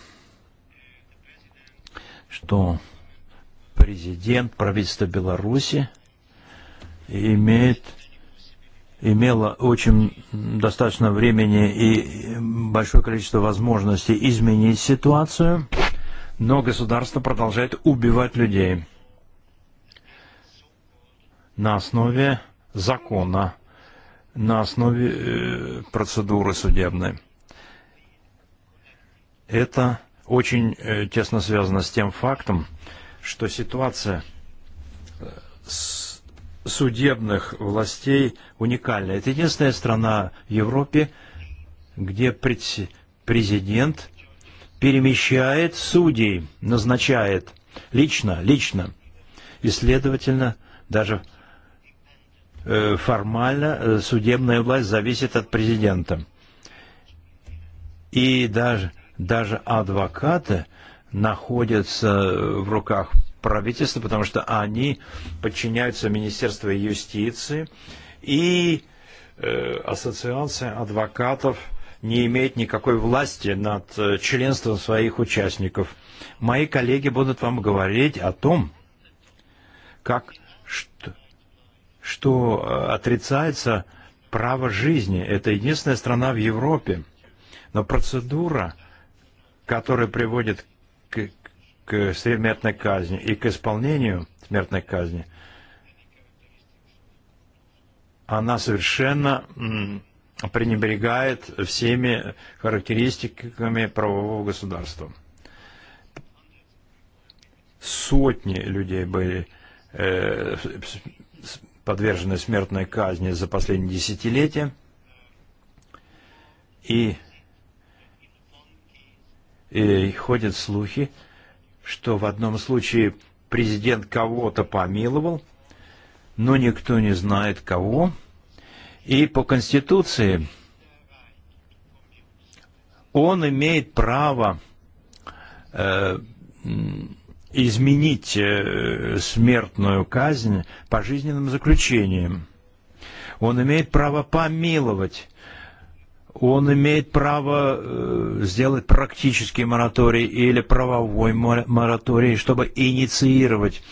K: что президент правительства Беларуси – имеет, имела очень достаточно времени и большое количество возможностей изменить ситуацию, но государство продолжает убивать людей на основе закона, на основе э, процедуры судебной. Это очень э, тесно связано с тем фактом, что ситуация э, с судебных властей уникальна. Это единственная страна в Европе, где президент перемещает судей, назначает лично, лично. И, следовательно, даже э, формально э, судебная власть зависит от президента. И даже, даже адвокаты находятся в руках правительства, потому что они подчиняются Министерству юстиции, и э, Ассоциация адвокатов не имеет никакой власти над э, членством своих участников. Мои коллеги будут вам говорить о том, как что, что э, отрицается право жизни. Это единственная страна в Европе. Но процедура, которая приводит к смертной казни и к исполнению смертной казни, она совершенно пренебрегает всеми характеристиками правового государства. Сотни людей были э, подвержены смертной казни за последние десятилетия. И, и ходят слухи, что в одном случае президент кого-то помиловал, но никто не знает кого. И по Конституции он имеет право э, изменить э, смертную казнь пожизненным заключением. Он имеет право помиловать он имеет право э, сделать практический мораторий или правовой мораторий, чтобы инициировать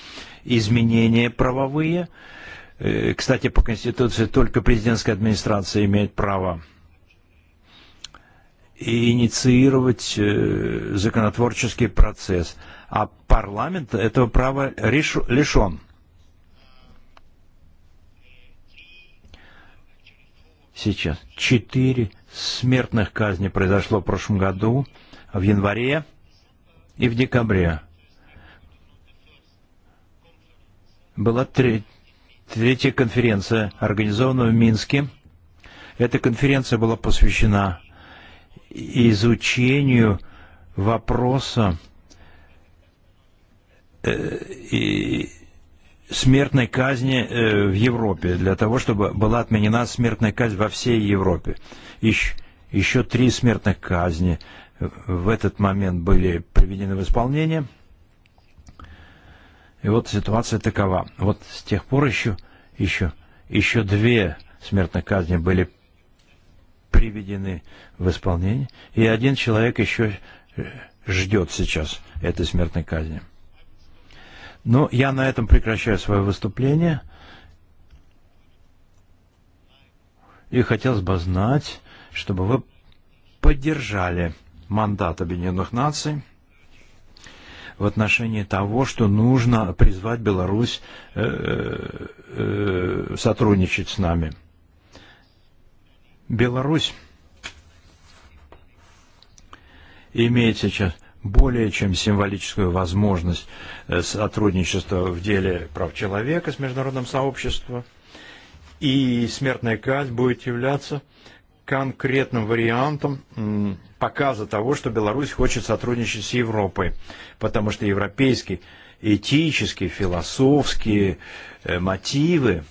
K: изменения правовые. Э, кстати, по Конституции только президентская администрация имеет право инициировать э, законотворческий процесс, а парламент этого права лишен. Сейчас четыре смертных казней произошло в прошлом году, в январе и в декабре. Была третья конференция, организованная в Минске. Эта конференция была посвящена изучению вопроса э, и смертной казни э, в Европе, для того, чтобы была отменена смертная казнь во всей Европе. Еще, еще три смертных казни э, в этот момент были приведены в исполнение. И вот ситуация такова. Вот с тех пор еще, еще, еще две смертные казни были приведены в исполнение, и один человек еще э, ждет сейчас этой смертной казни. Ну, я на этом прекращаю свое выступление. И хотелось бы знать, чтобы вы поддержали мандат Объединенных Наций в отношении того, что нужно призвать Беларусь э, э, э, сотрудничать с нами. Беларусь имеет сейчас более чем символическую возможность э, сотрудничества в деле прав человека с международным сообществом. И смертная казнь будет являться конкретным вариантом показа того, что Беларусь хочет сотрудничать с Европой, потому что европейские этические, философские э, мотивы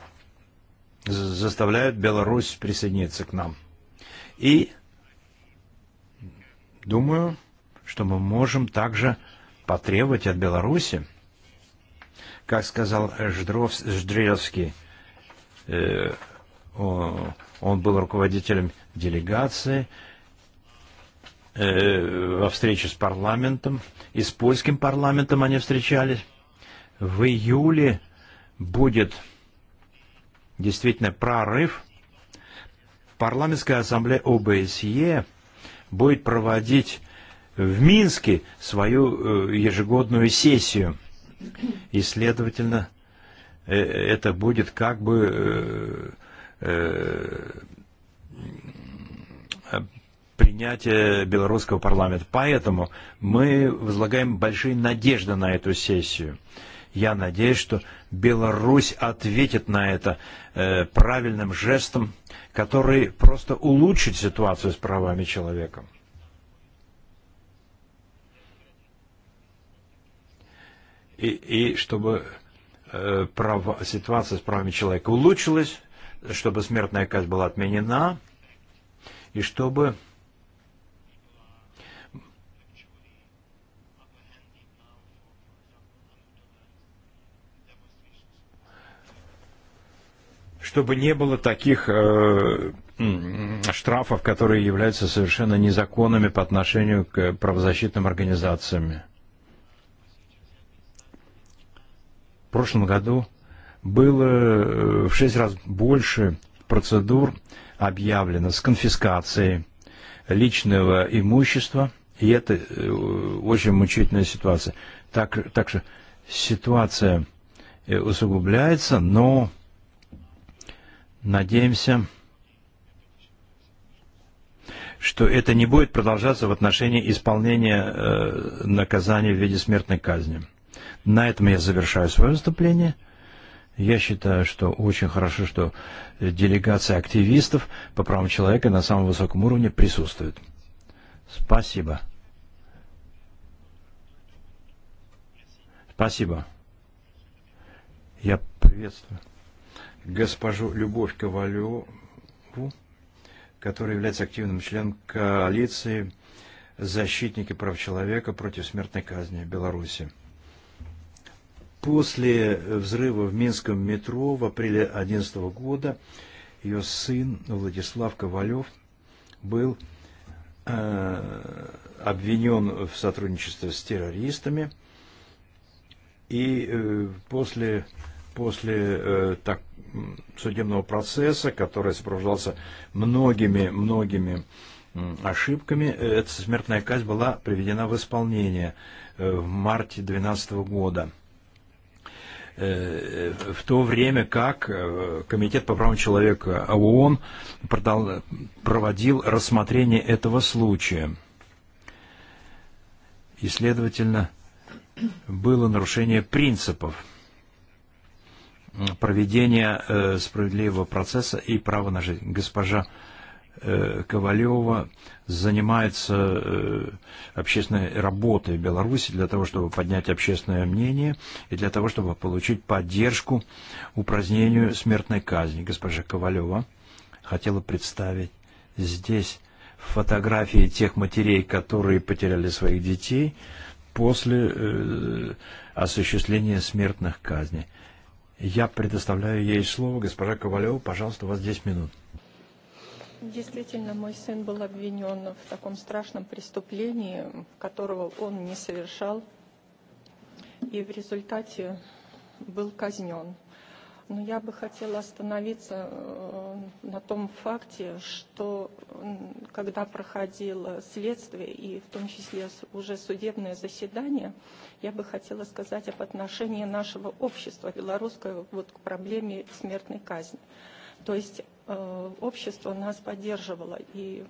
K: заставляют Беларусь присоединиться к нам. И, думаю, что мы можем также потребовать от Беларуси, как сказал Ждров, Ждревский, э, он был руководителем делегации э, во встрече с парламентом, и с польским парламентом они встречались. В июле будет действительно прорыв. Парламентская ассамблея ОБСЕ будет проводить в Минске свою э, ежегодную сессию. И, следовательно, э, это будет как бы э, принятие белорусского парламента. Поэтому мы возлагаем большие надежды на эту сессию. Я надеюсь, что Беларусь ответит на это э, правильным жестом, который просто улучшит ситуацию с правами человека. и, и чтобы э, права, ситуация с правами человека улучшилась, чтобы смертная казнь была отменена, и чтобы чтобы не было таких э, штрафов, которые являются совершенно незаконными по отношению к правозащитным организациям. в прошлом году было э, в шесть раз больше процедур объявлено с конфискацией личного имущества, и это э, очень мучительная ситуация. Так, так что ситуация э, усугубляется, но надеемся, что это не будет продолжаться в отношении исполнения наказания в виде смертной казни. На этом я завершаю свое выступление. Я считаю, что очень хорошо, что делегация активистов по правам человека на самом высоком уровне присутствует. Спасибо. Спасибо. Я приветствую госпожу Любовь Ковалеву, которая является активным членом коалиции «Защитники прав человека против смертной казни в Беларуси». После взрыва в Минском метро в апреле 2011 года ее сын Владислав Ковалев был э, обвинен в сотрудничестве с террористами. И э, после, после э, так, судебного процесса, который сопровождался многими-многими ошибками, э, эта смертная казнь была приведена в исполнение э, в марте 2012 года в то время как э, Комитет по правам человека ООН продал, проводил рассмотрение этого случая. И, следовательно, было нарушение принципов проведения э, справедливого процесса и права на жизнь. Госпожа Э, Ковалева занимается э, общественной работой в Беларуси для того, чтобы поднять общественное мнение и для того, чтобы получить поддержку упразднению смертной казни. Госпожа Ковалева хотела представить здесь фотографии тех матерей, которые потеряли своих детей после э, осуществления смертных казней. Я предоставляю ей слово. Госпожа Ковалева, пожалуйста, у вас 10 минут.
A: Действительно, мой сын был обвинен в таком страшном преступлении, которого он не совершал, и в результате был казнен. Но я бы хотела остановиться э, на том факте, что когда проходило следствие и в том числе уже судебное заседание, я бы хотела сказать об отношении нашего общества белорусского вот к проблеме смертной казни. То есть Э, общество нас поддерживало, и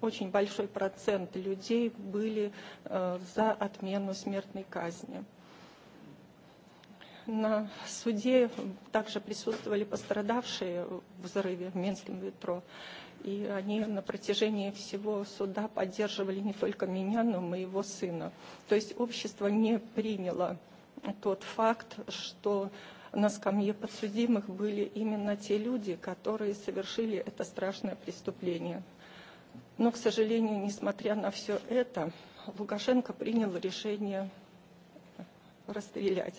A: очень большой процент людей были э, за отмену смертной казни. На суде также присутствовали пострадавшие в взрыве в Минском ветро, И они на протяжении всего суда поддерживали не только меня, но и моего сына. То есть общество не приняло тот факт, что на скамье подсудимых были именно те люди, которые совершили это страшное преступление. Но, к сожалению, несмотря на все это, Лукашенко принял решение расстрелять.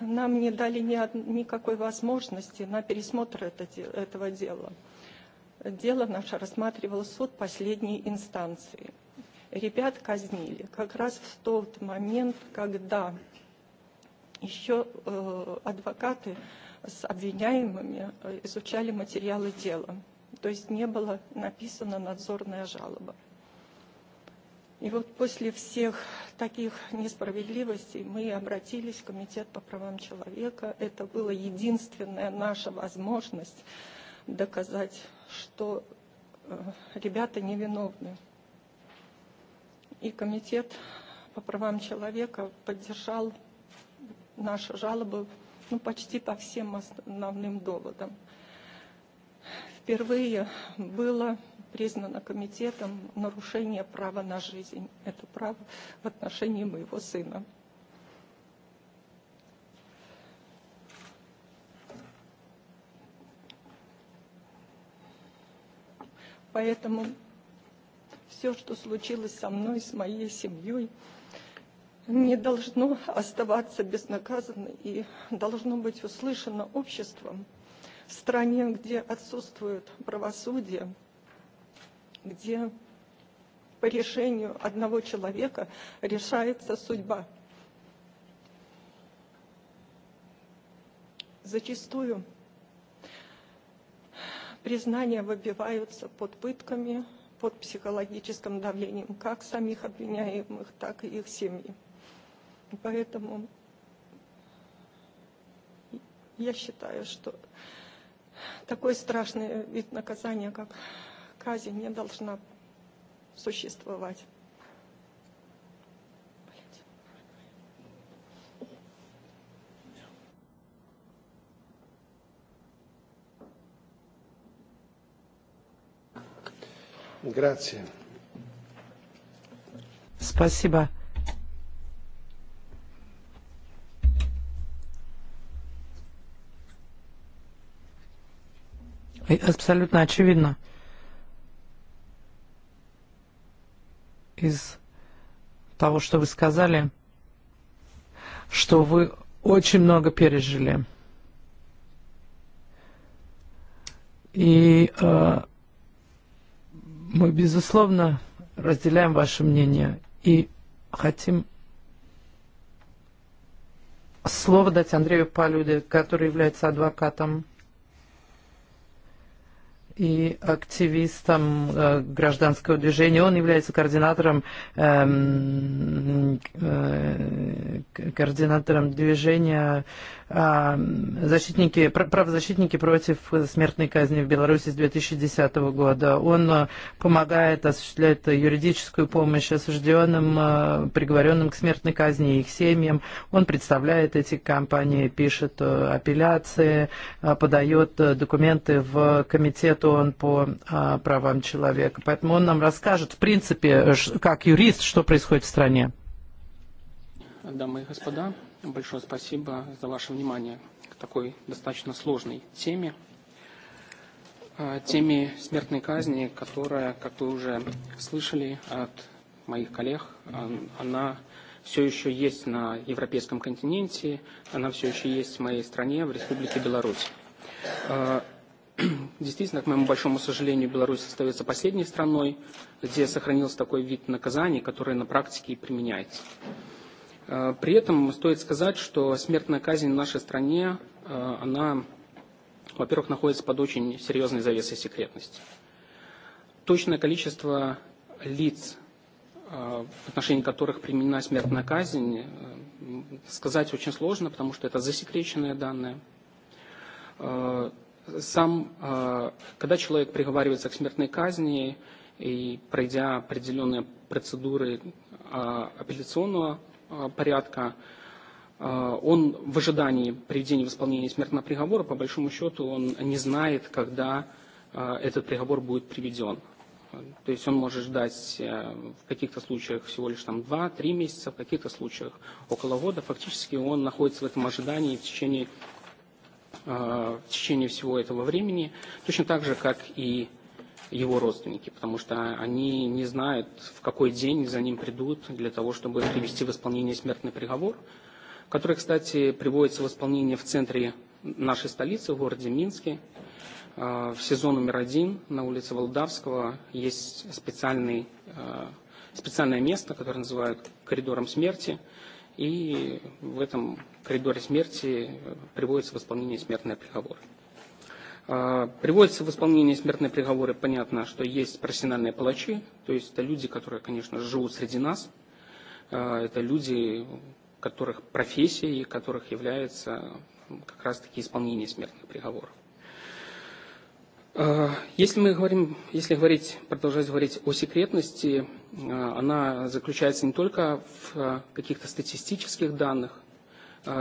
A: Нам не дали ни, никакой возможности на пересмотр это, этого дела. Дело наше рассматривал суд последней инстанции. Ребят казнили как раз в тот момент, когда еще э, адвокаты с обвиняемыми э, изучали материалы дела. То есть не было написано надзорная жалоба. И вот после всех таких несправедливостей мы обратились в Комитет по правам человека. Это была единственная наша возможность доказать, что э, ребята невиновны. И Комитет по правам человека поддержал наши жалобы ну, почти по всем основным доводам. Впервые было признано комитетом нарушение права на жизнь. Это право в отношении моего сына. Поэтому все, что случилось со мной, с моей семьей, не должно [laughs] оставаться безнаказанно и должно быть услышано обществом. В стране, где отсутствует правосудие, где по решению одного человека решается судьба. Зачастую признания выбиваются под пытками, под психологическим давлением как самих обвиняемых, так и их семьи. Поэтому я считаю, что такой страшный вид наказания, как казнь, не должна существовать.
B: Grazie.
L: Спасибо. абсолютно очевидно из того, что вы сказали, что вы очень много пережили. И э, мы, безусловно, разделяем ваше мнение и хотим слово дать Андрею Палюде, который является адвокатом и активистом э, гражданского движения. Он является координатором, э, координатором движения защитники, правозащитники против э, смертной казни в Беларуси с 2010 года. Он помогает, осуществляет юридическую помощь осужденным, приговоренным к смертной казни и их семьям. Он представляет эти компании, пишет апелляции, подает документы в комитету он по а, правам человека. Поэтому он нам расскажет, в принципе, как юрист, что происходит в стране.
M: Дамы и господа, большое спасибо за ваше внимание к такой достаточно сложной теме. Теме смертной казни, которая, как вы уже слышали от моих коллег, она все еще есть на европейском континенте, она все еще есть в моей стране, в Республике Беларусь. [clears throat] Действительно, к моему большому сожалению, Беларусь остается последней страной, где сохранился такой вид наказаний, который на практике и применяется. Э, при этом стоит сказать, что смертная казнь в нашей стране, э, она, во-первых, находится под очень серьезной завесой секретности. Точное количество лиц, э, в отношении которых применена смертная казнь, сказать очень сложно, потому что это засекреченные данные сам, э, когда человек приговаривается к смертной казни и пройдя определенные процедуры э, апелляционного э, порядка, он в ожидании приведения в исполнение смертного приговора, по большому счету, он не знает, когда этот приговор будет приведен. То есть он может ждать в каких-то случаях всего лишь там 2-3 месяца, в каких-то случаях около года. Фактически он находится в этом ожидании в течение Э, в течение всего этого времени, точно так же, как и его родственники, потому что они не знают, в какой день за ним придут для того, чтобы привести в исполнение смертный приговор, который, кстати, приводится в исполнение в центре нашей столицы, в городе Минске. Э, в СИЗО номер один на улице Волдавского есть специальный, э, специальное место, которое называют коридором смерти, и в этом коридоре смерти э, приводится в исполнение смертный приговор. Приводится в исполнение смертные приговоры, понятно, что есть профессиональные палачи, то есть это люди, которые, конечно, живут среди нас, это люди, которых профессией, которых является как раз-таки исполнение смертных приговоров. Если мы говорим, если говорить, продолжать говорить о секретности, она заключается не только в каких-то статистических данных.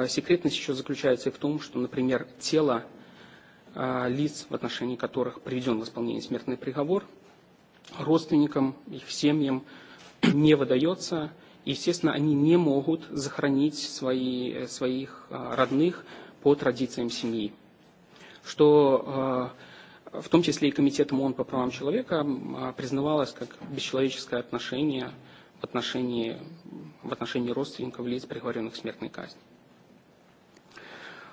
M: Секретность еще заключается и в том, что, например, тело лиц, в отношении которых приведен в исполнение смертный приговор, родственникам, их семьям [clears throat] не выдается. И, естественно, они не могут захоронить свои, своих родных по традициям семьи. Что в том числе и Комитетом ООН по правам человека, признавалось как бесчеловеческое отношение в отношении, в отношении родственников лиц, приговоренных к смертной казни.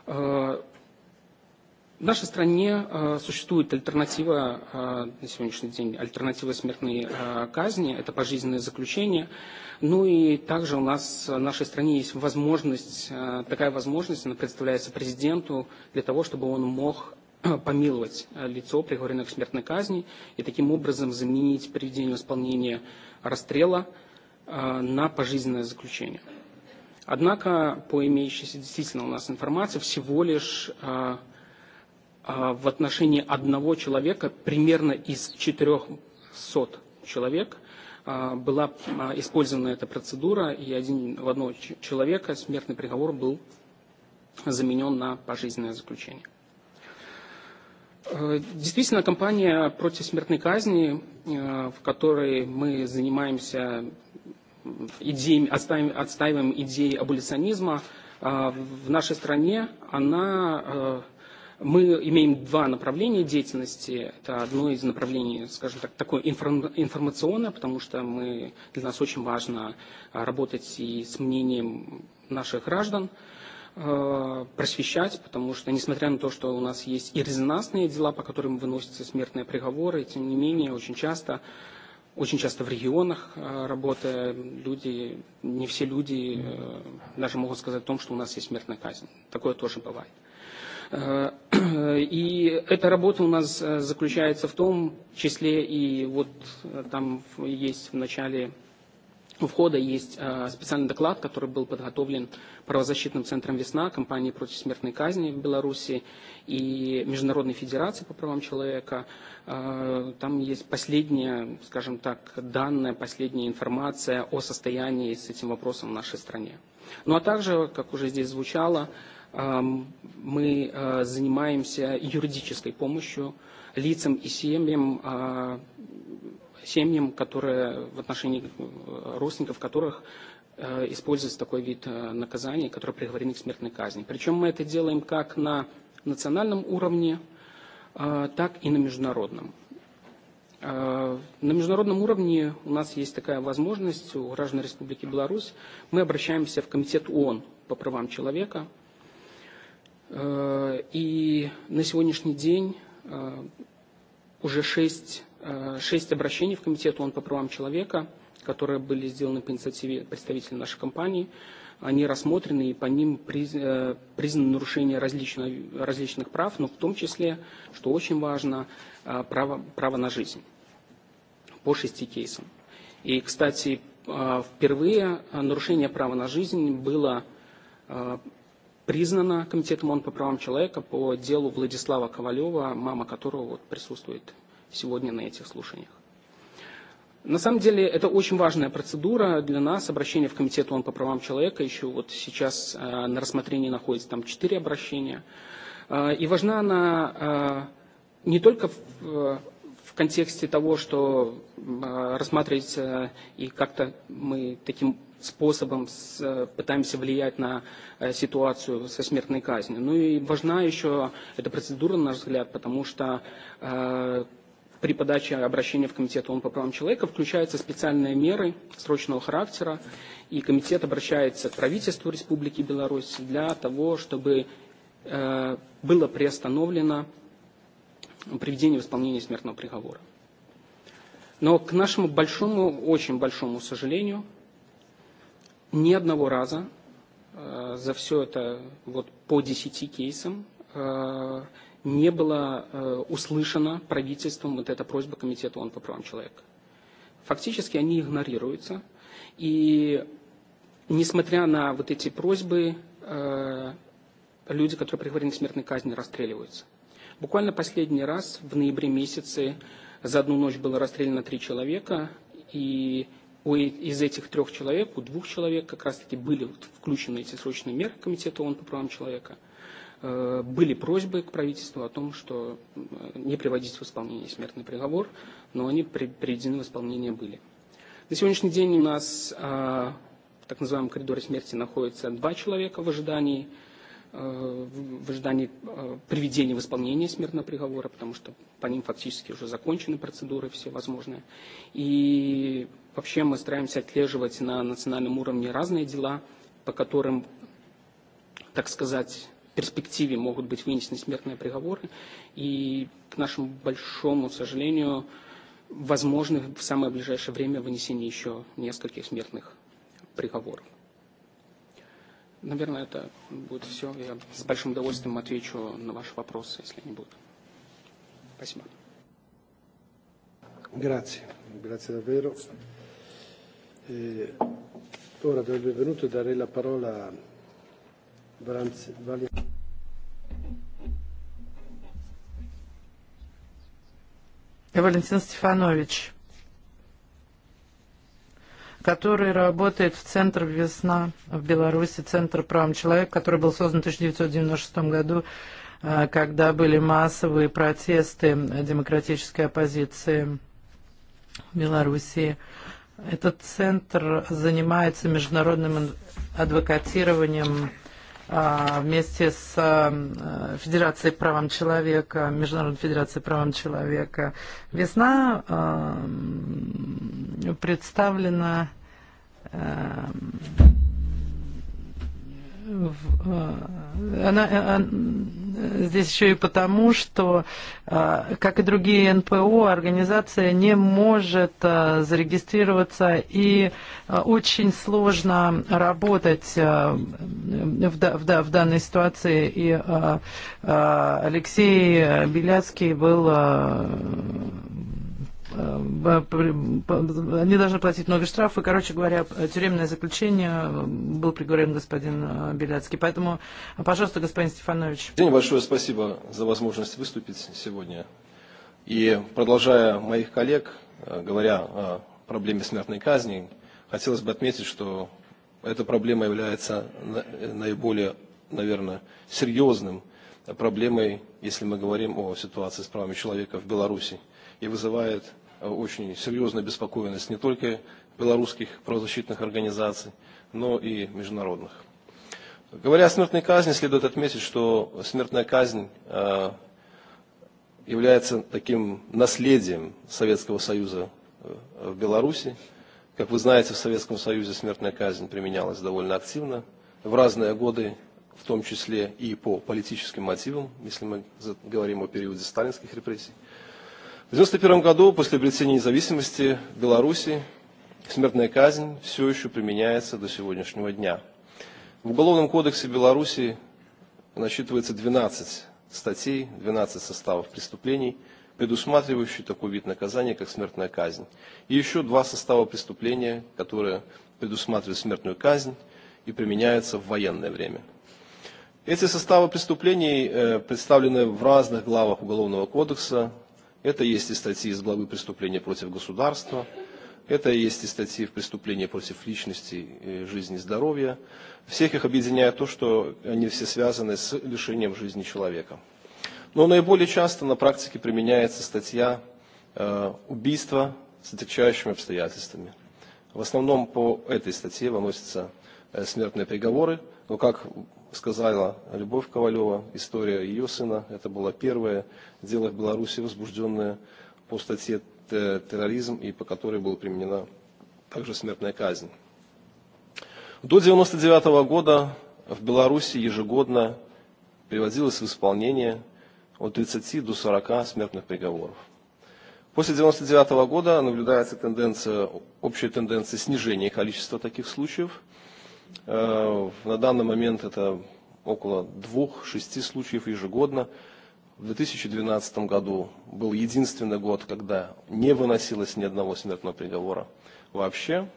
M: Э, в нашей стране э, существует альтернатива э, на сегодняшний день, альтернатива смертной казни, это пожизненное заключение. Ну и также у нас в нашей стране есть возможность, такая возможность, она представляется президенту для того, чтобы он мог [clears throat] помиловать э, лицо, приговоренное к смертной казни, и таким образом заменить приведение исполнения расстрела э, на пожизненное заключение. Однако, по имеющейся действительно у нас информации, всего лишь э, в отношении одного человека, примерно из 400 человек, была использована эта процедура, и один, в одного человека смертный приговор был заменен на пожизненное заключение. Э, действительно, компания против смертной казни, э, в которой мы занимаемся идеями, отстаиваем, отстаиваем идеи аболиционизма, э, в нашей стране она мы имеем два направления деятельности. Это одно из направлений, скажем так, такое информационное, потому что мы, для нас очень важно работать и с мнением наших граждан. Э, просвещать, потому что, несмотря на то, что у нас есть и резонансные дела, по которым выносятся смертные приговоры, тем не менее, очень часто, очень часто в регионах э, работая, люди, не все люди э, даже могут сказать о том, что у нас есть смертная казнь. Такое тоже бывает. [clears throat] И эта работа у нас заключается в том числе, и вот там есть в начале У входа есть э, специальный доклад, который был подготовлен правозащитным центром «Весна», компанией против смертной казни в Беларуси и Международной федерации по правам человека. Э, там есть последняя, скажем так, данная, последняя информация о состоянии с этим вопросом в нашей стране. Ну а также, как уже здесь звучало, э, мы э, занимаемся юридической помощью лицам и семьям э, семьям, которые в отношении э, родственников которых э, используется такой вид э, наказания, которые приговорены к смертной казни. Причем мы это делаем как на национальном уровне, так и на международном. На международном уровне у нас есть такая возможность, у граждан Республики Беларусь, мы обращаемся в Комитет ООН по правам человека, и на сегодняшний день уже шесть Э, шесть обращений в Комитет ООН по правам человека, которые были сделаны по инициативе представителей нашей компании. Они рассмотрены и по ним э, признаны нарушения различных, различных прав, но в том числе, что очень важно, э, право, право на жизнь по шести кейсам. И, кстати, впервые нарушение права на жизнь было признано Комитетом ООН по правам человека по делу Владислава Ковалева, мама которого вот присутствует сегодня на этих слушаниях. На самом деле это очень важная процедура для нас, обращение в Комитет ООН по правам человека, еще вот сейчас э, на рассмотрении находится там четыре обращения. Э, и важна она э, не только в, в контексте того, что рассматривается и как-то мы таким способом с, пытаемся влиять на ситуацию со смертной казнью. Но и важна еще эта процедура, на наш взгляд, потому что при подаче обращения в Комитет ООН по правам человека включаются специальные меры срочного характера, и комитет обращается к правительству Республики Беларусь для того, чтобы э, было приостановлено приведение в исполнение смертного приговора. Но к нашему большому, очень большому сожалению, ни одного раза э, за все это вот по 10 кейсам э, не была э, услышана правительством вот эта просьба Комитета ООН по правам человека. Фактически они игнорируются. И несмотря на вот эти просьбы, э, люди, которые приговорены к смертной казни, расстреливаются. Буквально последний раз в ноябре месяце за одну ночь было расстреляно три человека, и э, из этих трех человек, у двух человек как раз-таки были включены эти срочные меры Комитета ООН по правам человека. Э, были просьбы к правительству о том, что э, не приводить в исполнение смертный приговор, но они приведены в исполнение были. На сегодняшний день у нас э, в так называемом коридоре смерти находится два человека в ожидании, в ожидании приведения в исполнение смертного приговора, потому что по ним фактически уже закончены процедуры все возможные. И вообще мы стараемся отслеживать на национальном уровне разные дела, по которым, так сказать, перспективе могут быть вынесены смертные приговоры. И, к нашему большому сожалению, возможно в самое ближайшее время вынесение еще нескольких смертных приговоров. Наверное, это будет все. Я с большим удовольствием отвечу на ваши вопросы, если они будут. Спасибо.
B: Grazie, grazie davvero. Eh, ora do il benvenuto e darei la parola a Valentina.
L: Валентин Стефанович, который работает в Центр «Весна» в Беларуси, Центр прав человека, который был создан в 1996 году, э, когда были массовые протесты демократической оппозиции в Белоруссии. Этот центр занимается международным адвокатированием вместе с э, Федерацией правам человека, Международной Федерацией правам человека. Весна э, представлена э, Э, она, э, э, здесь еще и потому, что, как и другие НПО, организация не может зарегистрироваться и очень сложно работать в, в, в данной ситуации. И Алексей Беляцкий был они э, должны платить много штрафов. Короче говоря, тюремное заключение был приговорен господин э, Беляцкий. Поэтому, пожалуйста, господин Стефанович. День большое
N: спасибо за возможность выступить сегодня. И продолжая моих коллег, э, говоря о проблеме смертной казни, хотелось бы отметить, что эта проблема является наиболее, наверное, серьезным проблемой, если мы говорим о ситуации с правами человека в Беларуси, и вызывает Э, очень серьезная беспокоенность не только белорусских правозащитных организаций, но и международных. Говоря о смертной казни, следует отметить, что смертная казнь э, является таким наследием Советского Союза э, в Беларуси. Как вы знаете, в Советском Союзе смертная казнь применялась довольно активно в разные годы, в том числе и по политическим мотивам, если мы говорим о периоде сталинских репрессий. В 1991 году, после обретения независимости Беларуси, смертная казнь все еще применяется до сегодняшнего дня. В Уголовном кодексе Беларуси насчитывается 12 статей, 12 составов преступлений, предусматривающих такой вид наказания, как смертная казнь. И еще два состава преступления, которые предусматривают смертную казнь и применяются в военное время. Эти составы преступлений э, представлены в разных главах Уголовного кодекса, Это есть и статьи из главы преступления против государства, это и есть и статьи в преступлении против личности, жизни, здоровья. Всех их объединяет то, что они все связаны с лишением жизни человека. Но наиболее часто на практике применяется статья э, убийства с отягчающими обстоятельствами. В основном по этой статье выносятся э, смертные приговоры, но как сказала Любовь Ковалева, история ее сына. Это было первое дело в Беларуси, возбужденное по статье терроризм и по которой была применена также смертная казнь. До 1999 -го года в Беларуси ежегодно приводилось в исполнение от 30 до 40 смертных приговоров. После 1999 -го года наблюдается тенденция, общая тенденция снижения количества таких случаев – Э, на данный момент это около двух-шести случаев ежегодно. В 2012 году был единственный год, когда не выносилось ни одного смертного приговора вообще.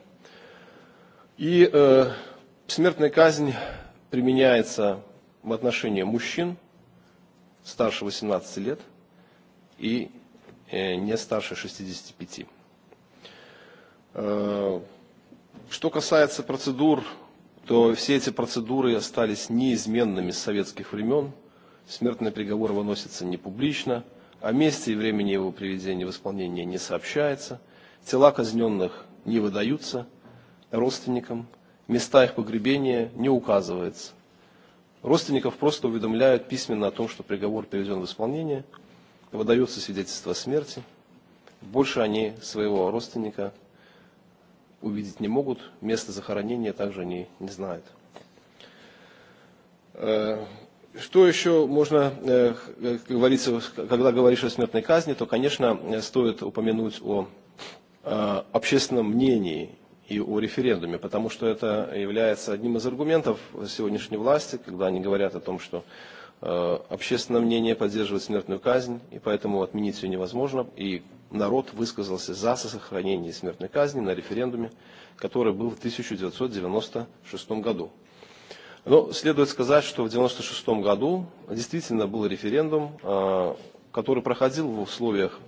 N: И э, смертная казнь применяется в отношении мужчин старше 18 лет и э, не старше 65. Э, что касается процедур то все эти процедуры остались неизменными с советских времен. Смертный приговор выносится не публично, о месте и времени его приведения в исполнение не сообщается, тела казненных не выдаются родственникам, места их погребения не указывается. Родственников просто уведомляют письменно о том, что приговор приведен в исполнение, выдается свидетельство о смерти. Больше они своего родственника увидеть не могут, место захоронения также они не знают. Э, что еще можно, э, как говорится, когда говоришь о смертной казни, то, конечно, стоит упомянуть о э, общественном мнении и о референдуме, потому что это является одним из аргументов сегодняшней власти, когда они говорят о том, что общественное мнение поддерживает смертную казнь, и поэтому отменить ее невозможно, и народ высказался за сохранение смертной казни на референдуме, который был в 1996 году. Но следует сказать, что в 1996 году действительно был референдум, который проходил в условиях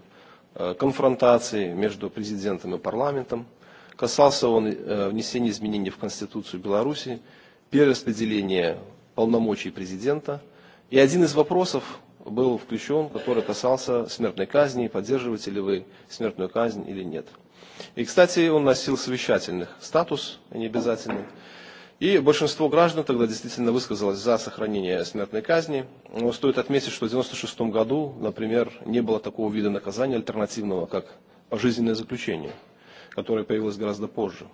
N: конфронтации между президентом и парламентом. Касался он э, внесения изменений в Конституцию Беларуси, перераспределения полномочий президента. И один из вопросов, был включен, который касался смертной казни, поддерживаете ли вы смертную казнь или нет. И, кстати, он носил совещательный статус, а не обязательный. И большинство граждан тогда действительно высказалось за сохранение смертной казни. Но стоит отметить, что в 1996 году, например, не было такого вида наказания альтернативного, как пожизненное заключение, которое появилось гораздо позже.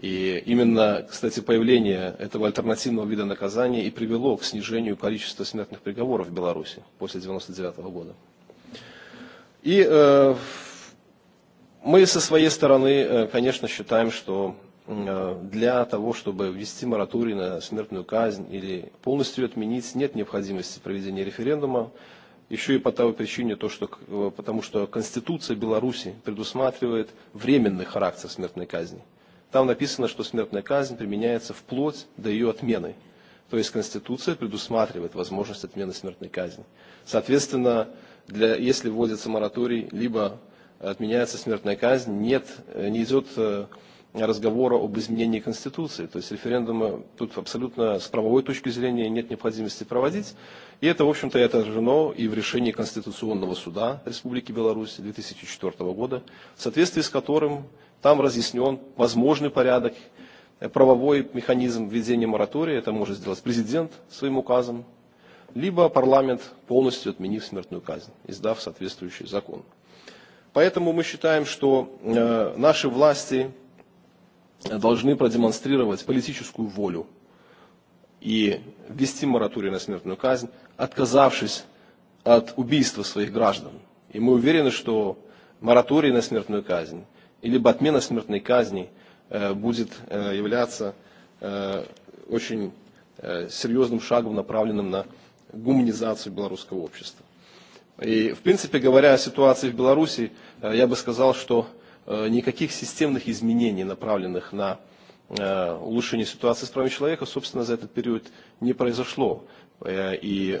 N: И именно, кстати, появление этого альтернативного вида наказания и привело к снижению количества смертных приговоров в Беларуси после 1999 -го года. И э, мы со своей стороны, э, конечно, считаем, что э, для того, чтобы ввести мораторий на смертную казнь или полностью отменить, нет необходимости проведения референдума. Еще и по той причине, то, что, э, потому что Конституция Беларуси предусматривает временный характер смертной казни – Там написано, что смертная казнь применяется вплоть до ее отмены. То есть Конституция предусматривает возможность отмены смертной казни. Соответственно, для, если вводится мораторий, либо отменяется смертная казнь, нет, э, не идет э, разговора об изменении Конституции. То есть референдумы тут абсолютно с правовой точки зрения нет необходимости проводить. И это, в общем-то, и отражено и в решении Конституционного суда Республики Беларусь 2004 года, в соответствии с которым Там разъяснен возможный порядок, э, правовой механизм введения моратория, это может сделать президент своим указом, либо парламент, полностью отменив смертную казнь, издав соответствующий закон. Поэтому мы считаем, что э, наши власти э, должны продемонстрировать политическую волю и ввести мораторий на смертную казнь, отказавшись от убийства своих граждан. И мы уверены, что мораторий на смертную казнь или отмена смертной казни э, будет э, являться э, очень серьезным шагом, направленным на гуманизацию белорусского общества. И, в принципе, говоря о ситуации в Беларуси, я бы сказал, что никаких системных изменений, направленных на улучшение ситуации с правами человека, собственно, за этот период не произошло. И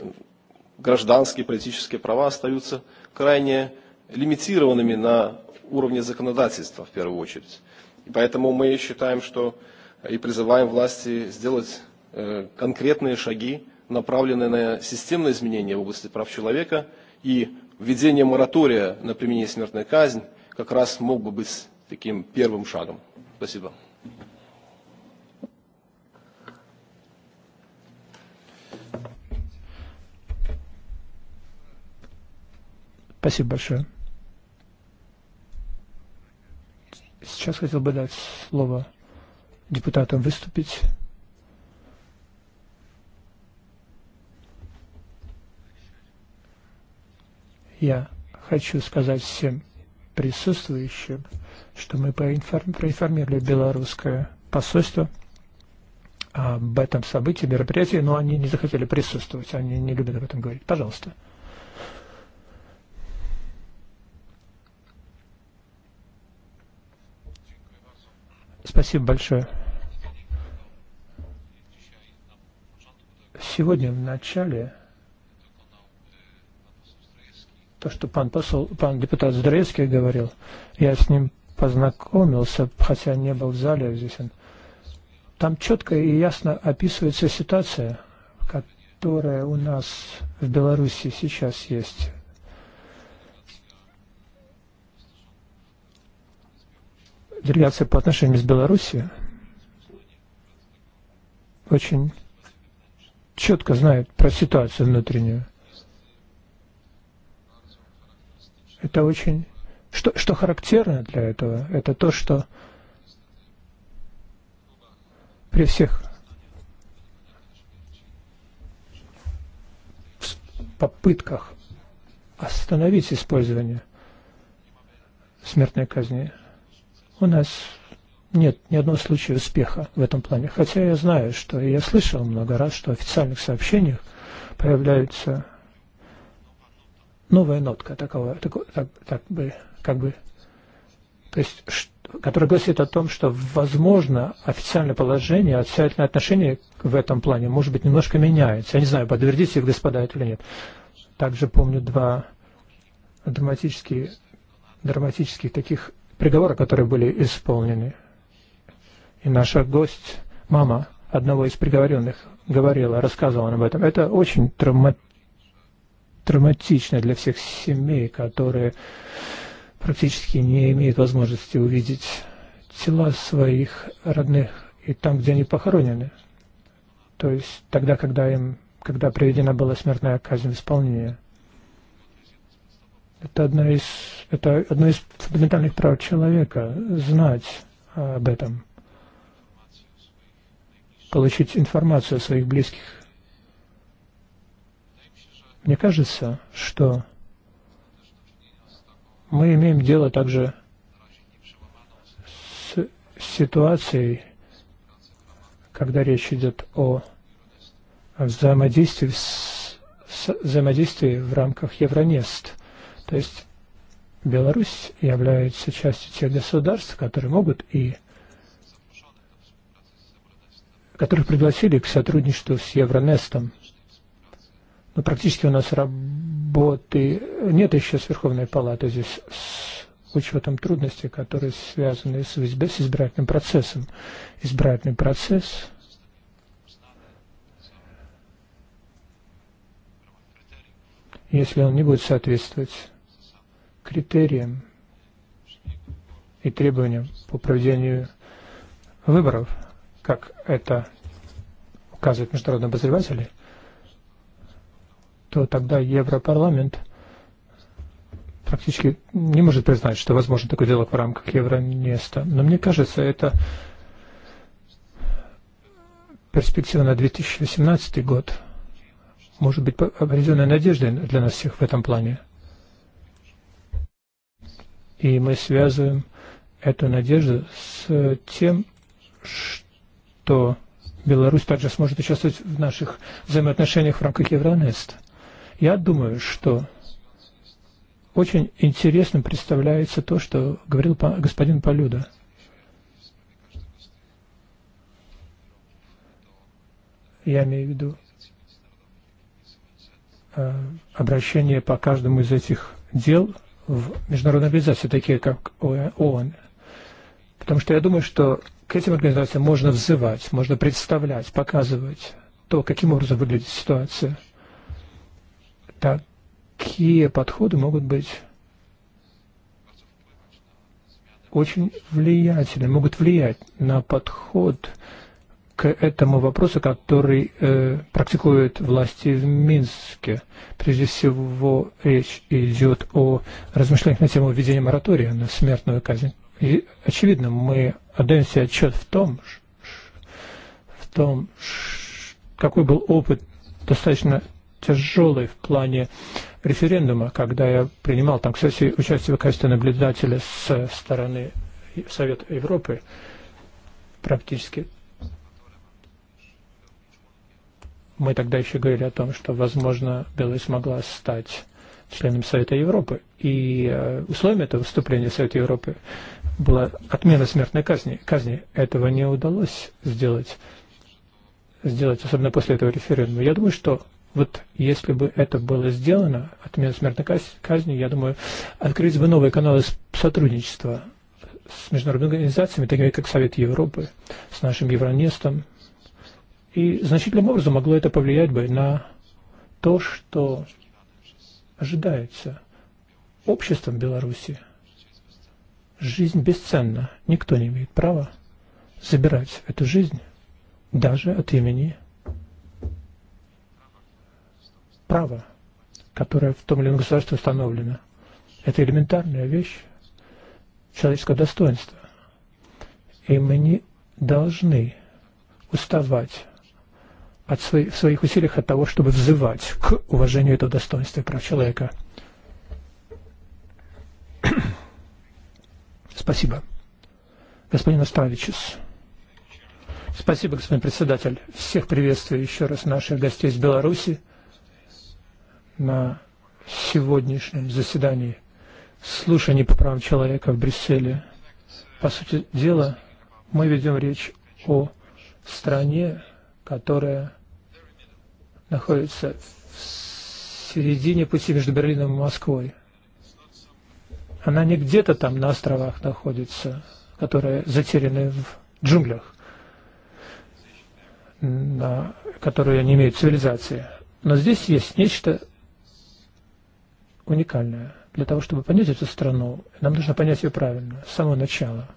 N: гражданские, политические права остаются крайне лимитированными на уровня законодательства в первую очередь. И поэтому мы считаем, что э, и призываем власти сделать э, конкретные шаги, направленные на системные изменения в области прав человека, и введение моратория на применение смертной казни как раз мог бы быть таким первым шагом. Спасибо.
O: Спасибо большое. Сейчас хотел бы дать слово депутатам выступить. Я хочу сказать всем присутствующим, что мы проинформировали белорусское посольство об этом событии, мероприятии, но они не захотели присутствовать, они не любят об этом говорить. Пожалуйста. Спасибо большое. Сегодня в начале то, что пан, посол, пан депутат Здоровецкий говорил, я с ним познакомился, хотя не был в зале здесь. Он. Там четко и ясно описывается ситуация, которая у нас в Беларуси сейчас есть делегация по отношению с Белоруссией очень четко знает про ситуацию внутреннюю. Это очень... Что, что характерно для этого, это то, что при всех попытках остановить использование смертной казни у нас нет ни одного случая успеха в этом плане. Хотя я знаю, что я слышал много раз, что в официальных сообщениях появляется новая нотка такого, так, так, так бы, как бы, то есть, что, которая гласит о том, что, возможно, официальное положение, официальное отношение в этом плане, может быть, немножко меняется. Я не знаю, подтвердите их, господа, это или нет. Также помню два драматические, драматических таких приговора, которые были исполнены. И наша гость, мама одного из приговоренных, говорила, рассказывала об этом. Это очень травма... травматично для всех семей, которые практически не имеют возможности увидеть тела своих родных и там, где они похоронены. То есть тогда, когда им, когда приведена была смертная казнь в исполнение. Это одно из, это одно из фундаментальных прав человека – знать об этом, получить информацию о своих близких. Мне кажется, что мы имеем дело также с ситуацией, когда речь идет о взаимодействии, с, взаимодействии в рамках Евронест – То есть Беларусь является частью тех государств, которые могут и которых пригласили к сотрудничеству с Евронестом. Но практически у нас работы нет еще с Верховной Палаты здесь с учетом трудностей, которые связаны с, с избирательным процессом. Избирательный процесс если он не будет соответствовать критериям и требованиям по проведению выборов, как это указывают международные обозреватели, то тогда Европарламент практически не может признать, что возможно такой дело в рамках Евронеста. Но мне кажется, это перспектива на 2018 год может быть определенной надеждой для нас всех в этом плане – И мы связываем эту надежду с тем, что Беларусь также сможет участвовать в наших взаимоотношениях в рамках Евронест. Я думаю, что очень интересным представляется то, что говорил господин Полюда. Я имею в виду э, обращение по каждому из этих дел в международные организации, такие как ООН. Потому что я думаю, что к этим организациям можно взывать, можно представлять, показывать то, каким образом выглядит ситуация. Такие подходы могут быть очень влиятельны, могут влиять на подход к этому вопросу, который э, практикуют власти в Минске. Прежде всего, речь идет о размышлениях на тему введения моратория на смертную казнь. И, очевидно, мы отдаем себе отчет в том, в том, какой был опыт достаточно тяжелый в плане референдума, когда я принимал там, кстати, участие в качестве наблюдателя со стороны Совета Европы, практически Мы тогда еще говорили о том, что, возможно, Беларусь могла стать членом Совета Европы. И э, условием этого выступления Совета Европы была отмена смертной казни. казни. Этого не удалось сделать, сделать, особенно после этого референдума. Я думаю, что вот если бы это было сделано, отмена смертной казни, я думаю, открылись бы новые каналы сотрудничества с международными организациями, такими как Совет Европы, с нашим Евронестом, И значительным образом могло это повлиять бы на то, что ожидается обществом Беларуси. Жизнь бесценна. Никто не имеет права забирать эту жизнь даже от имени права, которое в том или ином государстве установлено. Это элементарная вещь человеческого достоинства. И мы не должны уставать от своих, в своих усилиях от того, чтобы взывать к уважению этого достоинства прав человека. [coughs] Спасибо. Господин Астравичус. Спасибо, господин председатель. Всех приветствую еще раз наших гостей из Беларуси на сегодняшнем заседании слушаний по правам человека в Брюсселе. По сути дела, мы ведем речь о стране, которая находится в середине пути между Берлином и Москвой. Она не где-то там на островах находится, которые затеряны в джунглях, на которые не имеют цивилизации. Но здесь есть нечто уникальное. Для того, чтобы понять эту страну, нам нужно понять ее правильно, с самого начала.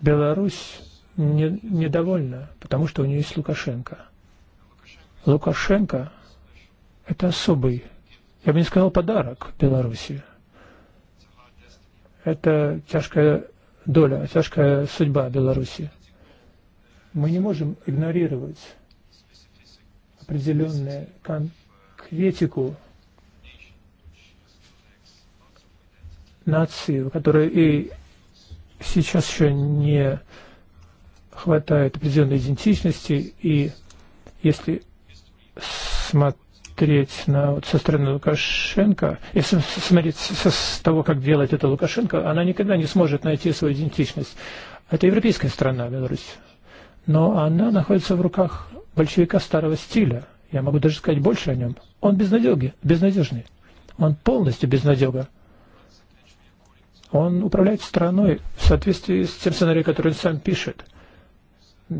O: Беларусь недовольна, потому что у нее есть Лукашенко – Лукашенко – это особый, я бы не сказал подарок Беларуси. Это тяжкая доля, тяжкая судьба Беларуси. Мы не можем игнорировать определенную конкретику нации, которая и сейчас еще не хватает определенной идентичности, и если смотреть на, вот, со стороны Лукашенко, если смотреть со, с того, как делает это Лукашенко, она никогда не сможет найти свою идентичность. Это европейская страна, Беларусь. Но она находится в руках большевика старого стиля. Я могу даже сказать больше о нем. Он безнадеги, безнадежный. Он полностью безнадега. Он управляет страной в соответствии с тем сценарием, который он сам пишет –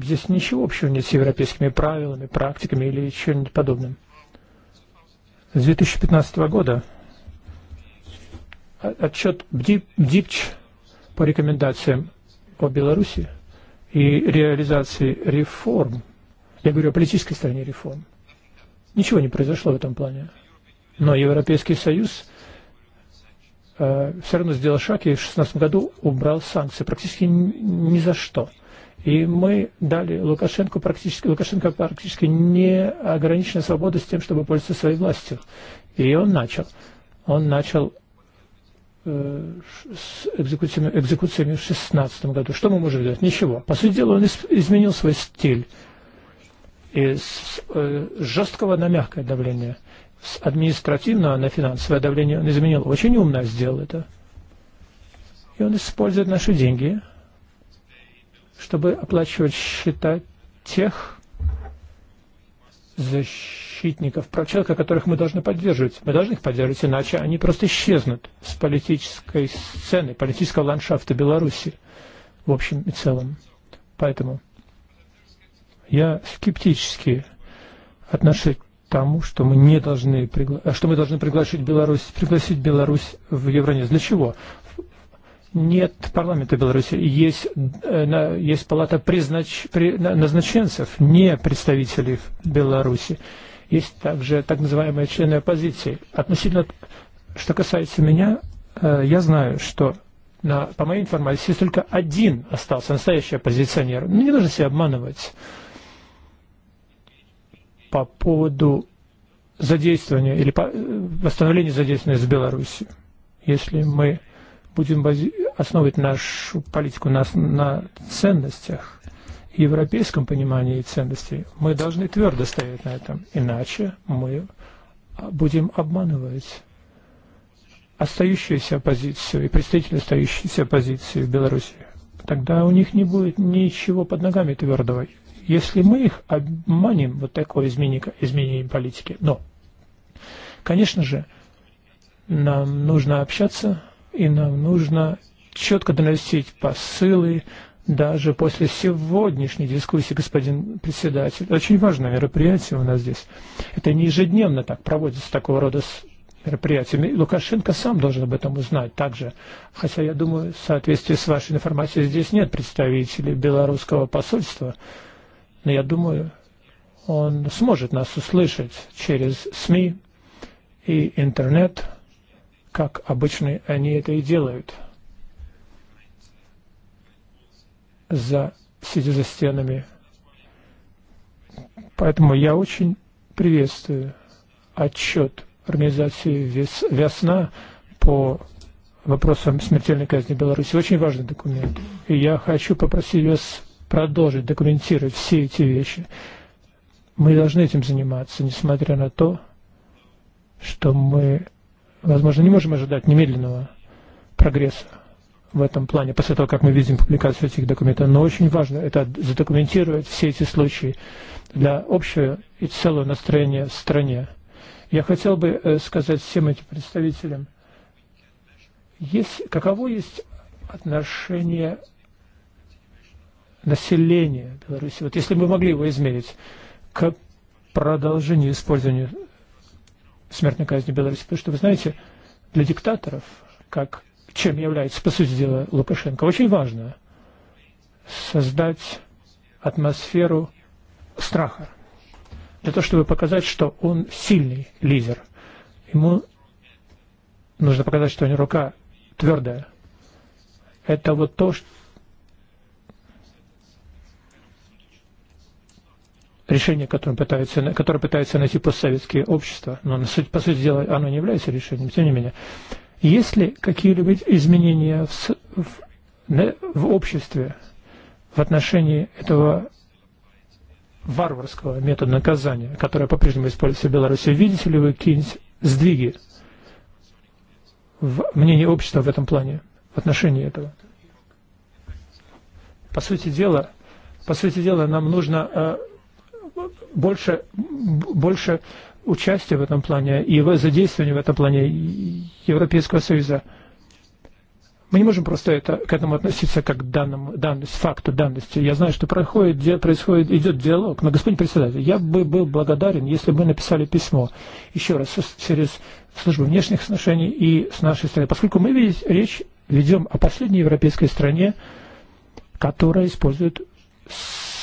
O: здесь ничего общего нет с европейскими правилами, практиками или чем-нибудь подобным. С 2015 года отчет ДИПЧ по рекомендациям о Беларуси и реализации реформ, я говорю о политической стороне реформ, ничего не произошло в этом плане. Но Европейский Союз э, все равно сделал шаг и в 2016 году убрал санкции практически ни за что – И мы дали Лукашенко практически, Лукашенко практически не ограничена с тем, чтобы пользоваться своей властью. И он начал. Он начал э, с экзекуциями, экзекуциями в 16 году. Что мы можем сделать? Ничего. По сути дела, он изменил свой стиль. Из э, жесткого на мягкое давление, с административного на финансовое давление он изменил. Очень умно сделал это. И он использует наши деньги – чтобы оплачивать счета тех защитников прав человека, которых мы должны поддерживать. Мы должны их поддерживать, иначе они просто исчезнут с политической сцены, политического ландшафта Беларуси в общем и целом. Поэтому я скептически отношусь к тому, что мы не должны пригла... что мы должны приглашать Беларусь, пригласить Беларусь в Евронез. Для чего? нет парламента Беларуси, есть, э, есть палата признач, при, назначенцев, не представителей Беларуси. Есть также так называемые члены оппозиции. Относительно, что касается меня, э, я знаю, что на, по моей информации есть только один остался настоящий оппозиционер. Ну, не нужно себя обманывать по поводу задействования или по, э, восстановления задействования с Беларуси, Если мы будем бази... основывать нашу политику на, на ценностях, европейском понимании ценностей. Мы должны твердо стоять на этом, иначе мы будем обманывать остающуюся оппозицию и представители остающейся оппозиции в Беларуси. Тогда у них не будет ничего под ногами твердого. Если мы их обманем, вот такое изменение, изменение политики. Но, конечно же, нам нужно общаться и нам нужно четко доносить посылы даже после сегодняшней дискуссии, господин председатель. Очень важное мероприятие у нас здесь. Это не ежедневно так проводится такого рода мероприятиями. Лукашенко сам должен об этом узнать также. Хотя, я думаю, в соответствии с вашей информацией, здесь нет представителей белорусского посольства. Но я думаю, он сможет нас услышать через СМИ и интернет как обычно они это и делают. За, сидя за стенами. Поэтому я очень приветствую отчет организации «Весна» по вопросам смертельной казни Беларуси. Очень важный документ. И я хочу попросить вас продолжить документировать все эти вещи. Мы должны этим заниматься, несмотря на то, что мы Возможно, не можем ожидать немедленного прогресса в этом плане, после того, как мы видим публикацию этих документов. Но очень важно это задокументировать все эти случаи для общего и целого настроения в стране. Я хотел бы э, сказать всем этим представителям, есть, каково есть отношение населения Беларуси, вот если бы мы могли его измерить, к продолжению использования смертной казни в Беларуси, потому что, вы знаете, для диктаторов, как, чем является, по сути дела, Лукашенко, очень важно создать атмосферу страха, для того, чтобы показать, что он сильный лидер. Ему нужно показать, что у него рука твердая. Это вот то, что. решение, которым пытается, которое пытается найти постсоветские общества, но на суть, по сути дела оно не является решением, тем не менее. Есть ли какие-либо изменения в, в, в обществе в отношении этого варварского метода наказания, которое по-прежнему используется в Беларуси? Видите ли вы какие-нибудь сдвиги в мнении общества в этом плане, в отношении этого? По сути дела, по сути дела, нам нужно э, больше, больше участия в этом плане и его задействования в этом плане Европейского Союза. Мы не можем просто это, к этому относиться как к данному, данность, факту данности. Я знаю, что проходит, где происходит, идет диалог. Но, господин председатель, я бы был благодарен, если бы мы написали письмо, еще раз, через службу внешних отношений и с нашей страны. Поскольку мы ведь речь ведем о последней европейской стране, которая использует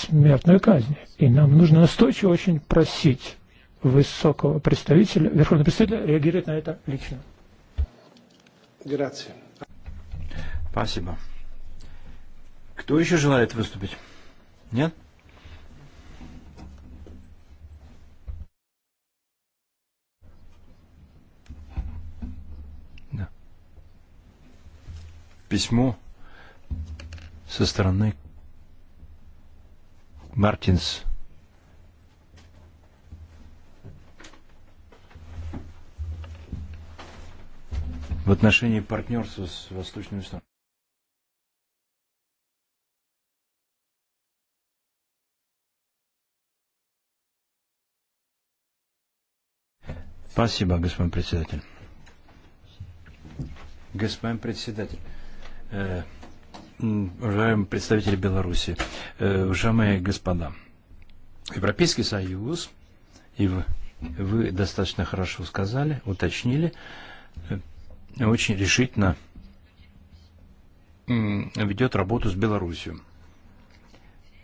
O: смертную казнь. И нам нужно настойчиво очень просить высокого представителя, верховного представителя реагировать на это лично. Грация.
K: Спасибо. Кто еще желает выступить? Нет? Да. Письмо со стороны Martins. В отношении партнерства с Восточными странами. Спасибо, господин председатель. Господин председатель, э, уважаемые представители Беларуси, э, уважаемые господа, Европейский Союз, и вы, вы достаточно хорошо сказали, уточнили, э, очень решительно ведет работу с Беларусью.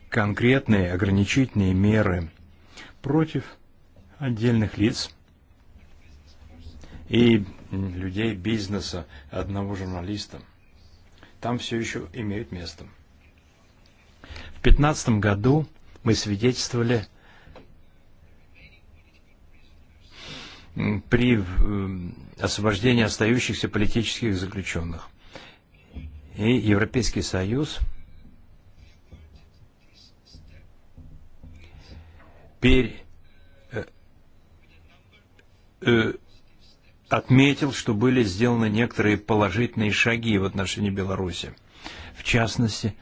K: Конкретные ограничительные меры против отдельных лиц и людей бизнеса одного журналиста – там все еще имеют место. В 2015 году мы свидетельствовали при э, освобождении остающихся политических заключенных. И Европейский Союз пере, э, э, отметил, что были сделаны некоторые положительные шаги в отношении Беларуси. В частности,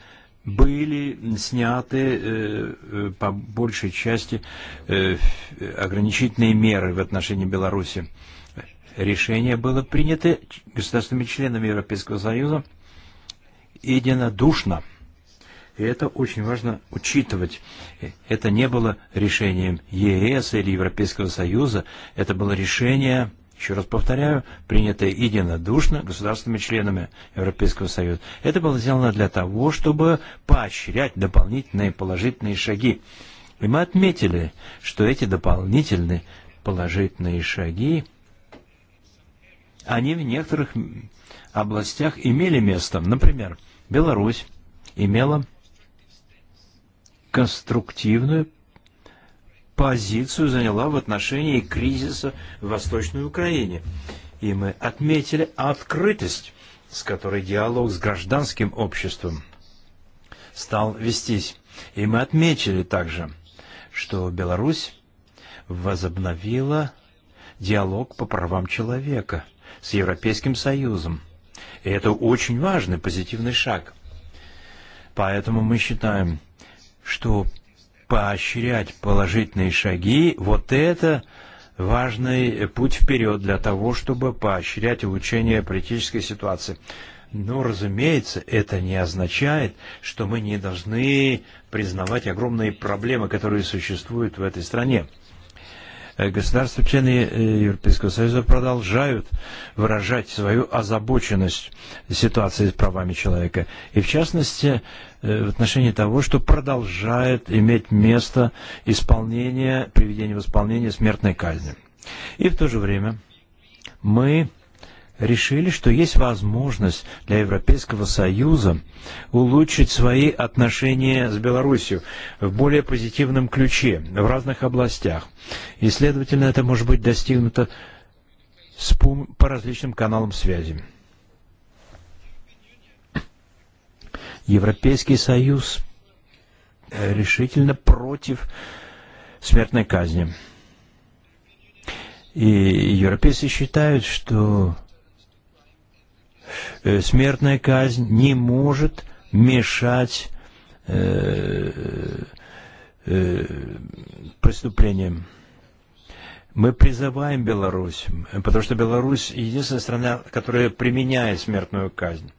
K: были сняты э, э по большей части э, ограничительные меры в отношении Беларуси. Решение было принято государственными членами Европейского Союза единодушно. И это очень важно учитывать. Это не было решением ЕС или Европейского Союза, это было решение еще раз повторяю, принятое единодушно государственными членами Европейского Союза. Это было сделано для того, чтобы поощрять дополнительные положительные шаги. И мы отметили, что эти дополнительные положительные шаги, они в некоторых областях имели место. Например, Беларусь имела конструктивную позицию заняла в отношении кризиса в Восточной Украине. И мы отметили открытость, с которой диалог с гражданским обществом стал вестись. И мы отметили также, что Беларусь возобновила диалог по правам человека с Европейским Союзом. И это очень важный позитивный шаг. Поэтому мы считаем, что поощрять положительные шаги, вот это важный путь вперед для того, чтобы поощрять улучшение политической ситуации. Но, разумеется, это не означает, что мы не должны признавать огромные проблемы, которые существуют в этой стране. Э, государства-члены э, Европейского Союза продолжают выражать свою озабоченность ситуации с правами человека. И в частности, Э, в отношении того, что продолжает иметь место исполнение, приведение в исполнение смертной казни. И в то же время мы решили, что есть возможность для Европейского Союза улучшить свои отношения с Белоруссией в более позитивном ключе в разных областях. И, следовательно, это может быть достигнуто по различным каналам связи. Европейский Союз э, решительно против смертной казни. И европейцы считают, что э, смертная казнь не может мешать э, преступлениям. Мы призываем Беларусь, потому что Беларусь единственная страна, которая применяет смертную казнь.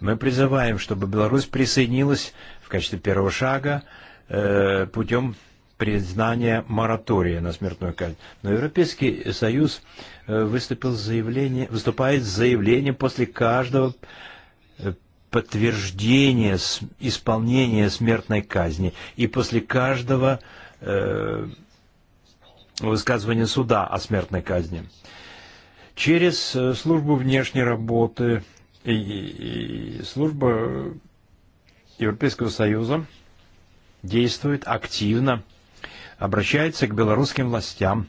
K: Мы призываем, чтобы Беларусь присоединилась в качестве первого шага э, путем признания моратория на смертную казнь. Но Европейский Союз э, выступил с выступает с заявлением после каждого э, подтверждения исполнения смертной казни и после каждого э, высказывания суда о смертной казни. Через э, службу внешней работы и, и служба Европейского Союза действует активно, обращается к белорусским властям,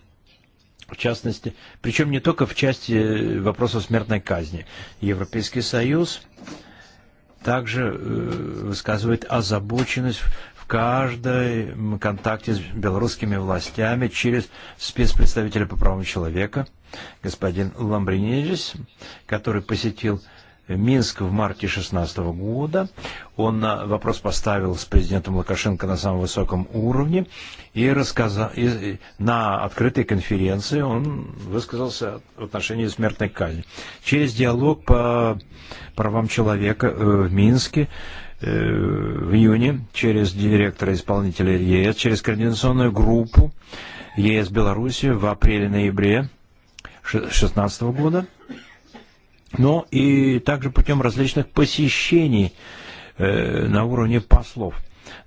K: в частности, причем не только в части э, вопроса смертной казни. Европейский Союз также э, высказывает озабоченность в каждом контакте с белорусскими властями через спецпредставителя по правам человека, господин Ламбринидис, который посетил э, Минск в марте 2016 года. Он э, вопрос поставил с президентом Лукашенко на самом высоком уровне и, рассказал, и на открытой конференции он высказался в отношении смертной казни. Через диалог по правам человека э, в Минске э, в июне через директора исполнителя ЕС, через координационную группу ЕС Беларуси в апреле-ноябре 2016 года но и также путем различных посещений э, на уровне послов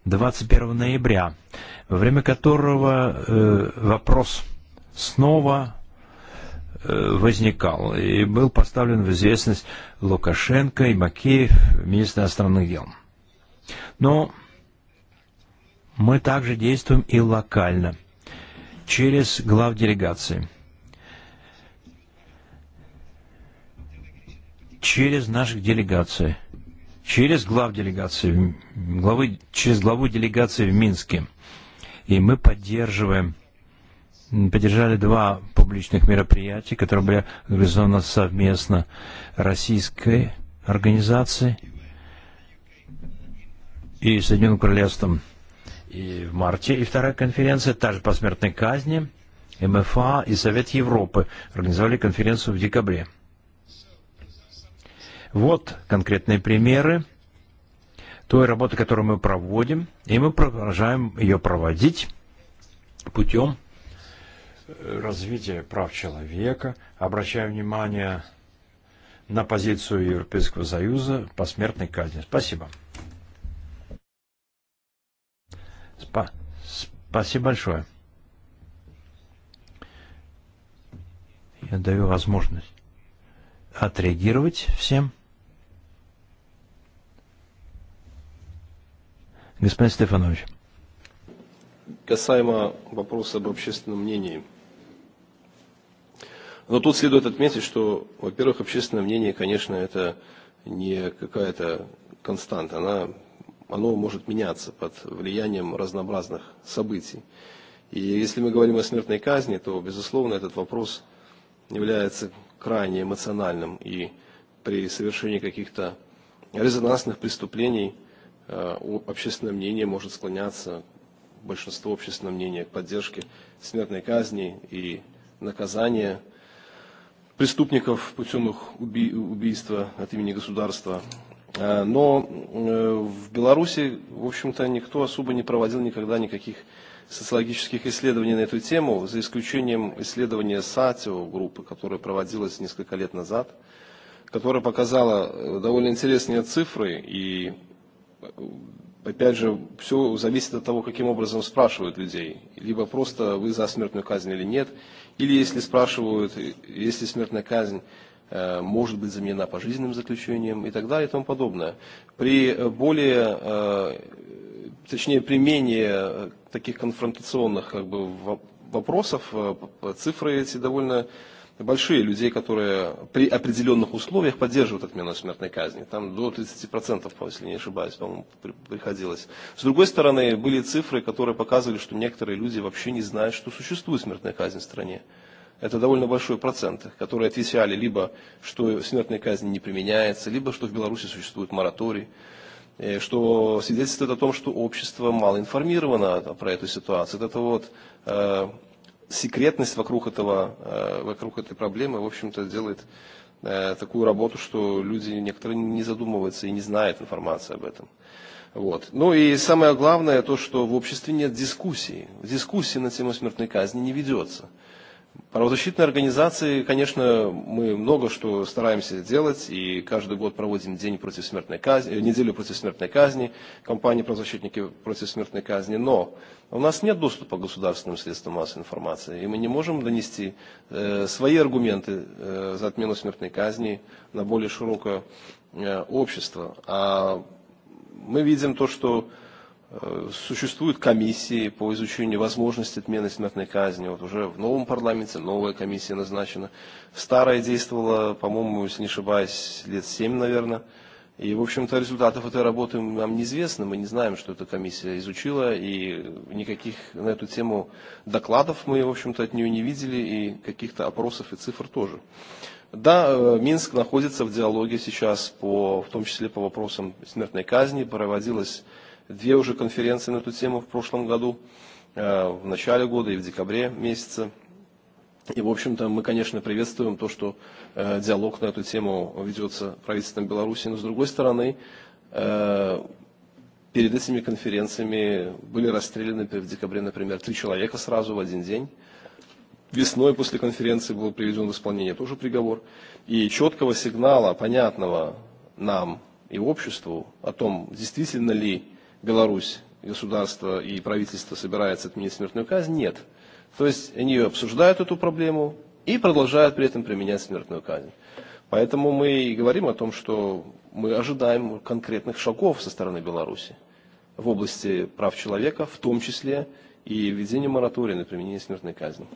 K: 21 ноября, во время которого э, вопрос снова э, возникал и был поставлен в известность Лукашенко и Макеев, министр иностранных дел. Но мы также действуем и локально, через глав делегации – через наших делегаций, через глав делегации, главы, через главу делегации в Минске. И мы поддерживаем, поддержали два публичных мероприятия, которые были организованы совместно российской организацией и Соединенным Королевством и в марте. И вторая конференция, также по смертной казни, МФА и Совет Европы организовали конференцию в декабре. Вот конкретные примеры той работы, которую мы проводим, и мы продолжаем ее проводить путем э, развития прав человека, обращая внимание на позицию Европейского Союза по смертной казни. Спасибо. Спа спасибо большое. Я даю возможность отреагировать всем. Господин Стефанович.
N: Касаемо вопроса об общественном мнении. Но тут следует отметить, что, во-первых, общественное мнение, конечно, это не какая-то константа. Она, оно может меняться под влиянием разнообразных событий. И если мы говорим о смертной казни, то, безусловно, этот вопрос является крайне эмоциональным. И при совершении каких-то резонансных преступлений – Э, общественное мнение может склоняться, большинство общественного мнения, к поддержке смертной казни и наказания преступников путем их уби убийства от имени государства. Э, но э, в Беларуси, в общем-то, никто особо не проводил никогда никаких социологических исследований на эту тему, за исключением исследования САТИО группы, которая проводилась несколько лет назад, которое показало довольно интересные цифры и опять же, все зависит от того, каким образом спрашивают людей. Либо просто вы за смертную казнь или нет, или если спрашивают, если смертная казнь э, может быть заменена пожизненным заключением и так далее и тому подобное. При э, более, э, точнее, при менее таких конфронтационных как бы, вопросов цифры эти довольно большие людей, которые при определенных условиях поддерживают отмену смертной казни. Там до 30%, если не ошибаюсь, по-моему, приходилось. С другой стороны, были цифры, которые показывали, что некоторые люди вообще не знают, что существует смертная казнь в стране. Это довольно большой процент, которые отвечали либо, что смертная казнь не применяется, либо, что в Беларуси существует мораторий э, что свидетельствует о том, что общество мало информировано про эту ситуацию. Это вот э, секретность вокруг, этого, э, вокруг этой проблемы, в общем-то, делает э, такую работу, что люди некоторые не задумываются и не знают информации об этом. Вот. Ну и самое главное то, что в обществе нет дискуссии. Дискуссии на тему смертной казни не ведется. Правозащитные организации, конечно, мы много что стараемся делать, и каждый год проводим день против смертной казни, э, неделю против смертной казни, компании правозащитники против смертной казни, но у нас нет доступа к государственным средствам массовой информации, и мы не можем донести э, свои аргументы э, за отмену смертной казни на более широкое э, общество. А мы видим то, что Э, существуют комиссии по изучению возможности отмены смертной казни. Вот уже в новом парламенте новая комиссия назначена. Старая действовала, по-моему, если не ошибаюсь, лет семь, наверное. И, в общем-то, результатов этой работы нам неизвестно. Мы не знаем, что эта комиссия изучила, и никаких на эту тему докладов мы, в общем-то, от нее не видели, и каких-то опросов и цифр тоже. Да, э, Минск находится в диалоге сейчас, по, в том числе по вопросам смертной казни. Проводилась две уже конференции на эту тему в прошлом году, э, в начале года и в декабре месяце. И, в общем-то, мы, конечно, приветствуем то, что э, диалог на эту тему ведется правительством Беларуси. Но, с другой стороны, э, перед этими конференциями были расстреляны в декабре, например, три человека сразу в один день. Весной после конференции был приведен в исполнение тоже приговор. И четкого сигнала, понятного нам и обществу о том, действительно ли Беларусь, государство и правительство собирается отменить смертную казнь? Нет. То есть они обсуждают эту проблему и продолжают при этом применять смертную казнь. Поэтому мы и говорим о том, что мы ожидаем конкретных шагов со стороны Беларуси в области прав человека, в том числе и введение моратория на применение смертной казни.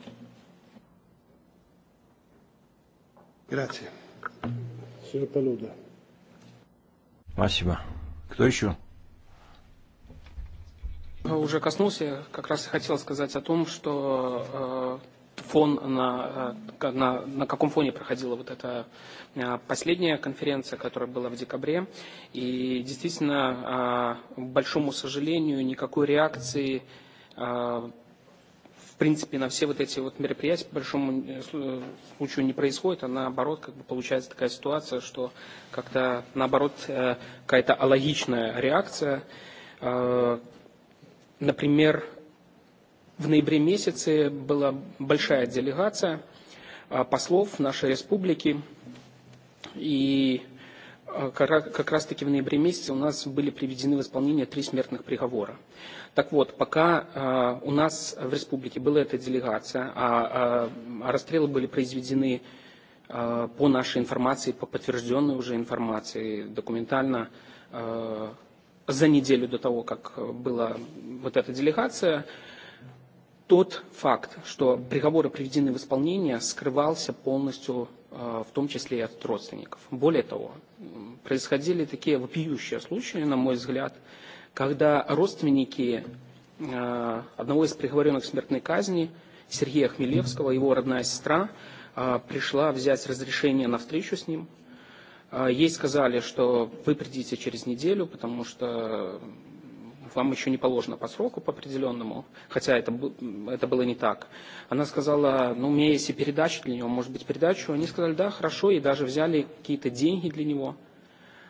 K: Спасибо. Кто еще?
M: Уже коснулся, как раз и хотел сказать о том, что э, фон на, э, на, на каком фоне проходила вот эта э, последняя конференция, которая была в декабре. И действительно, к большому сожалению, никакой реакции в принципе, на все вот эти вот мероприятия, по большому случаю, не происходит, а наоборот, как бы получается такая ситуация, что как-то, наоборот, какая-то алогичная реакция, Например, в ноябре месяце была большая делегация послов нашей республики, и как раз-таки в ноябре месяце у нас были приведены в исполнение три смертных приговора. Так вот, пока у нас в республике была эта делегация, а расстрелы были произведены по нашей информации, по подтвержденной уже информации, документально за неделю до того, как э, была вот эта делегация, тот факт, что приговоры приведены в исполнение, скрывался полностью, э, в том числе и от родственников. Более того, происходили такие вопиющие случаи, на мой взгляд, когда родственники э, одного из приговоренных к смертной казни, Сергея Хмелевского, его родная сестра, пришла взять разрешение на встречу с ним – Ей сказали, что вы придите через неделю, потому что вам еще не положено по сроку по определенному, хотя это, это было не так. Она сказала, ну, у меня есть и передача для него, может быть, передачу. Они сказали, да, хорошо, и даже взяли какие-то деньги для него.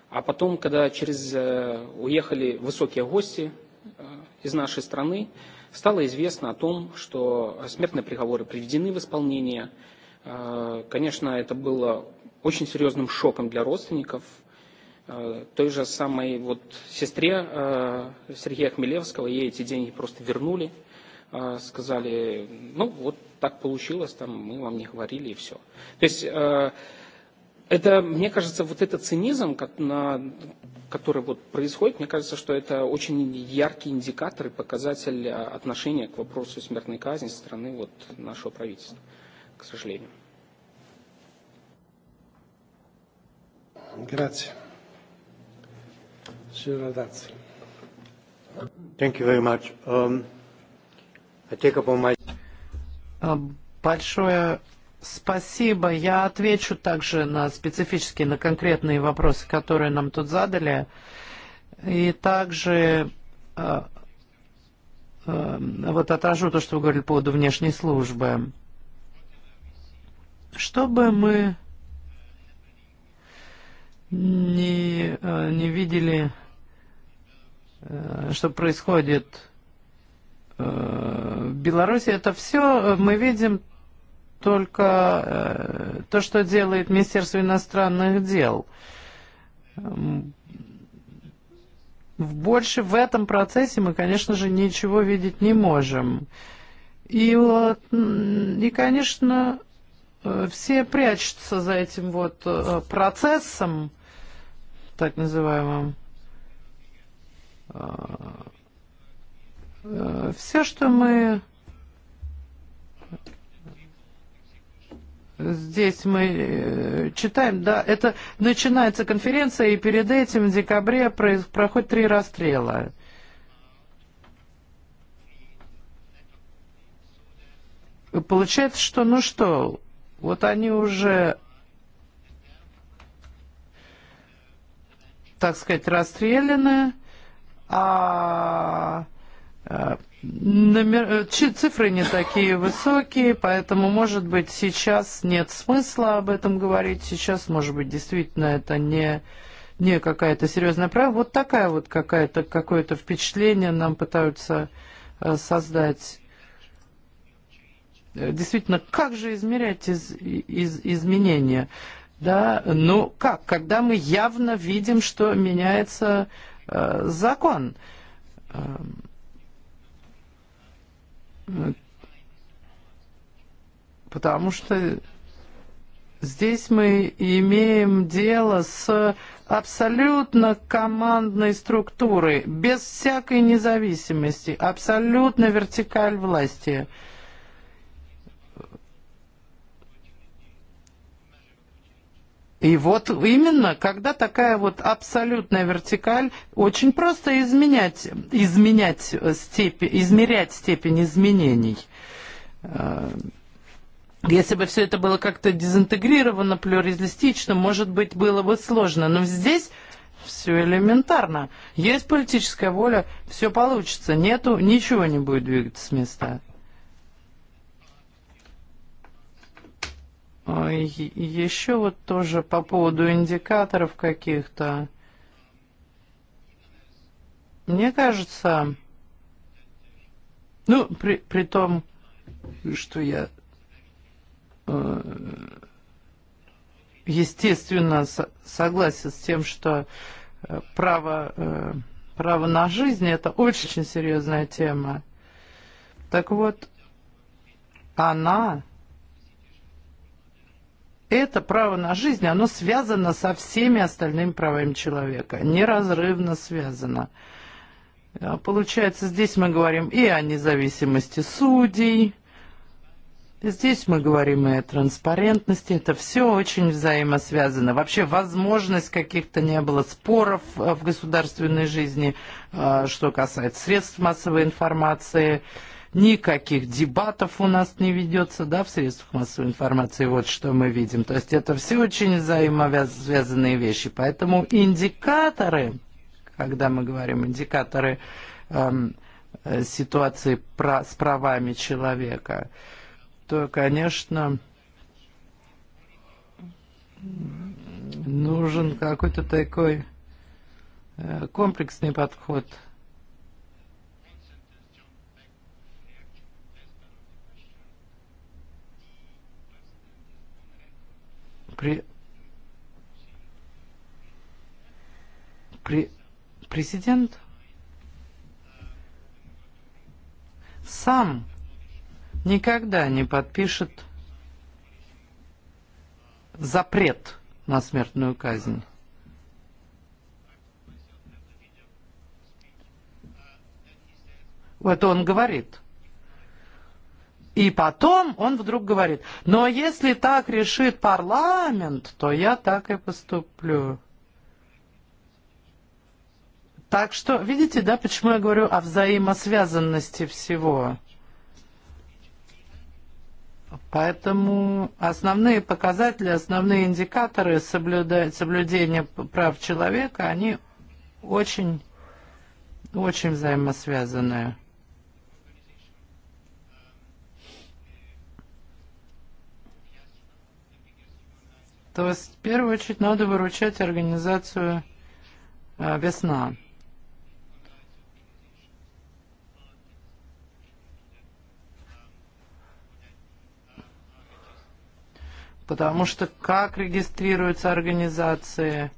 M: А потом, когда через э, уехали высокие гости э, из нашей страны, стало известно о том, что смертные приговоры приведены в исполнение. Э, конечно, это было очень серьезным шоком для родственников. Э, той же самой вот сестре э, Сергея Хмелевского ей эти деньги просто вернули, э, сказали, ну вот так получилось, там мы вам не говорили и все. То есть это, мне кажется, вот этот цинизм, который вот происходит, мне кажется, что это очень яркий индикатор и показатель отношения к вопросу смертной казни со стороны вот нашего правительства, к сожалению.
B: Grazie.
L: Signora Dazzi.
G: Thank you very much. Um, I take upon my...
L: Uh, большое спасибо. Я отвечу также на специфические, на конкретные вопросы, которые нам тут задали. И также э, э, вот отражу то, что вы говорили по поводу внешней службы. Чтобы мы не, э, не видели, э, что происходит э, в Беларуси. Это все мы видим только то, что делает Министерство иностранных дел. Больше в этом процессе мы, конечно же, ничего видеть не можем. И, вот, и конечно, все прячутся за этим вот процессом, так называемым. Э, э, Все, что мы здесь мы э, читаем, да, это начинается конференция, и перед этим в декабре проходит три расстрела. Получается, что ну что, вот они уже так сказать, расстреляны, а э, номер, э, цифры не такие высокие, поэтому, может быть, сейчас нет смысла об этом говорить. Сейчас, может быть, действительно это не, не какая-то серьезная права. Вот такая вот какая-то, какое-то впечатление нам пытаются э, создать. Действительно, как же измерять из, из, изменения? Да, ну как, когда мы явно видим, что меняется э, закон. Э, потому что здесь мы имеем дело с абсолютно командной структурой, без всякой независимости, абсолютно вертикаль власти. Э, И вот именно, когда такая вот абсолютная вертикаль, очень просто изменять, изменять степень, измерять степень изменений. Э, если бы все это было как-то дезинтегрировано, плюралистично, может быть, было бы сложно. Но здесь все элементарно. Есть политическая воля, все получится. Нету, ничего не будет двигаться с места. Еще вот тоже по поводу индикаторов каких-то. Мне кажется, ну, при, при том, что я, э, естественно, согласен с тем, что э, право, э, право на жизнь – это очень серьезная тема. Так вот, она Это право на жизнь, оно связано со всеми остальными правами человека, неразрывно связано. Получается, здесь мы говорим и о независимости судей, здесь мы говорим и о транспарентности, это все очень взаимосвязано. Вообще возможность каких-то не было споров э, в государственной жизни, э, что касается средств массовой информации, информации никаких дебатов у нас не ведется, да, в средствах массовой информации, вот что мы видим. То есть это все очень взаимосвязанные вещи. Поэтому индикаторы, когда мы говорим индикаторы эм, э, ситуации про, с правами человека, то, конечно, нужен какой-то такой э, комплексный подход – При... При... Президент сам никогда не подпишет запрет на смертную казнь. Вот он говорит – И потом он вдруг говорит, но если так решит парламент, то я так и поступлю. Так что, видите, да, почему я говорю о взаимосвязанности всего? Поэтому основные показатели, основные индикаторы соблюдения прав человека, они очень, очень взаимосвязаны. то в первую очередь надо выручать организацию э, «Весна». Потому что как регистрируются организации,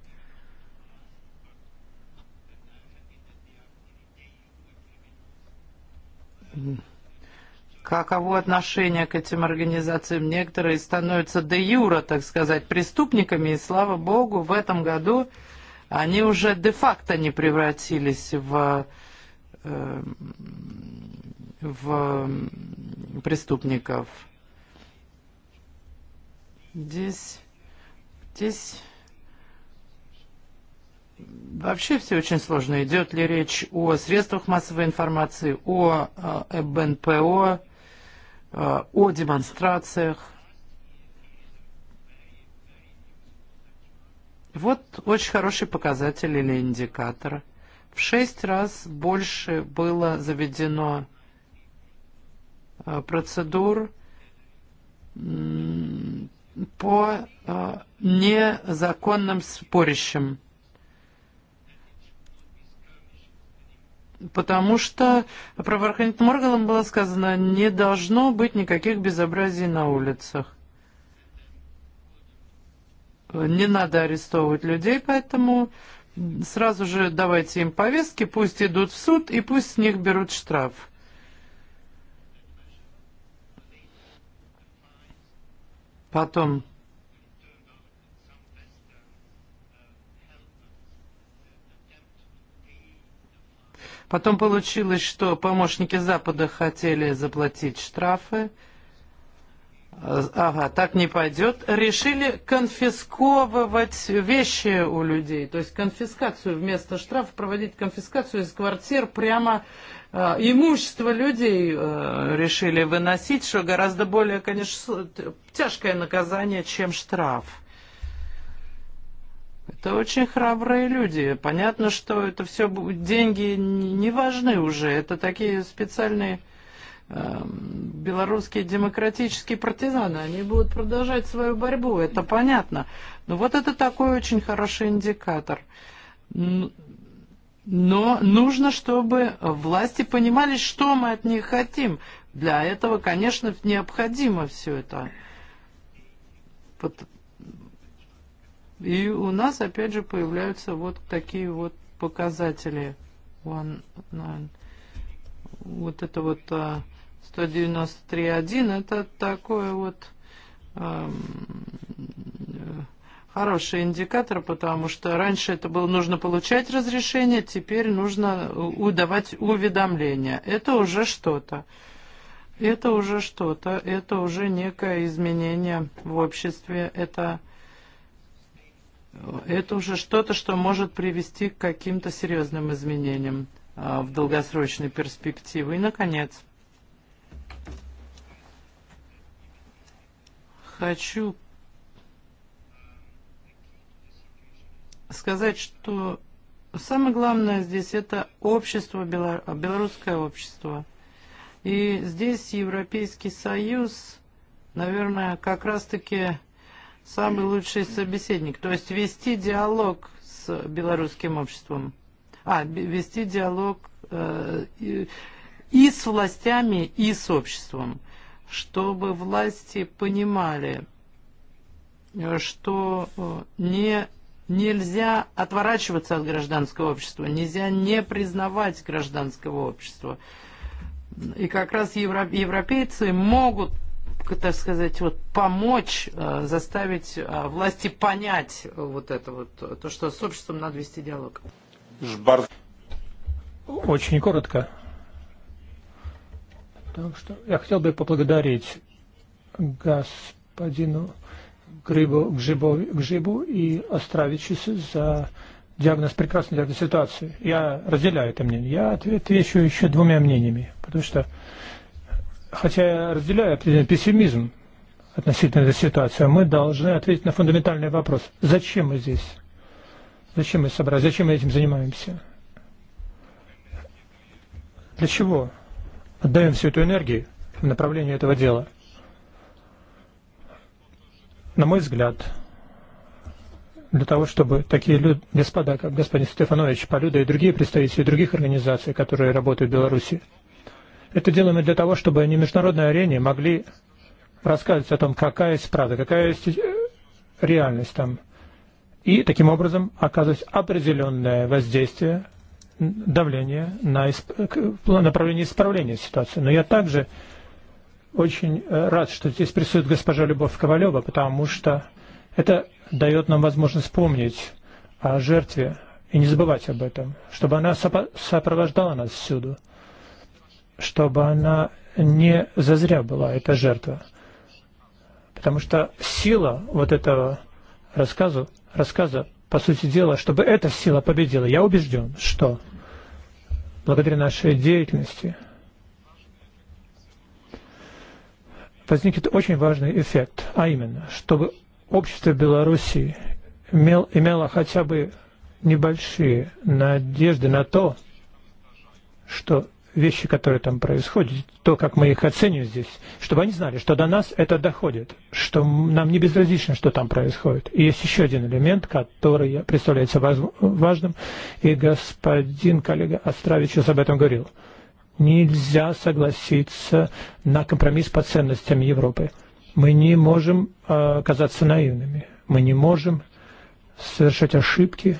L: Mm-hmm каково отношение к этим организациям. Некоторые становятся де юра, так сказать, преступниками, и слава богу, в этом году они уже де-факто не превратились в, в преступников. Здесь, здесь вообще все очень сложно. Идет ли речь о средствах массовой информации, о э, БНПО, о демонстрациях. Вот очень хороший показатель или индикатор. В шесть раз больше было заведено э, процедур по э, незаконным спорищам Потому что правоохранительным органам было сказано, не должно быть никаких безобразий на улицах. Не надо арестовывать людей, поэтому сразу же давайте им повестки, пусть идут в суд и пусть с них берут штраф. Потом Потом получилось, что помощники Запада хотели заплатить штрафы. Ага, так не пойдет. Решили конфисковывать вещи у людей, то есть конфискацию вместо штрафа проводить конфискацию из квартир прямо э, имущество людей э, решили выносить, что гораздо более, конечно, тяжкое наказание, чем штраф. Это очень храбрые люди. Понятно, что это все деньги не важны уже. Это такие специальные э, белорусские демократические партизаны. Они будут продолжать свою борьбу, это понятно. Но вот это такой очень хороший индикатор. Но нужно, чтобы власти понимали, что мы от них хотим. Для этого, конечно, необходимо все это И у нас опять же появляются вот такие вот показатели. One, Вот это вот 193.1, это такое вот э, хороший индикатор, потому что раньше это было нужно получать разрешение, теперь нужно удавать уведомление. Это уже что-то. Это уже что-то, это уже некое изменение в обществе, это это уже что-то, что может привести к каким-то серьезным изменениям в долгосрочной перспективе. И, наконец, хочу сказать, что самое главное здесь это общество, белорусское общество. И здесь Европейский Союз, наверное, как раз-таки самый лучший собеседник, то есть вести диалог с белорусским обществом. А, вести диалог э, и с властями, и с обществом, чтобы власти понимали, э, что э, не, нельзя отворачиваться от гражданского общества, нельзя не признавать гражданского общества. И как раз европейцы могут так сказать, вот помочь, э, заставить э, власти понять вот это вот, то, что с обществом надо вести диалог?
O: Жбар. Очень коротко. Так что я хотел бы поблагодарить господину Грибу, Гжибу, Гжибу и Островичусу за диагноз, прекрасный диагноз ситуации. Я разделяю это мнение. Я отвечу еще двумя мнениями, потому что хотя я разделяю определенный пессимизм относительно этой ситуации, мы должны ответить на фундаментальный вопрос. Зачем мы здесь? Зачем мы собрались? Зачем мы этим занимаемся? Для чего отдаем всю эту энергию в направлении этого дела? На мой взгляд, для того, чтобы такие люди, господа, как господин Стефанович, Полюда и другие представители других организаций, которые работают в Беларуси, Это делаем для того, чтобы они в международной арене могли рассказывать о том, какая есть правда, какая есть реальность там. И таким образом оказывать определенное воздействие, давление на исп... направление исправления ситуации. Но я также очень рад, что здесь присутствует госпожа Любовь Ковалева, потому что это дает нам возможность помнить о жертве и не забывать об этом, чтобы она сопровождала нас всюду – чтобы она не зазря была, эта жертва. Потому что сила вот этого рассказа, рассказа, по сути дела, чтобы эта сила победила, я убежден, что благодаря нашей деятельности возникнет очень важный эффект, а именно, чтобы общество Белоруссии имело хотя бы небольшие надежды на то, что вещи, которые там происходят, то, как мы их оценим здесь, чтобы они знали, что до нас это доходит, что нам не безразлично, что там происходит. И есть еще один элемент, который представляется важным, и господин коллега Островичус об этом говорил. Нельзя согласиться на компромисс по ценностям Европы. Мы не можем э, казаться наивными, мы не можем совершать ошибки,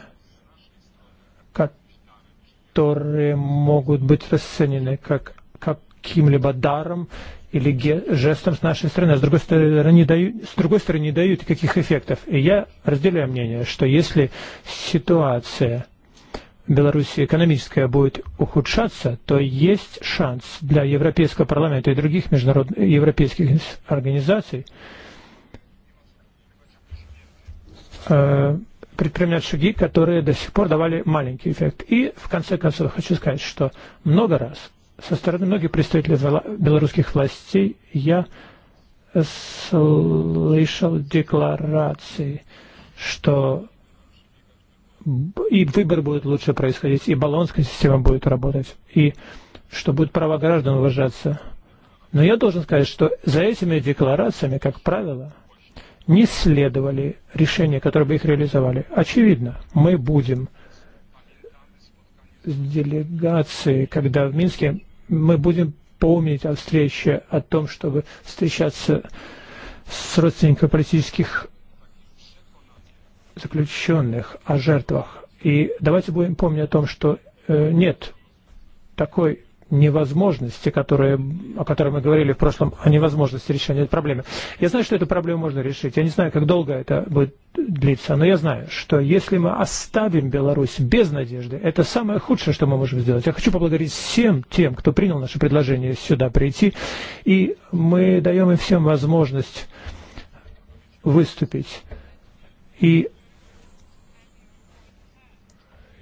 O: которые могут быть расценены как каким-либо даром или жестом с нашей стороны, а с другой стороны не дают, с другой стороны не дают никаких эффектов. И я разделяю мнение, что если ситуация в Беларуси экономическая будет ухудшаться, то есть шанс для Европейского парламента и других международных европейских организаций предпринимать шаги, которые до сих пор давали маленький эффект. И, в конце концов, хочу сказать, что много раз со стороны многих представителей белорусских властей я слышал декларации, что и выбор будет лучше происходить, и баллонская система будет работать, и что будет право граждан уважаться. Но я должен сказать, что за этими декларациями, как правило, не следовали решения, которые бы их реализовали. Очевидно, мы будем с делегацией, когда в Минске, мы будем помнить о встрече, о том, чтобы встречаться с родственниками политических заключенных, о жертвах. И давайте будем помнить о том, что э, нет такой невозможности, которые, о которой мы говорили в прошлом, о невозможности решения этой проблемы. Я знаю, что эту проблему можно решить. Я не знаю, как долго это будет длиться, но я знаю, что если мы оставим Беларусь без надежды, это самое худшее, что мы можем сделать. Я хочу поблагодарить всем тем, кто принял наше предложение сюда прийти, и мы даем им всем возможность выступить. И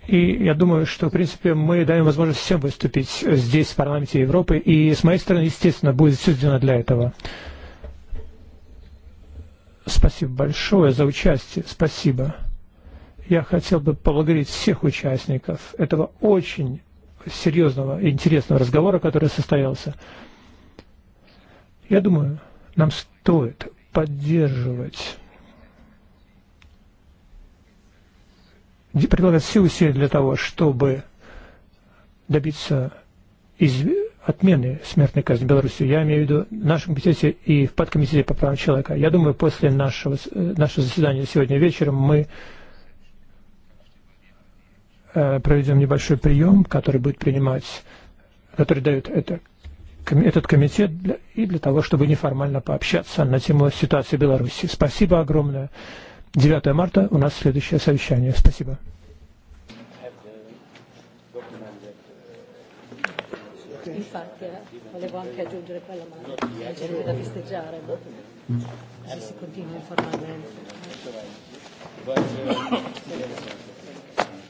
O: И я думаю, что, в принципе, мы даем возможность всем выступить здесь, в парламенте Европы. И с моей стороны, естественно, будет все сделано для этого. Спасибо большое за участие. Спасибо. Я хотел бы поблагодарить всех участников этого очень серьезного и интересного разговора, который состоялся. Я думаю, нам стоит поддерживать предлагать все усилия для того, чтобы добиться из отмены смертной казни в Беларуси. Я имею в виду в нашем комитете и в подкомитете по правам человека. Я думаю, после нашего, э, нашего заседания сегодня вечером мы э, проведем небольшой прием, который будет принимать, который дает это, этот комитет для, и для того, чтобы неформально пообщаться на тему ситуации в Беларуси. Спасибо огромное. 9 марта у нас следующее совещание. Спасибо.
P: Infatti, eh, volevo anche aggiungere quella mano, c'è da festeggiare, ma si continua informalmente.